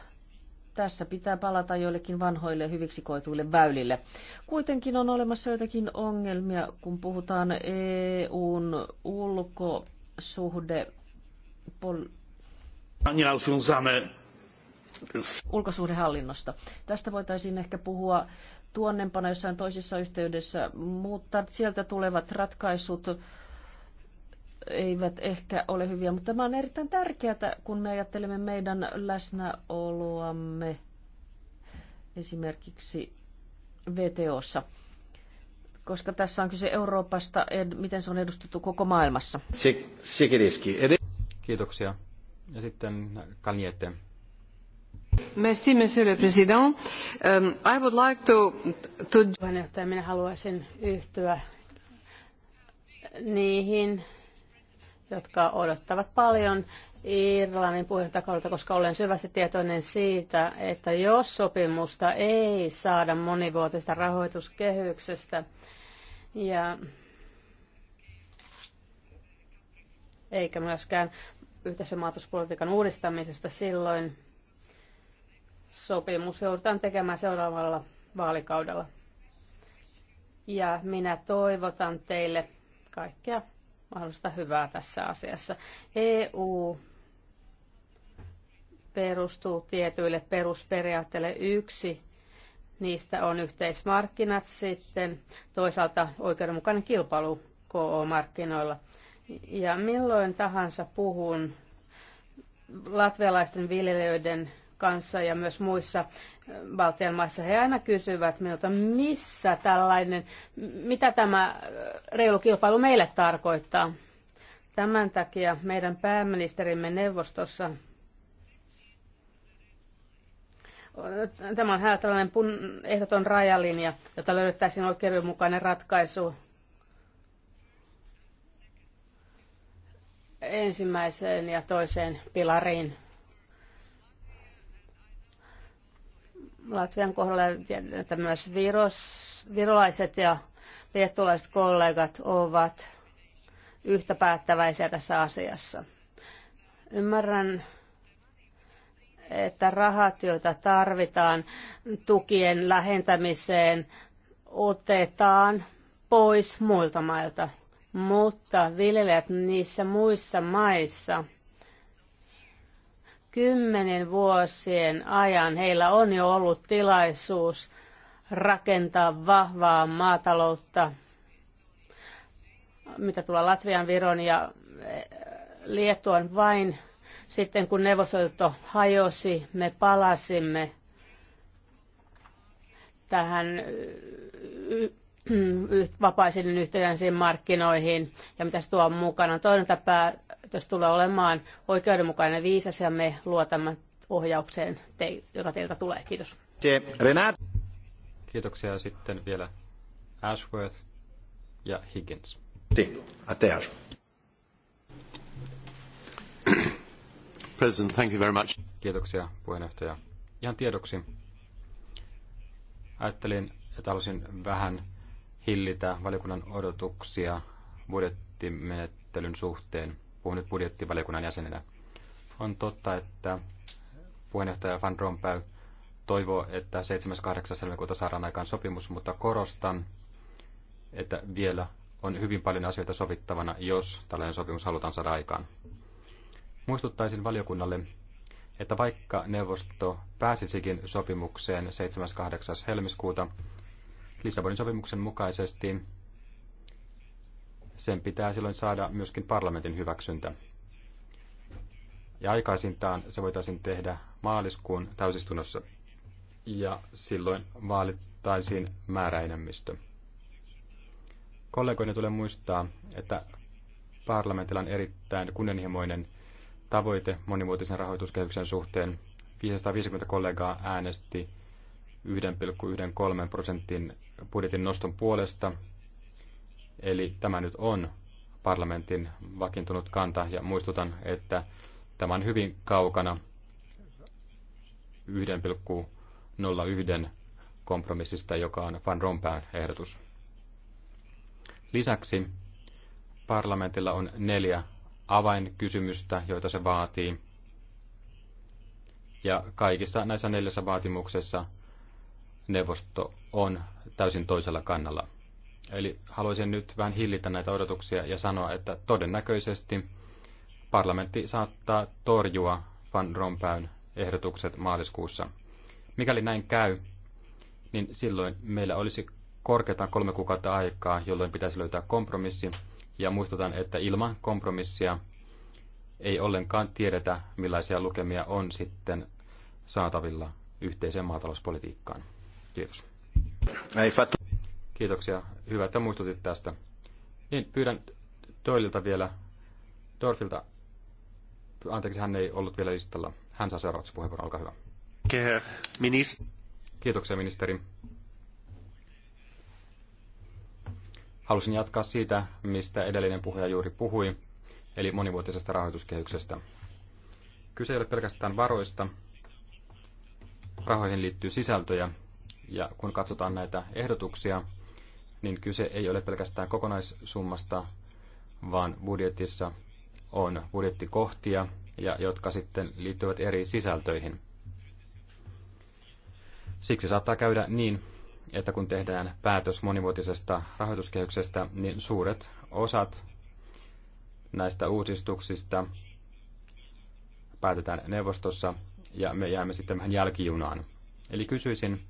Tässä pitää palata joillekin vanhoille hyviksi koetuille väylille. Kuitenkin on olemassa joitakin ongelmia, kun puhutaan EUn ulkosuhde pol- ulkosuhdehallinnosta. Tästä voitaisiin ehkä puhua tuonnempana jossain toisessa yhteydessä, mutta sieltä tulevat ratkaisut eivät ehkä ole hyviä, mutta tämä on erittäin tärkeää, kun me ajattelemme meidän läsnäoloamme esimerkiksi VTOssa, koska tässä on kyse Euroopasta, miten se on edustettu koko maailmassa. Se, se Kiitoksia. Ja sitten Kaniette. Merci, monsieur le président. Um, I would like to... to... Puheenjohtaja, minä haluaisin yhtyä niihin, jotka odottavat paljon Irlannin puheenjohtajakaudelta, koska olen syvästi tietoinen siitä, että jos sopimusta ei saada monivuotisesta rahoituskehyksestä ja eikä myöskään yhteisen maatalouspolitiikan uudistamisesta silloin sopimus joudutaan tekemään seuraavalla vaalikaudella. Ja minä toivotan teille kaikkea mahdollista hyvää tässä asiassa. EU perustuu tietyille perusperiaatteille. Yksi niistä on yhteismarkkinat sitten, toisaalta oikeudenmukainen kilpailu KO-markkinoilla – ja milloin tahansa puhun latvialaisten viljelijöiden kanssa ja myös muissa Baltian maissa, he aina kysyvät minulta, missä tällainen, mitä tämä reilu kilpailu meille tarkoittaa. Tämän takia meidän pääministerimme neuvostossa, tämä on tällainen ehdoton rajalinja, jota löydettäisiin oikeudenmukainen ratkaisu ensimmäiseen ja toiseen pilariin. Latvian kohdalla tiedän, että myös viros, virolaiset ja liettulaiset kollegat ovat yhtä päättäväisiä tässä asiassa. Ymmärrän, että rahat, joita tarvitaan tukien lähentämiseen, otetaan pois muilta mailta mutta viljelijät niissä muissa maissa kymmenen vuosien ajan heillä on jo ollut tilaisuus rakentaa vahvaa maataloutta, mitä tulee Latvian, Viron ja eh, Liettuan vain sitten kun neuvostoliitto hajosi, me palasimme tähän Mm, vapaisiin yhtenäisiin markkinoihin ja mitä se tuo mukana. jos tulee olemaan oikeudenmukainen viisas ja me luotamme ohjaukseen, te, joka teiltä tulee. Kiitos. Kiitoksia sitten vielä Ashworth ja Higgins. President, thank you very much. Kiitoksia puheenjohtaja. Ihan tiedoksi ajattelin, että halusin vähän hillitä valiokunnan odotuksia budjettimenettelyn suhteen. Puhun nyt budjettivaliokunnan jäsenenä. On totta, että puheenjohtaja Van Rompuy toivoo, että 7.8. helmikuuta saadaan aikaan sopimus, mutta korostan, että vielä on hyvin paljon asioita sovittavana, jos tällainen sopimus halutaan saada aikaan. Muistuttaisin valiokunnalle, että vaikka neuvosto pääsisikin sopimukseen 7.8. helmiskuuta, Lissabonin sopimuksen mukaisesti sen pitää silloin saada myöskin parlamentin hyväksyntä. Ja aikaisintaan se voitaisiin tehdä maaliskuun täysistunnossa. Ja silloin vaalittaisiin määräenemmistö. Kollegoiden tulee muistaa, että parlamentilla on erittäin kunnianhimoinen tavoite monimuotoisen rahoituskehyksen suhteen. 550 kollegaa äänesti 1,13 prosentin budjetin noston puolesta. Eli tämä nyt on parlamentin vakiintunut kanta ja muistutan, että tämä on hyvin kaukana 1,01 kompromissista, joka on Van Rompään ehdotus. Lisäksi parlamentilla on neljä avainkysymystä, joita se vaatii. Ja kaikissa näissä neljässä vaatimuksessa neuvosto on täysin toisella kannalla. Eli haluaisin nyt vähän hillitä näitä odotuksia ja sanoa, että todennäköisesti parlamentti saattaa torjua Van Rompäyn ehdotukset maaliskuussa. Mikäli näin käy, niin silloin meillä olisi korkeintaan kolme kuukautta aikaa, jolloin pitäisi löytää kompromissi. Ja muistutan, että ilman kompromissia ei ollenkaan tiedetä, millaisia lukemia on sitten saatavilla yhteiseen maatalouspolitiikkaan. Kiitos. Kiitoksia. Hyvä, että muistutit tästä. Niin, pyydän Doylilta vielä, Dorfilta, anteeksi, hän ei ollut vielä listalla. Hän saa seuraavaksi puheenvuoron, olkaa hyvä. Kiitoksia, ministeri. Halusin jatkaa siitä, mistä edellinen puhuja juuri puhui, eli monivuotisesta rahoituskehyksestä. Kyse ei ole pelkästään varoista. Rahoihin liittyy sisältöjä, ja kun katsotaan näitä ehdotuksia, niin kyse ei ole pelkästään kokonaissummasta, vaan budjetissa on budjettikohtia, ja jotka sitten liittyvät eri sisältöihin. Siksi saattaa käydä niin, että kun tehdään päätös monivuotisesta rahoituskehyksestä, niin suuret osat näistä uudistuksista päätetään neuvostossa ja me jäämme sitten vähän jälkijunaan. Eli kysyisin,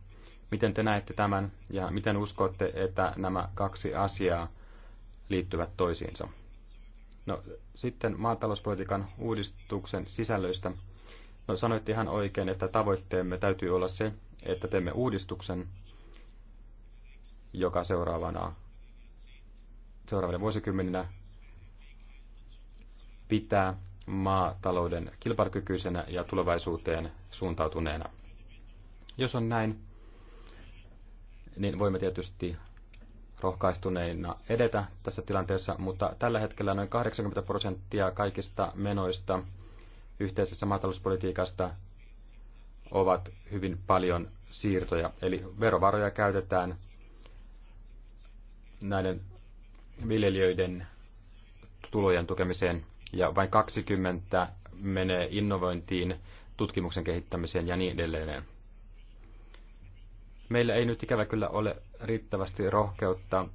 Miten te näette tämän ja miten uskotte, että nämä kaksi asiaa liittyvät toisiinsa? No, sitten maatalouspolitiikan uudistuksen sisällöistä. No, sanoitte ihan oikein, että tavoitteemme täytyy olla se, että teemme uudistuksen, joka seuraavana, seuraavana vuosikymmeninä pitää maatalouden kilpailukykyisenä ja tulevaisuuteen suuntautuneena. Jos on näin, niin voimme tietysti rohkaistuneina edetä tässä tilanteessa, mutta tällä hetkellä noin 80 prosenttia kaikista menoista yhteisessä maatalouspolitiikasta ovat hyvin paljon siirtoja. Eli verovaroja käytetään näiden viljelijöiden tulojen tukemiseen ja vain 20 menee innovointiin, tutkimuksen kehittämiseen ja niin edelleen. Meillä ei nyt ikävä kyllä ole riittävästi rohkeutta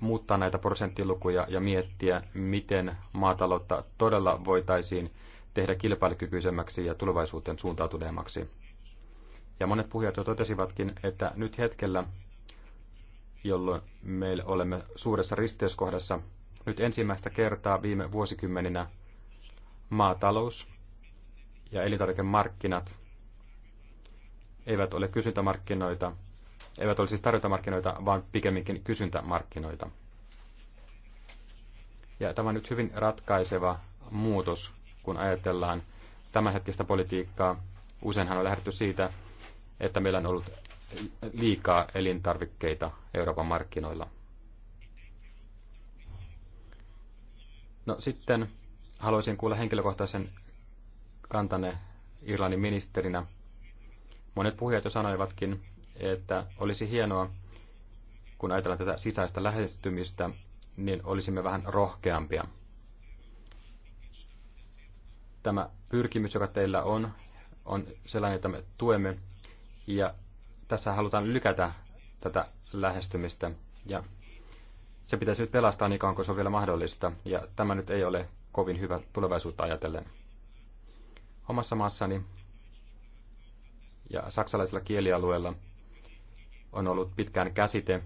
muuttaa näitä prosenttilukuja ja miettiä, miten maataloutta todella voitaisiin tehdä kilpailukykyisemmäksi ja tulevaisuuteen suuntautuneemmaksi. Ja monet puhujat jo totesivatkin, että nyt hetkellä, jolloin meillä olemme suuressa risteyskohdassa, nyt ensimmäistä kertaa viime vuosikymmeninä maatalous ja elintarvikemarkkinat eivät ole kysyntämarkkinoita, eivät ole siis tarjontamarkkinoita, vaan pikemminkin kysyntämarkkinoita. Ja tämä on nyt hyvin ratkaiseva muutos, kun ajatellaan tämänhetkistä politiikkaa. Useinhan on lähdetty siitä, että meillä on ollut liikaa elintarvikkeita Euroopan markkinoilla. No sitten haluaisin kuulla henkilökohtaisen kantanne Irlannin ministerinä. Monet puhujat jo sanoivatkin, että olisi hienoa, kun ajatellaan tätä sisäistä lähestymistä, niin olisimme vähän rohkeampia. Tämä pyrkimys, joka teillä on, on sellainen, että me tuemme. Ja tässä halutaan lykätä tätä lähestymistä. Ja se pitäisi nyt pelastaa niin kauan kuin se on vielä mahdollista. Ja tämä nyt ei ole kovin hyvä tulevaisuutta ajatellen. Omassa maassani ja saksalaisella kielialueella – on ollut pitkään käsite,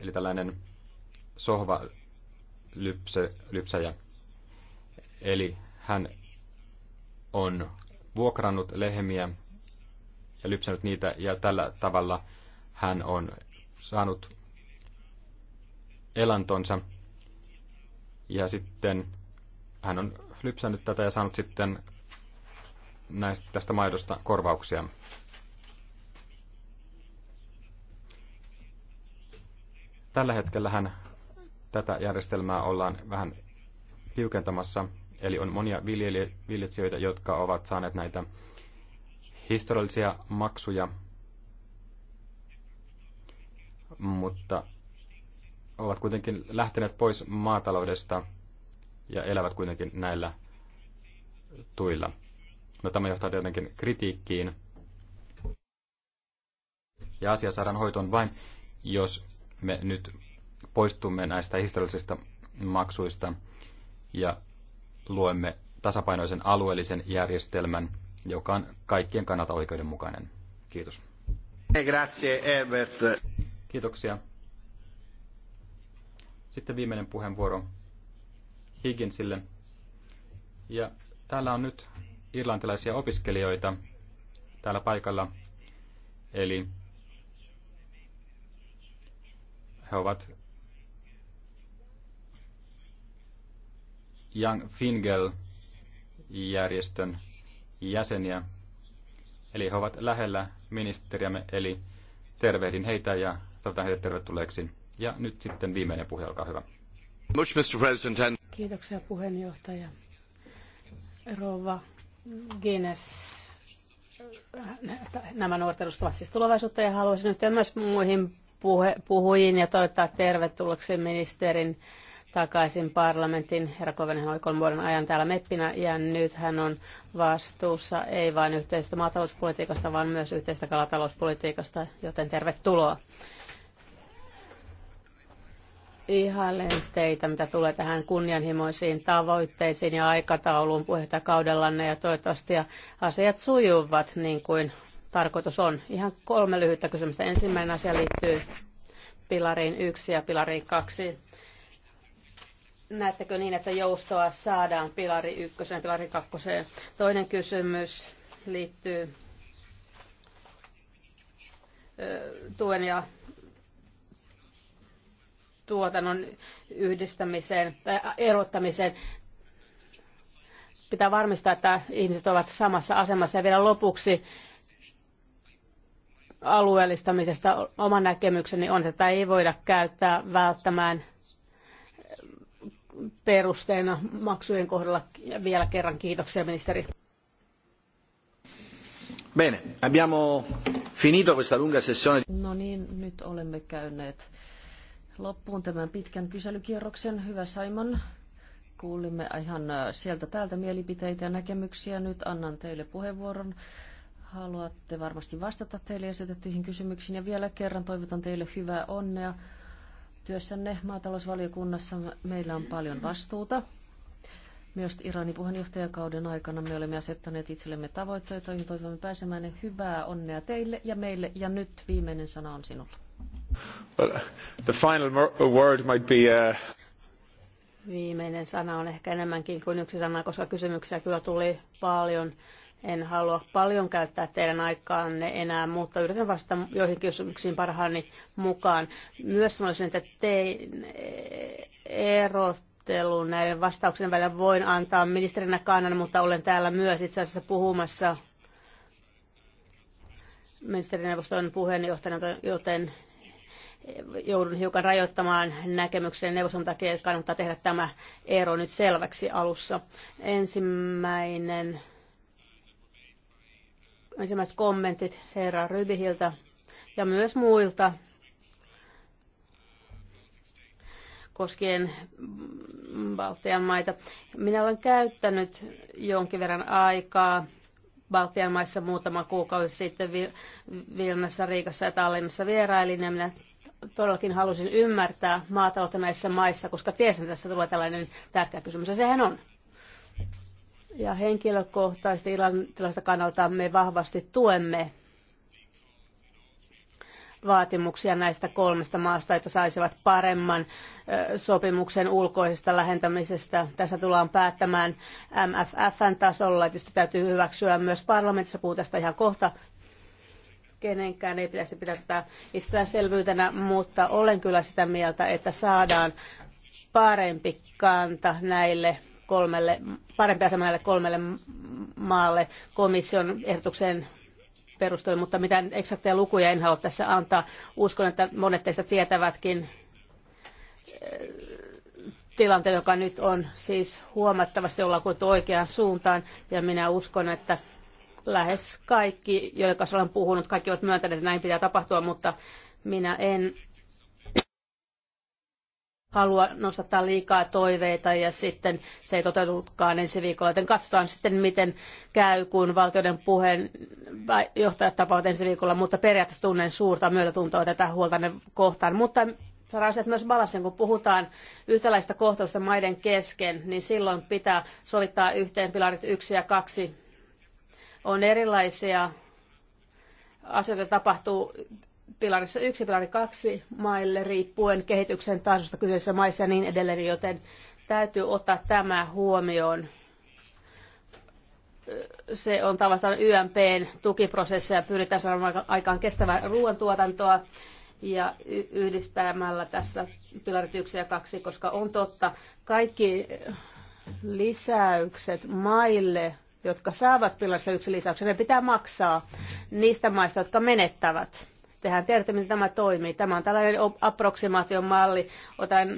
eli tällainen sohva lypse, lypsäjä. Eli hän on vuokrannut lehmiä ja lypsänyt niitä, ja tällä tavalla hän on saanut elantonsa. Ja sitten hän on lypsänyt tätä ja saanut sitten näistä, tästä maidosta korvauksia. Tällä hetkellähän tätä järjestelmää ollaan vähän tiukentamassa, eli on monia viljelijöitä, jotka ovat saaneet näitä historiallisia maksuja, mutta ovat kuitenkin lähteneet pois maataloudesta ja elävät kuitenkin näillä tuilla. No, tämä johtaa tietenkin kritiikkiin. Ja asia saadaan hoitoon vain, jos me nyt poistumme näistä historiallisista maksuista ja luemme tasapainoisen alueellisen järjestelmän, joka on kaikkien kannalta oikeudenmukainen. Kiitos. Grazie, Herbert. Kiitoksia. Sitten viimeinen puheenvuoro Higginsille. Ja täällä on nyt irlantilaisia opiskelijoita täällä paikalla. Eli he ovat Young Fingel-järjestön jäseniä. Eli he ovat lähellä ministeriämme, eli tervehdin heitä ja toivotan heidät tervetulleeksi. Ja nyt sitten viimeinen puhe, olkaa hyvä. Kiitoksia puheenjohtaja. Rouva Guinness, nämä nuoret edustavat siis tulevaisuutta ja haluaisin nyt myös muihin puhujiin ja toivottaa tervetulleeksi ministerin takaisin parlamentin. Herra Kovenen oli kolmen vuoden ajan täällä meppinä ja nyt hän on vastuussa ei vain yhteisestä maatalouspolitiikasta, vaan myös yhteisestä kalatalouspolitiikasta, joten tervetuloa. Ihailen teitä, mitä tulee tähän kunnianhimoisiin tavoitteisiin ja aikatauluun puheenjohtajakaudellanne ja toivottavasti asiat sujuvat niin kuin tarkoitus on. Ihan kolme lyhyttä kysymystä. Ensimmäinen asia liittyy pilariin yksi ja pilariin kaksi. Näettekö niin, että joustoa saadaan pilari ykköseen ja pilari kakkoseen? Toinen kysymys liittyy tuen ja tuotannon yhdistämiseen tai erottamiseen. Pitää varmistaa, että ihmiset ovat samassa asemassa. Ja vielä lopuksi alueellistamisesta oman näkemykseni on, että tätä ei voida käyttää välttämään perusteena maksujen kohdalla. Vielä kerran kiitoksia ministeri. Bene, abbiamo finito questa lunga sessione. No niin, nyt olemme käyneet loppuun tämän pitkän kyselykierroksen. Hyvä Simon, kuulimme ihan sieltä täältä mielipiteitä ja näkemyksiä. Nyt annan teille puheenvuoron Haluatte varmasti vastata teille esitettyihin kysymyksiin ja vielä kerran toivotan teille hyvää onnea työssänne maatalousvaliokunnassa. Meillä on paljon vastuuta. Myös Iranin puheenjohtajakauden aikana me olemme asettaneet itsellemme tavoitteita, joihin toivomme pääsemään. ne hyvää onnea teille ja meille. Ja nyt viimeinen sana on sinulla. Well, the final word might be, uh... Viimeinen sana on ehkä enemmänkin kuin yksi sana, koska kysymyksiä kyllä tuli paljon. En halua paljon käyttää teidän aikaanne enää, mutta yritän vastata joihin kysymyksiin parhaani mukaan. Myös sanoisin, että tein erot näiden vastauksien välillä voin antaa ministerinä kannan, mutta olen täällä myös itse asiassa puhumassa ministerineuvoston puheenjohtajana, joten joudun hiukan rajoittamaan näkemyksen neuvoston takia, että kannattaa tehdä tämä ero nyt selväksi alussa. Ensimmäinen ensimmäiset kommentit herra Rybihiltä ja myös muilta koskien Baltian maita. Minä olen käyttänyt jonkin verran aikaa Baltian maissa muutama kuukausi sitten Vilnassa, Riikassa ja Tallinnassa vierailin ja minä todellakin halusin ymmärtää maataloutta näissä maissa, koska tiesin, että tästä tulee tällainen tärkeä kysymys ja sehän on. Ja henkilökohtaisesti tilanteen kannalta me vahvasti tuemme vaatimuksia näistä kolmesta maasta, että saisivat paremman sopimuksen ulkoisesta lähentämisestä. Tässä tullaan päättämään MFFn tasolla. Tietysti täytyy hyväksyä myös parlamentissa, puhuu tästä ihan kohta. Kenenkään ei pitäisi pitää tätä itsestäänselvyytenä, mutta olen kyllä sitä mieltä, että saadaan parempi kanta näille kolmelle, parempi asema näille kolmelle maalle komission ehdotukseen perustuen, mutta mitään eksakteja lukuja en halua tässä antaa. Uskon, että monet teistä tietävätkin eh, tilanteen, joka nyt on siis huomattavasti ollaan kuultu oikeaan suuntaan, ja minä uskon, että lähes kaikki, joiden kanssa olen puhunut, kaikki ovat myöntäneet, että näin pitää tapahtua, mutta minä en halua nostattaa liikaa toiveita ja sitten se ei toteutunutkaan ensi viikolla. Joten katsotaan sitten, miten käy, kun valtioiden puheen johtajat tapaavat ensi viikolla, mutta periaatteessa tunnen suurta myötätuntoa tätä huoltanne kohtaan. Mutta Raset myös balansin, kun puhutaan yhtäläistä kohtelusta maiden kesken, niin silloin pitää sovittaa yhteen pilarit yksi ja kaksi. On erilaisia asioita tapahtuu pilarissa yksi, pilari kaksi maille riippuen kehityksen tasosta kyseisessä maissa ja niin edelleen, joten täytyy ottaa tämä huomioon. Se on tavallaan YMPn tukiprosessi ja pyritään saamaan aikaan kestävää ruoantuotantoa ja yhdistämällä tässä pilarit 1 ja 2, koska on totta, kaikki lisäykset maille, jotka saavat pilarissa yksi lisäyksen, ne pitää maksaa niistä maista, jotka menettävät tehdään. tiedätte, miten tämä toimii. Tämä on tällainen approximation-malli. Otan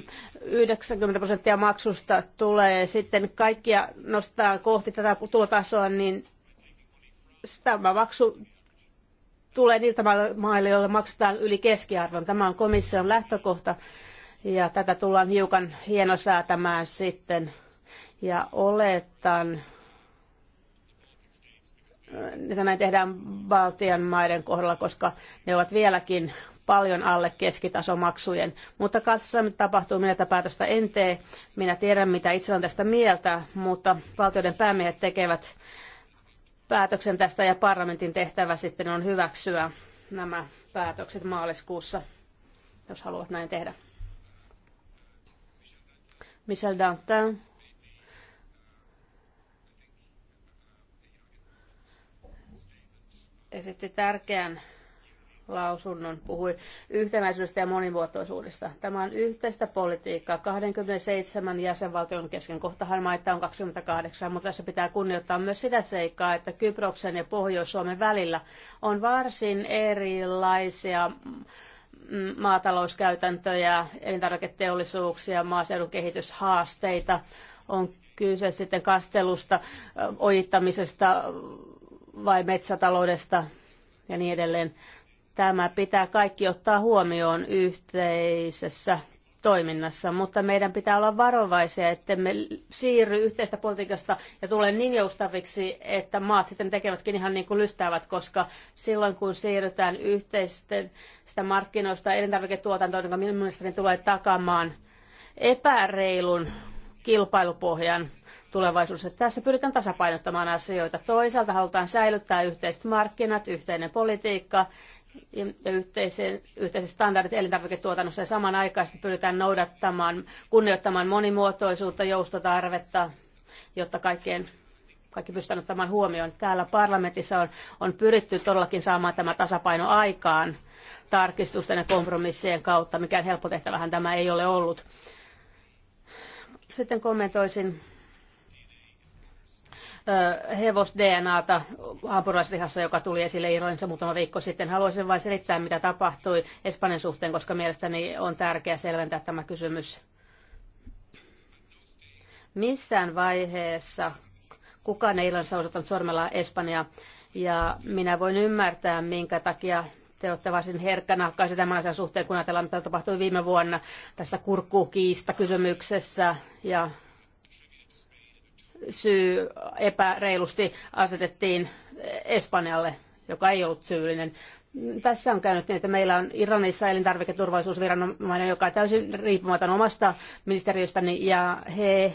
90 prosenttia maksusta tulee sitten kaikkia nostaa kohti tätä tulotasoa, niin tämä maksu tulee niiltä maille, joille maksetaan yli keskiarvon. Tämä on komission lähtökohta ja tätä tullaan hiukan hienosäätämään sitten. Ja oletan, mitä näin tehdään Baltian maiden kohdalla, koska ne ovat vieläkin paljon alle keskitasomaksujen. Mutta katsotaan, mitä tapahtuu, minä tätä päätöstä en tee. Minä tiedän, mitä itse on tästä mieltä, mutta valtioiden päämiehet tekevät päätöksen tästä ja parlamentin tehtävä sitten on hyväksyä nämä päätökset maaliskuussa, jos haluat näin tehdä. Michel Dantin esitti tärkeän lausunnon, puhui yhtenäisyydestä ja monimuotoisuudesta. Tämä on yhteistä politiikkaa 27 jäsenvaltion kesken. Kohtahan maita on 28, mutta tässä pitää kunnioittaa myös sitä seikkaa, että Kyproksen ja Pohjois-Suomen välillä on varsin erilaisia mm, maatalouskäytäntöjä, elintarviketeollisuuksia, maaseudun kehityshaasteita. On kyse sitten kastelusta, ojittamisesta, vai metsätaloudesta ja niin edelleen. Tämä pitää kaikki ottaa huomioon yhteisessä toiminnassa, mutta meidän pitää olla varovaisia, että me siirry yhteistä politiikasta ja tule niin joustaviksi, että maat sitten tekevätkin ihan niin kuin lystäävät, koska silloin kun siirrytään yhteisistä markkinoista elintarviketuotantoon, joka minun mielestäni tulee takamaan epäreilun kilpailupohjan tulevaisuudessa. Tässä pyritään tasapainottamaan asioita. Toisaalta halutaan säilyttää yhteiset markkinat, yhteinen politiikka ja yhteisen, yhteiset standardit elintarviketuotannossa ja samanaikaisesti pyritään noudattamaan, kunnioittamaan monimuotoisuutta, joustotarvetta, jotta kaikkien kaikki pystytään ottamaan huomioon. Täällä parlamentissa on, on pyritty todellakin saamaan tämä tasapaino aikaan tarkistusten ja kompromissien kautta. Mikään helppo tehtävähän tämä ei ole ollut. Sitten kommentoisin hevos-DNAta hampurilaislihassa, joka tuli esille Irlannissa muutama viikko sitten. Haluaisin vain selittää, mitä tapahtui Espanjan suhteen, koska mielestäni on tärkeää selventää tämä kysymys. Missään vaiheessa kukaan ei Irlannissa osoittanut sormella Espanjaa, ja minä voin ymmärtää, minkä takia te olette varsin herkkänahkaisia tämän asian suhteen, kun ajatellaan, mitä tapahtui viime vuonna tässä kiista kysymyksessä ja syy epäreilusti asetettiin Espanjalle, joka ei ollut syyllinen. Tässä on käynyt niin, että meillä on Iranissa elintarviketurvallisuusviranomainen, joka on täysin riippumaton omasta ministeriöstäni, ja he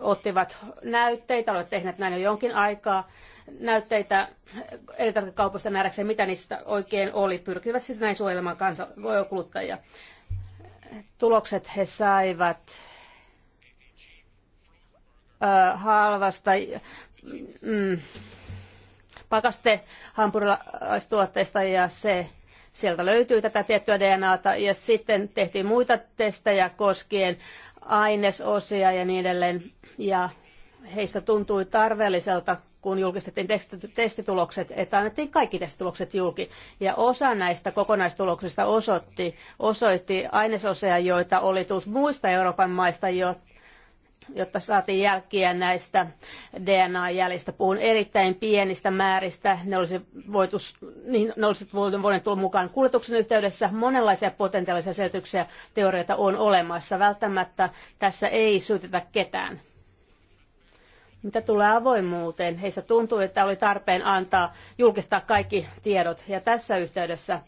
ottivat näytteitä, olet tehneet näin jo jonkin aikaa, näytteitä elintarvikekaupoista nähdäkseen, mitä niistä oikein oli, pyrkivät siis näin suojelemaan kansa- kuluttajia. Tulokset he saivat halvasta mm, pakastehampurilaistuotteista ja se sieltä löytyy tätä tiettyä DNAta ja sitten tehtiin muita testejä koskien ainesosia ja niin edelleen ja heistä tuntui tarpeelliselta kun julkistettiin testitulokset, että annettiin kaikki testitulokset julki. Ja osa näistä kokonaistuloksista osoitti, osoitti ainesosia, joita oli tullut muista Euroopan maista, jotta saatiin jälkiä näistä DNA-jäljistä. Puhun erittäin pienistä määristä. Ne olisi voitu, niin, ne olisi voinut tulla mukaan kuljetuksen yhteydessä. Monenlaisia potentiaalisia selityksiä teorioita on olemassa. Välttämättä tässä ei syytetä ketään. Mitä tulee avoimuuteen, heistä tuntui, että oli tarpeen antaa julkistaa kaikki tiedot. Ja tässä yhteydessä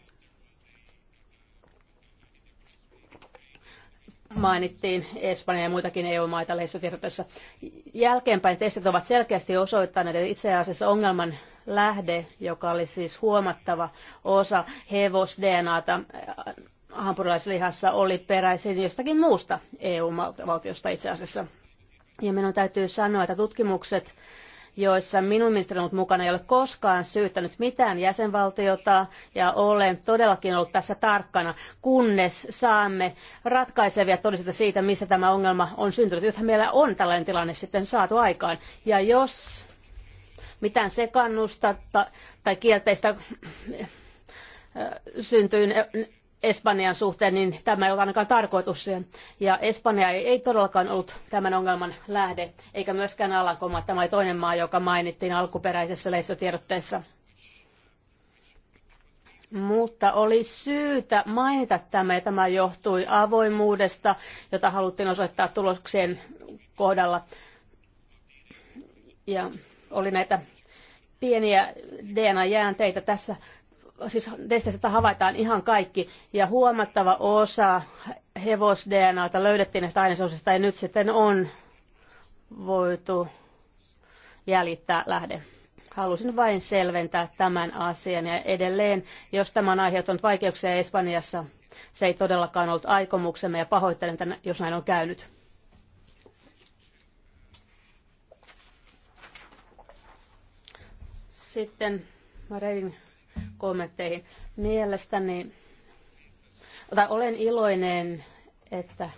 mainittiin Espanja ja muitakin EU-maita lehdistötiedotteessa. Jälkeenpäin testit ovat selkeästi osoittaneet, että itse asiassa ongelman lähde, joka oli siis huomattava osa hevos-DNAta äh, hampurilaislihassa, oli peräisin jostakin muusta EU-valtiosta itse asiassa. Ja minun täytyy sanoa, että tutkimukset joissa minun ministeri on ollut mukana, ei ole koskaan syyttänyt mitään jäsenvaltiota ja olen todellakin ollut tässä tarkkana, kunnes saamme ratkaisevia todisteita siitä, missä tämä ongelma on syntynyt. Nythän meillä on tällainen tilanne sitten saatu aikaan. Ja jos mitään sekannusta tai kielteistä äh, syntyy Espanjan suhteen, niin tämä ei ole ainakaan tarkoitus Ja Espanja ei, ei todellakaan ollut tämän ongelman lähde, eikä myöskään Alankomaa. Tämä oli toinen maa, joka mainittiin alkuperäisessä lehdistötiedotteessa. Mutta oli syytä mainita tämä, ja tämä johtui avoimuudesta, jota haluttiin osoittaa tuloksien kohdalla. Ja oli näitä pieniä DNA-jäänteitä tässä siis testistä havaitaan ihan kaikki, ja huomattava osa hevos-DNAta löydettiin näistä ainesosista, ja nyt sitten on voitu jäljittää lähde. Halusin vain selventää tämän asian, ja edelleen, jos tämä on aiheuttanut vaikeuksia Espanjassa, se ei todellakaan ollut aikomuksemme, ja pahoittelen, tämän, jos näin on käynyt. Sitten Marein kommentteihin. Mielestäni, tai olen iloinen, että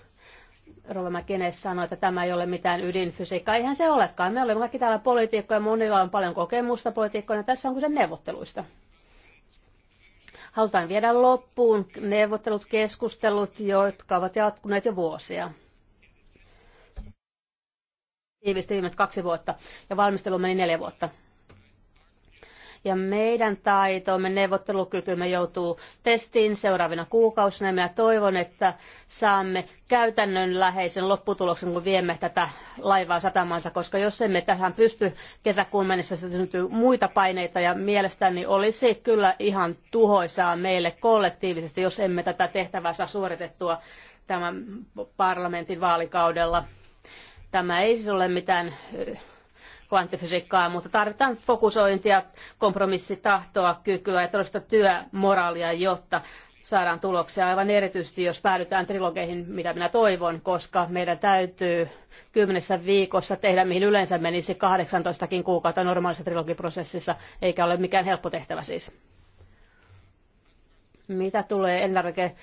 Rolla Mäkinen sanoi, että tämä ei ole mitään ydinfysiikkaa. Eihän se olekaan. Me olemme kaikki täällä poliitikkoja, monilla on paljon kokemusta poliitikkoina. Tässä on kyse neuvotteluista. Halutaan viedä loppuun neuvottelut, keskustelut, jotka ovat jatkuneet jo vuosia. Tiivisti viimeiset kaksi vuotta ja valmistelu meni neljä vuotta ja meidän taitomme, neuvottelukykymme joutuu testiin seuraavina kuukausina. Minä toivon, että saamme käytännönläheisen lopputuloksen, kun viemme tätä laivaa satamansa, koska jos emme tähän pysty kesäkuun mennessä, se syntyy muita paineita ja mielestäni olisi kyllä ihan tuhoisaa meille kollektiivisesti, jos emme tätä tehtävää saa suoritettua tämän parlamentin vaalikaudella. Tämä ei siis ole mitään kvanttifysiikkaa, mutta tarvitaan fokusointia, kompromissitahtoa, kykyä ja todellista työmoraalia, jotta saadaan tuloksia aivan erityisesti, jos päädytään trilogeihin, mitä minä toivon, koska meidän täytyy kymmenessä viikossa tehdä, mihin yleensä menisi 18 kuukautta normaalissa trilogiprosessissa, eikä ole mikään helppo tehtävä siis. Mitä tulee elintarvike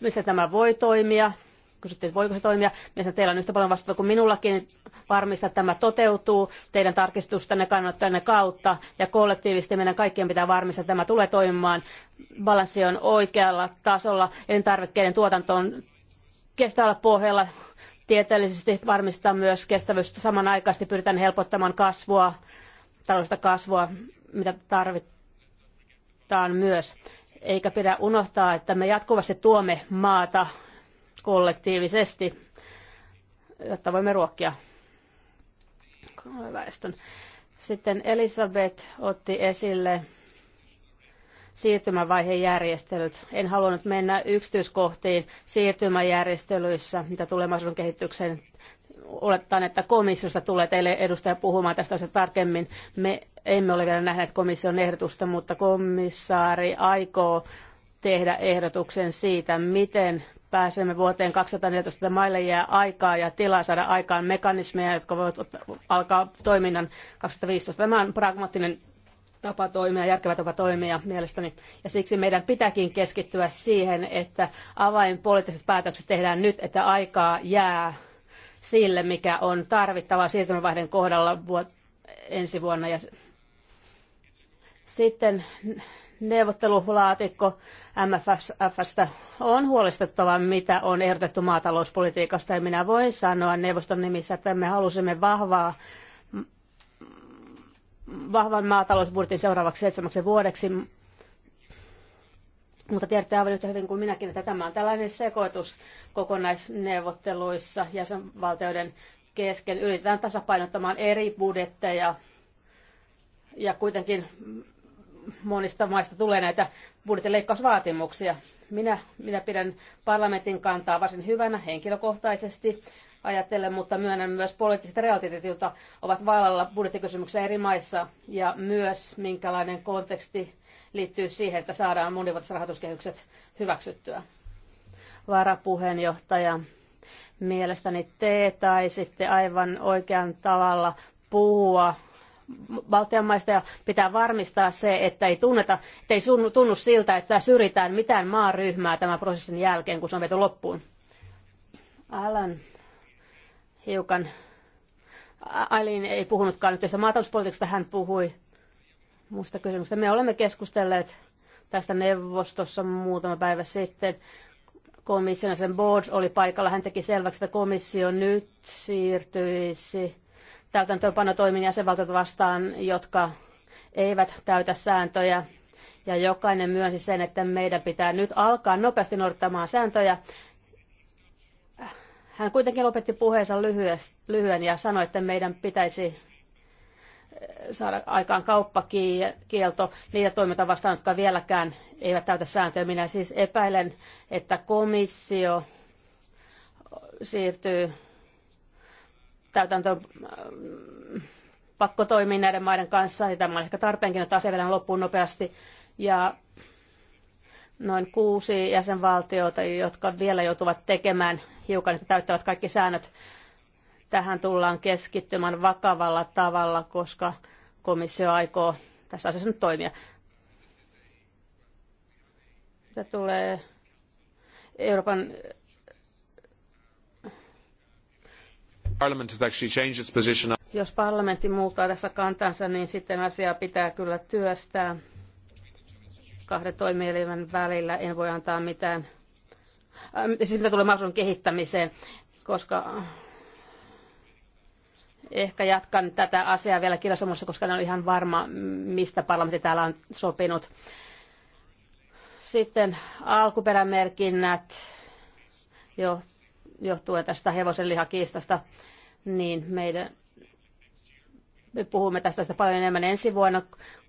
missä tämä voi toimia, kysyttiin, voiko se toimia. Mielestäni teillä on yhtä paljon vastuuta kuin minullakin varmistaa, että tämä toteutuu teidän tarkistustanne kannattajanne kautta. Ja kollektiivisesti meidän kaikkien pitää varmistaa, että tämä tulee toimimaan. Balanssi on oikealla tasolla, elintarvikkeiden tuotanto on kestävällä pohjalla. Tieteellisesti varmistaa myös kestävyys. Samanaikaisesti pyritään helpottamaan kasvua, taloudellista kasvua, mitä tarvitaan myös eikä pidä unohtaa, että me jatkuvasti tuomme maata kollektiivisesti, jotta voimme ruokkia väestön. Sitten Elisabeth otti esille järjestelyt. En halunnut mennä yksityiskohtiin siirtymäjärjestelyissä, mitä tulevaisuuden kehitykseen olettaen, että komissiosta tulee teille edustaja puhumaan tästä asiasta tarkemmin. Me emme ole vielä nähneet komission ehdotusta, mutta komissaari aikoo tehdä ehdotuksen siitä, miten pääsemme vuoteen 2014 maille jää aikaa ja tilaa saada aikaan mekanismeja, jotka voivat alkaa toiminnan 2015. Tämä on pragmaattinen tapa toimia, järkevä tapa toimia mielestäni. Ja siksi meidän pitääkin keskittyä siihen, että avainpoliittiset päätökset tehdään nyt, että aikaa jää sille, mikä on tarvittavaa siirtymävaiheen kohdalla vuot- ensi vuonna. Ja sitten neuvottelulaatikko MFFstä on huolestuttava, mitä on ehdotettu maatalouspolitiikasta. Ja minä voin sanoa neuvoston nimissä, että me halusimme vahvaa vahvan maatalousbudjetin seuraavaksi seitsemäksi vuodeksi. Mutta tiedätte aivan yhtä hyvin kuin minäkin, että tämä on tällainen sekoitus kokonaisneuvotteluissa jäsenvaltioiden kesken. Yritetään tasapainottamaan eri budjetteja ja kuitenkin monista maista tulee näitä budjettileikkausvaatimuksia. Minä, minä pidän parlamentin kantaa varsin hyvänä henkilökohtaisesti ajatellen, mutta myönnän myös poliittiset realiteetit, joita ovat vallalla budjettikysymyksissä eri maissa ja myös minkälainen konteksti liittyy siihen, että saadaan monivuotiset rahoituskehykset hyväksyttyä. Varapuheenjohtaja, mielestäni te taisitte aivan oikean tavalla puhua Baltian maista ja pitää varmistaa se, että ei, tunneta, että ei tunnu siltä, että syrjitään mitään maaryhmää tämän prosessin jälkeen, kun se on viety loppuun. Alan hiukan, Ailin ei puhunutkaan yhteistä maatalouspolitiikasta, hän puhui muusta kysymyksestä. Me olemme keskustelleet tästä neuvostossa muutama päivä sitten. Komission sen board oli paikalla. Hän teki selväksi, että komissio nyt siirtyisi täytäntöönpanotoimin jäsenvaltiot vastaan, jotka eivät täytä sääntöjä. Ja jokainen myönsi sen, että meidän pitää nyt alkaa nopeasti noudattamaan sääntöjä. Hän kuitenkin lopetti puheensa lyhyen ja sanoi, että meidän pitäisi eh, saada aikaan kauppakielto niitä toiminta vastaan, jotka vieläkään eivät täytä sääntöjä. Minä siis epäilen, että komissio siirtyy täytäntö ähm, pakko toimia näiden maiden kanssa, ja tämä on ehkä tarpeenkin, että asia vedän loppuun nopeasti. Ja noin kuusi jäsenvaltiota, jotka vielä joutuvat tekemään hiukan, että täyttävät kaikki säännöt. Tähän tullaan keskittymään vakavalla tavalla, koska komissio aikoo tässä asiassa nyt toimia. Mitä tulee Euroopan Jos parlamentti muuttaa tässä kantansa, niin sitten asiaa pitää kyllä työstää kahden toimielimen välillä. En voi antaa mitään, Äh, sitten tulee mahdollisuuden kehittämiseen, koska ehkä jatkan tätä asiaa vielä kirjastomassa, koska en ole ihan varma, mistä parlamentti täällä on sopinut. Sitten alkuperämerkinnät, jo johtuen tästä hevosenlihakiistasta, niin meidän, me puhumme tästä, sitä paljon enemmän ensi vuonna.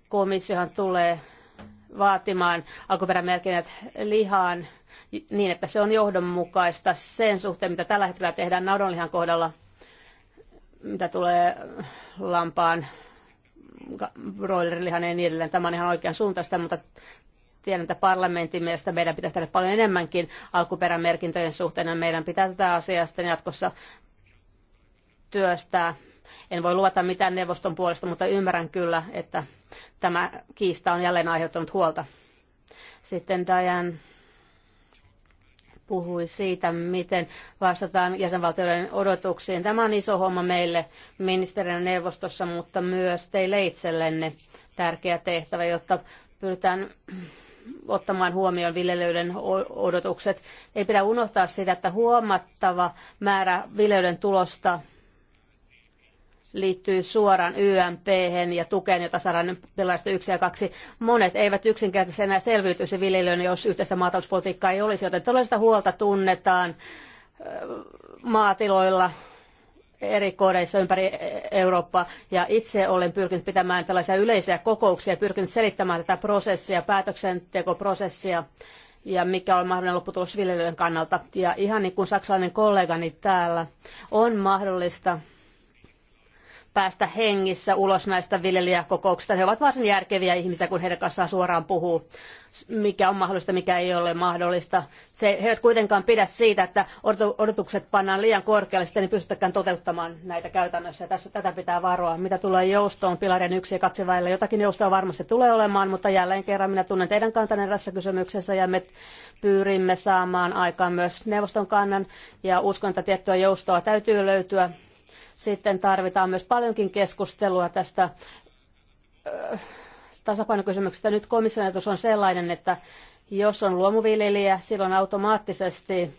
Komissiohan tulee vaatimaan alkuperämerkinnät lihaan niin, että se on johdonmukaista sen suhteen, mitä tällä hetkellä tehdään naudonlihan kohdalla, mitä tulee lampaan broilerilihan ja niin edelleen. Tämä on ihan oikean suuntaista, mutta tiedän, että parlamentin mielestä meidän pitäisi tehdä paljon enemmänkin alkuperämerkintöjen suhteen, ja meidän pitää tätä asiaa sitten jatkossa työstää. En voi luvata mitään neuvoston puolesta, mutta ymmärrän kyllä, että tämä kiista on jälleen aiheuttanut huolta. Sitten Dajan puhui siitä, miten vastataan jäsenvaltioiden odotuksiin. Tämä on iso homma meille ministerin neuvostossa, mutta myös teille itsellenne tärkeä tehtävä, jotta pyritään ottamaan huomioon viljelijöiden odotukset. Ei pidä unohtaa sitä, että huomattava määrä viljelijöiden tulosta liittyy suoraan YMP ja tukeen, jota saadaan pilarista 1 ja 2. Monet eivät yksinkertaisesti enää selviytyisi viljelijöille, jos yhteistä maatalouspolitiikkaa ei olisi, joten todellista huolta tunnetaan maatiloilla eri kodeissa ympäri Eurooppaa. Ja itse olen pyrkinyt pitämään tällaisia yleisiä kokouksia, pyrkinyt selittämään tätä prosessia, päätöksentekoprosessia ja mikä on mahdollinen lopputulos viljelijöiden kannalta. Ja ihan niin kuin saksalainen kollegani täällä, on mahdollista päästä hengissä ulos näistä viljelijäkokouksista. He ovat varsin järkeviä ihmisiä, kun heidän kanssaan suoraan puhuu, mikä on mahdollista, mikä ei ole mahdollista. Se, he eivät kuitenkaan pidä siitä, että odotukset pannaan liian korkealle, sitten ei pystytäkään toteuttamaan näitä käytännössä. tässä tätä pitää varoa. Mitä tulee joustoon pilarien yksi ja kaksi välillä, jotakin joustoa varmasti tulee olemaan, mutta jälleen kerran minä tunnen teidän kantanne tässä kysymyksessä ja me pyrimme saamaan aikaan myös neuvoston kannan ja uskon, että tiettyä joustoa täytyy löytyä sitten tarvitaan myös paljonkin keskustelua tästä tasapainokysymyksestä. Nyt komission on sellainen, että jos on luomuviljelijä, silloin automaattisesti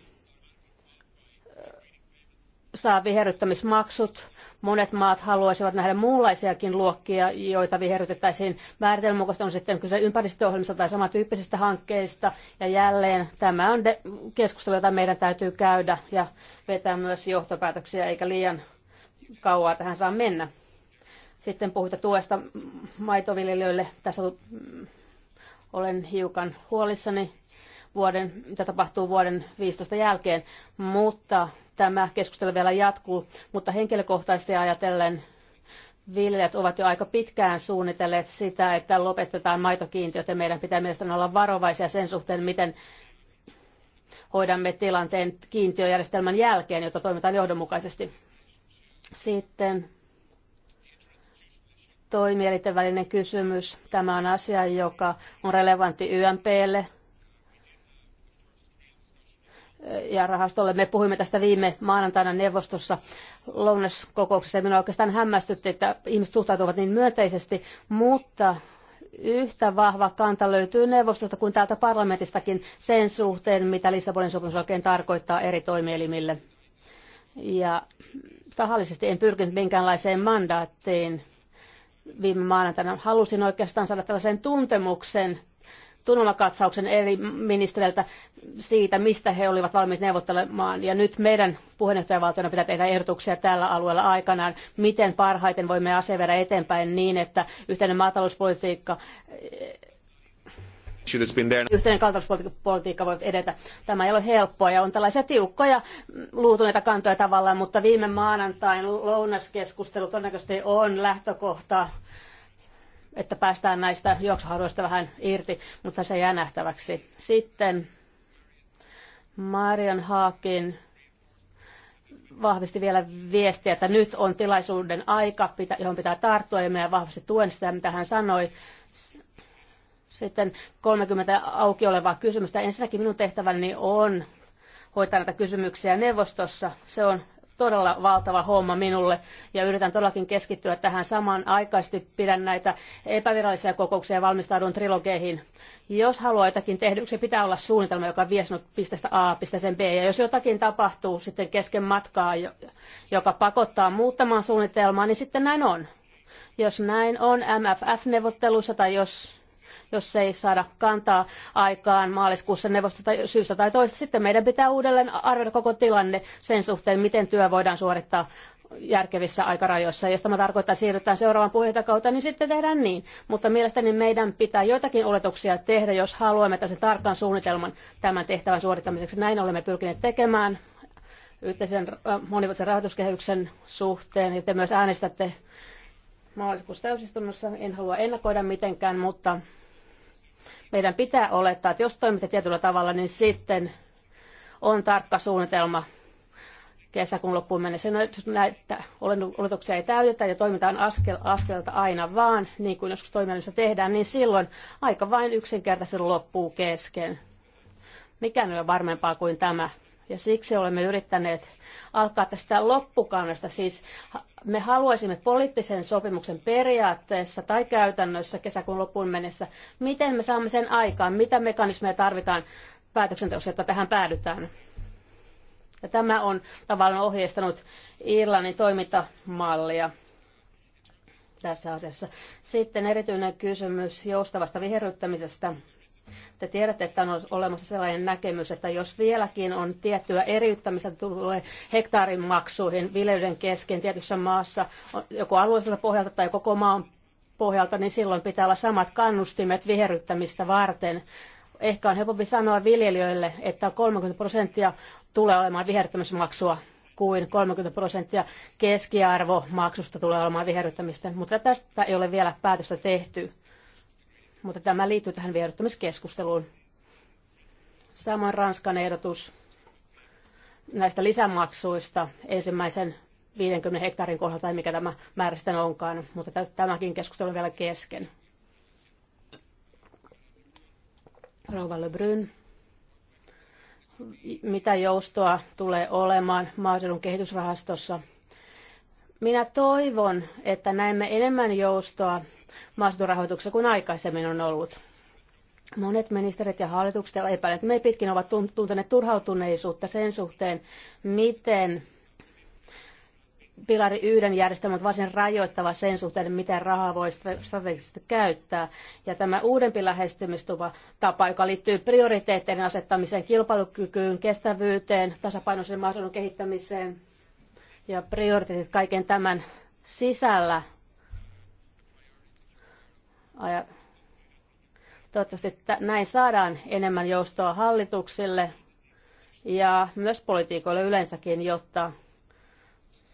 saa viherryttämismaksut. Monet maat haluaisivat nähdä muunlaisiakin luokkia, joita viherrytettäisiin määritelmän on sitten kyse ympäristöohjelmista tai samantyyppisistä hankkeista. Ja jälleen tämä on keskustelu, jota meidän täytyy käydä ja vetää myös johtopäätöksiä, eikä liian Kauaa tähän saa mennä. Sitten puhuta tuesta maitoviljelijöille. Tässä mm, olen hiukan huolissani vuoden, mitä tapahtuu vuoden 15 jälkeen, mutta tämä keskustelu vielä jatkuu. Mutta henkilökohtaisesti ajatellen viljelijät ovat jo aika pitkään suunnitelleet sitä, että lopetetaan maitokiintiöt ja meidän pitää mielestäni olla varovaisia sen suhteen, miten hoidamme tilanteen kiintiöjärjestelmän jälkeen, jotta toimitaan johdonmukaisesti. Sitten toimielinten kysymys. Tämä on asia, joka on relevantti YMPlle ja rahastolle. Me puhuimme tästä viime maanantaina neuvostossa lounaskokouksessa ja minua oikeastaan hämmästytti, että ihmiset suhtautuvat niin myönteisesti, mutta yhtä vahva kanta löytyy neuvostosta kuin täältä parlamentistakin sen suhteen, mitä Lissabonin sopimus oikein tarkoittaa eri toimielimille. Ja tahallisesti en pyrkinyt minkäänlaiseen mandaattiin viime maanantaina. Halusin oikeastaan saada tällaisen tuntemuksen, tunnelmakatsauksen eri ministeriltä siitä, mistä he olivat valmiit neuvottelemaan. Ja nyt meidän puheenjohtajavaltiona pitää tehdä ehdotuksia tällä alueella aikanaan, miten parhaiten voimme asiaa eteenpäin niin, että yhteinen maatalouspolitiikka Yhteinen kaltaispolitiikka voi edetä. Tämä ei ole helppoa ja on tällaisia tiukkoja mm, luutuneita kantoja tavallaan, mutta viime maanantain lounaskeskustelu todennäköisesti on lähtökohta että päästään näistä juoksuhaudoista vähän irti, mutta se jää nähtäväksi. Sitten Marion Haakin vahvisti vielä viestiä, että nyt on tilaisuuden aika, johon pitää tarttua, ja minä vahvasti tuen sitä, mitä hän sanoi. Sitten 30 auki olevaa kysymystä. Ensinnäkin minun tehtäväni on hoitaa näitä kysymyksiä neuvostossa. Se on todella valtava homma minulle ja yritän todellakin keskittyä tähän samaan aikaisesti. Pidän näitä epävirallisia kokouksia ja valmistaudun trilogeihin. Jos haluaa jotakin tehdyksi, pitää olla suunnitelma, joka vie sinut pistestä A pisteeseen B. Ja jos jotakin tapahtuu sitten kesken matkaa, joka pakottaa muuttamaan suunnitelmaa, niin sitten näin on. Jos näin on MFF-neuvottelussa tai jos jos ei saada kantaa aikaan maaliskuussa neuvosta tai syystä tai toista. Sitten meidän pitää uudelleen arvioida koko tilanne sen suhteen, miten työ voidaan suorittaa järkevissä aikarajoissa. Jos tämä tarkoittaa, että siirrytään seuraavaan puheenjohtajakautta, niin sitten tehdään niin. Mutta mielestäni meidän pitää joitakin oletuksia tehdä, jos haluamme tällaisen tarkan suunnitelman tämän tehtävän suorittamiseksi. Näin olemme pyrkineet tekemään yhteisen äh, monivuotisen rahoituskehyksen suhteen, ja te myös äänestätte maaliskuussa täysistunnossa. En halua ennakoida mitenkään, mutta meidän pitää olettaa, että jos toimitte tietyllä tavalla, niin sitten on tarkka suunnitelma kesäkuun loppuun mennessä. No, näitä oletuksia ei täytetä ja toimitaan askel, askelta aina vaan, niin kuin joskus toiminnassa tehdään, niin silloin aika vain yksinkertaisesti loppuu kesken. Mikään ei ole varmempaa kuin tämä. Ja siksi olemme yrittäneet alkaa tästä loppukannasta. Siis me haluaisimme poliittisen sopimuksen periaatteessa tai käytännössä kesäkuun loppuun mennessä. Miten me saamme sen aikaan? Mitä mekanismeja tarvitaan päätöksenteossa, jotta tähän päädytään? Ja tämä on tavallaan ohjeistanut Irlannin toimintamallia tässä asiassa. Sitten erityinen kysymys joustavasta viherryttämisestä. Te tiedätte, että on olemassa sellainen näkemys, että jos vieläkin on tiettyä eriyttämistä tulee hektaarin maksuihin viljelyiden kesken tietyssä maassa, joko alueelliselta pohjalta tai koko maan pohjalta, niin silloin pitää olla samat kannustimet viherryttämistä varten. Ehkä on helpompi sanoa viljelijöille, että 30 prosenttia tulee olemaan viherryttämismaksua kuin 30 prosenttia keskiarvomaksusta tulee olemaan viherryttämistä, mutta tästä ei ole vielä päätöstä tehty mutta tämä liittyy tähän vierittämiskeskusteluun. Samoin Ranskan ehdotus näistä lisämaksuista ensimmäisen 50 hektaarin kohdalla, tai mikä tämä määrä sitten onkaan, mutta tämäkin keskustelu on vielä kesken. Rouva Brun. Mitä joustoa tulee olemaan maaseudun kehitysrahastossa? Minä toivon, että näemme enemmän joustoa maastorahoituksessa kuin aikaisemmin on ollut. Monet ministerit ja hallitukset ja epäilet me pitkin ovat tunteneet turhautuneisuutta sen suhteen, miten pilari yhden järjestelmä on varsin rajoittava sen suhteen, miten rahaa voi strategisesti käyttää. Ja tämä uudempi lähestymistuva tapa, joka liittyy prioriteetteiden asettamiseen, kilpailukykyyn, kestävyyteen, tasapainoisen maaseudun kehittämiseen, ja prioriteetit kaiken tämän sisällä. Ja toivottavasti näin saadaan enemmän joustoa hallituksille ja myös politiikoille yleensäkin, jotta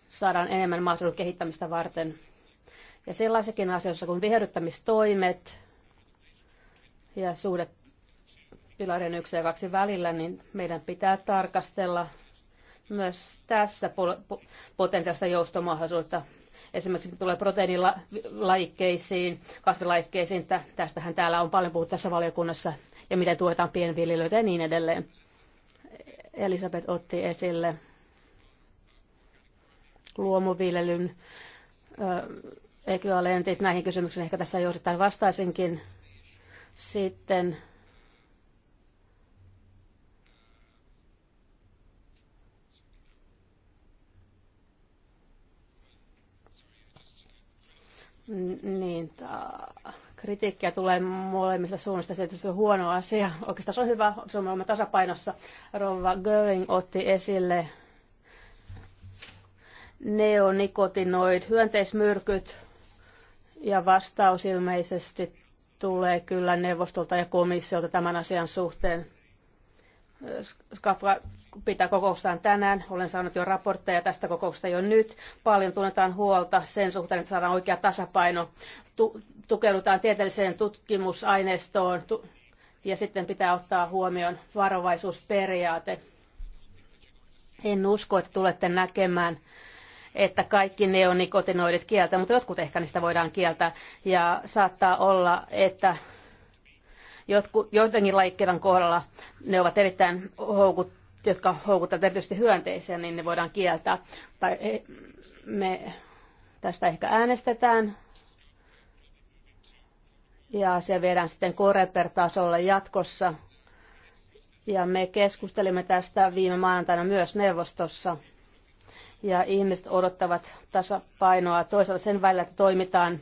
saadaan enemmän mahdollisuuden kehittämistä varten. Ja sellaisikin asioissa kuin viherryttämistoimet ja suhde pilarien yksi ja kaksi välillä, niin meidän pitää tarkastella myös tässä potentiaalista joustomahdollisuutta. Esimerkiksi tulee proteiinilajikkeisiin, kasvilajikkeisiin, tästähän täällä on paljon puhuttu tässä valiokunnassa, ja miten tuetaan pienviljelijöitä ja niin edelleen. Elisabeth otti esille luomuviljelyn ö, Näihin kysymyksiin ehkä tässä johdittain vastaisinkin. Sitten Niin, ta- kritiikkiä tulee molemmista suunnista, se on huono asia. Oikeastaan se on hyvä, se on tasapainossa. Rova Göring otti esille neonikotinoid, hyönteismyrkyt, ja vastaus ilmeisesti tulee kyllä neuvostolta ja komissiolta tämän asian suhteen pitää kokoustaan tänään. Olen saanut jo raportteja tästä kokouksesta jo nyt. Paljon tunnetaan huolta sen suhteen, että saadaan oikea tasapaino. Tu- tukeudutaan tieteelliseen tutkimusaineistoon tu- ja sitten pitää ottaa huomioon varovaisuusperiaate. En usko, että tulette näkemään että kaikki neonikotinoidit kieltä, mutta jotkut ehkä niistä voidaan kieltää. Ja saattaa olla, että jotkut, joidenkin lajikkeiden kohdalla ne ovat erittäin houkuttavia jotka houkuttavat erityisesti hyönteisiä, niin ne voidaan kieltää. Tai eh, me tästä ehkä äänestetään. Ja se viedään sitten Koreper-tasolle jatkossa. Ja me keskustelimme tästä viime maanantaina myös neuvostossa. Ja ihmiset odottavat tasapainoa toisaalta sen välillä, että toimitaan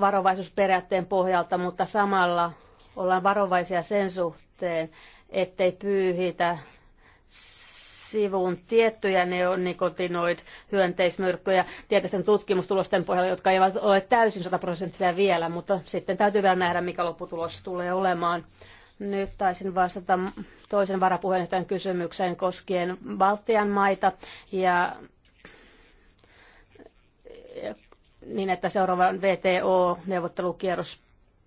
varovaisuusperiaatteen pohjalta, mutta samalla ollaan varovaisia sen suhteen, ettei pyyhitä sivuun tiettyjä neonikotinoid hyönteismyrkkyjä tieteisen tutkimustulosten pohjalta, jotka eivät ole täysin sataprosenttisia vielä, mutta sitten täytyy vielä nähdä, mikä lopputulos tulee olemaan. Nyt taisin vastata toisen varapuheenjohtajan kysymykseen koskien Baltian maita ja niin, että seuraavan VTO-neuvottelukierros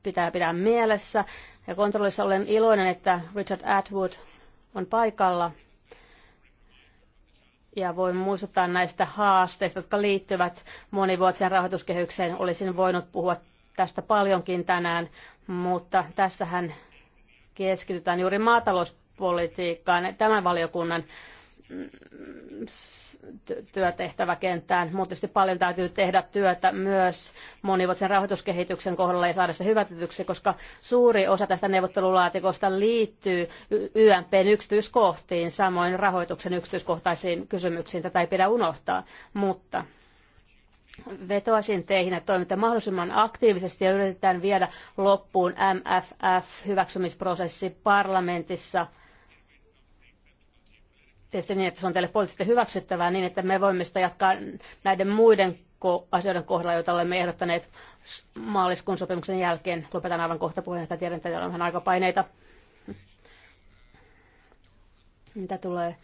pitää pitää mielessä ja kontrollissa. Olen iloinen, että Richard Atwood on paikalla ja voin muistuttaa näistä haasteista, jotka liittyvät monivuotiseen rahoituskehykseen. Olisin voinut puhua tästä paljonkin tänään, mutta tässähän keskitytään juuri maatalouspolitiikkaan tämän valiokunnan Mm, työtehtäväkenttään, mutta tietysti paljon täytyy tehdä työtä myös monivuotisen rahoituskehityksen kohdalla ja saada se hyvätetyksi, koska suuri osa tästä neuvottelulaatikosta liittyy YMPn yksityiskohtiin, samoin rahoituksen yksityiskohtaisiin kysymyksiin. Tätä ei pidä unohtaa, mutta vetoaisin teihin, että toimitte mahdollisimman aktiivisesti ja yritetään viedä loppuun MFF-hyväksymisprosessi parlamentissa – tietysti niin, että se on teille poliittisesti hyväksyttävää niin, että me voimme sitä jatkaa näiden muiden asioiden kohdalla, joita olemme ehdottaneet maaliskuun sopimuksen jälkeen. Lopetan aivan kohta puheenjohtaja, tiedän, että teillä on vähän paineita. Mitä tulee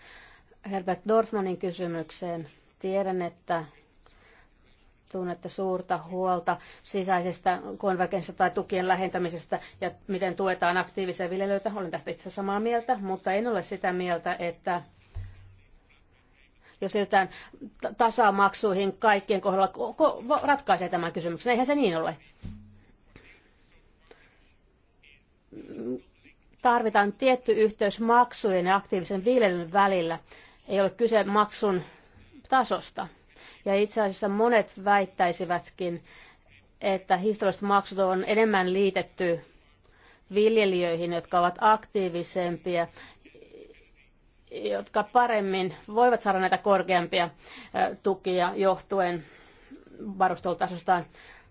Herbert Dorfmanin kysymykseen, tiedän, että tunnette suurta huolta sisäisestä konvergenssista tai tukien lähentämisestä ja miten tuetaan aktiivisia viljelijöitä. Olen tästä itse samaa mieltä, mutta en ole sitä mieltä, että jos jotain tasamaksuihin kaikkien kohdalla, ratkaisee tämän kysymyksen. Eihän se niin ole. Tarvitaan tietty yhteys maksujen ja aktiivisen viljelyn välillä. Ei ole kyse maksun tasosta. Ja itse asiassa monet väittäisivätkin, että historialliset maksut on enemmän liitetty viljelijöihin, jotka ovat aktiivisempia jotka paremmin voivat saada näitä korkeampia tukia johtuen varustelutasostaan.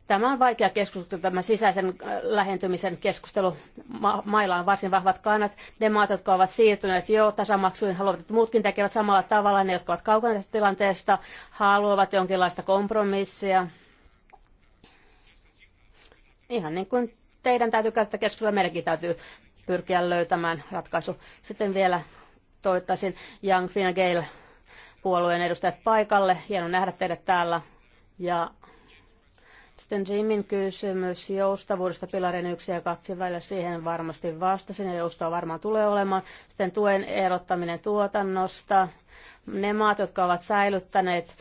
Tämä on vaikea keskustelu, tämä sisäisen lähentymisen keskustelu. Ma- mailla on varsin vahvat kannat. Ne maat, jotka ovat siirtyneet jo tasamaksuihin, haluavat, että muutkin tekevät samalla tavalla. Ne, jotka ovat kaukana tästä tilanteesta, haluavat jonkinlaista kompromissia. Ihan niin kuin teidän täytyy käyttää keskustelua, meidänkin täytyy pyrkiä löytämään ratkaisu. Sitten vielä toivottaisin Young Fina Gale puolueen edustajat paikalle. Hieno nähdä teidät täällä. Ja sitten Jimin kysymys joustavuudesta pilarin yksi ja kaksi välillä. Siihen varmasti vastasin ja joustoa varmaan tulee olemaan. Sitten tuen erottaminen tuotannosta. Ne maat, jotka ovat säilyttäneet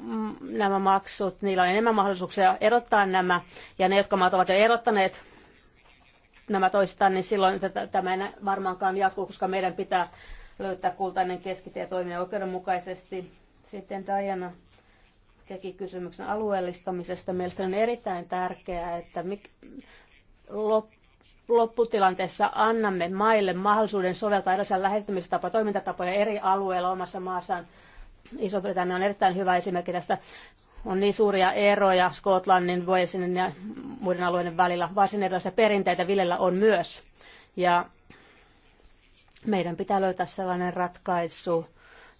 mm, nämä maksut, niillä on enemmän mahdollisuuksia erottaa nämä. Ja ne, jotka maat ovat jo erottaneet nämä toistaan, niin silloin tämä ei varmaankaan jatkuu, koska meidän pitää löytää kultainen keskitie ja toimia oikeudenmukaisesti. Sitten Diana teki kysymyksen alueellistamisesta. Mielestäni on erittäin tärkeää, että lopputilanteessa annamme maille mahdollisuuden soveltaa erilaisia lähestymistapoja, toimintatapoja eri alueilla omassa maassaan. Iso-Britannia on erittäin hyvä esimerkki tästä on niin suuria eroja Skotlannin, Walesin ja muiden alueiden välillä. Varsin erilaisia perinteitä viljellä on myös. Ja meidän pitää löytää sellainen ratkaisu,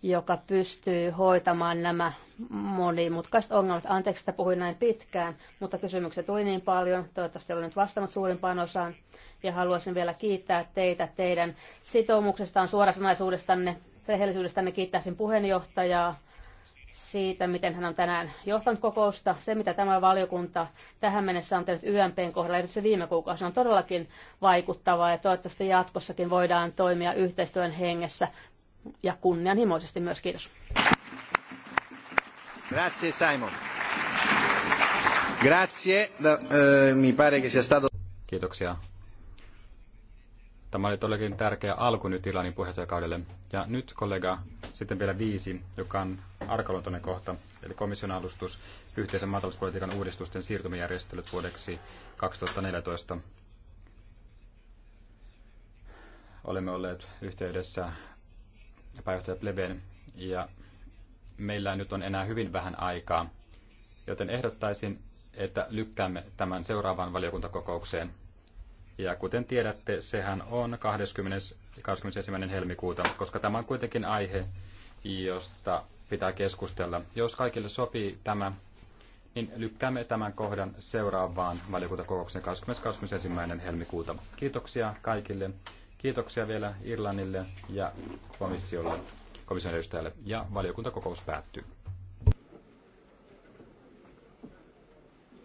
joka pystyy hoitamaan nämä monimutkaiset ongelmat. Anteeksi, että puhuin näin pitkään, mutta kysymyksiä tuli niin paljon. Toivottavasti olen nyt vastannut suurimpaan osaan. Ja haluaisin vielä kiittää teitä teidän sitoumuksestaan, suorasanaisuudestanne, rehellisyydestänne. Kiittäisin puheenjohtajaa siitä, miten hän on tänään johtanut kokousta. Se, mitä tämä valiokunta tähän mennessä on tehnyt YMPn kohdalla erityisesti viime kuukausina, on todellakin vaikuttavaa ja toivottavasti jatkossakin voidaan toimia yhteistyön hengessä ja kunnianhimoisesti myös. Kiitos. Grazie Simon. Grazie, eh, mi pare che sia stato... Kiitoksia Tämä oli todellakin tärkeä alku nyt Irlannin puheenjohtajakaudelle. Ja nyt kollega sitten vielä viisi, joka on arkaluontoinen kohta, eli komission alustus yhteisen maatalouspolitiikan uudistusten siirtymäjärjestelyt vuodeksi 2014. Olemme olleet yhteydessä pääjohtaja Pleben ja meillä nyt on enää hyvin vähän aikaa, joten ehdottaisin, että lykkäämme tämän seuraavaan valiokuntakokoukseen – ja kuten tiedätte, sehän on 20. 21. helmikuuta, koska tämä on kuitenkin aihe, josta pitää keskustella. Jos kaikille sopii tämä, niin lykkäämme tämän kohdan seuraavaan valiokuntakokouksen 20. 21. helmikuuta. Kiitoksia kaikille. Kiitoksia vielä Irlannille ja komissiolle, komission edustajalle. Ja valiokuntakokous päättyy.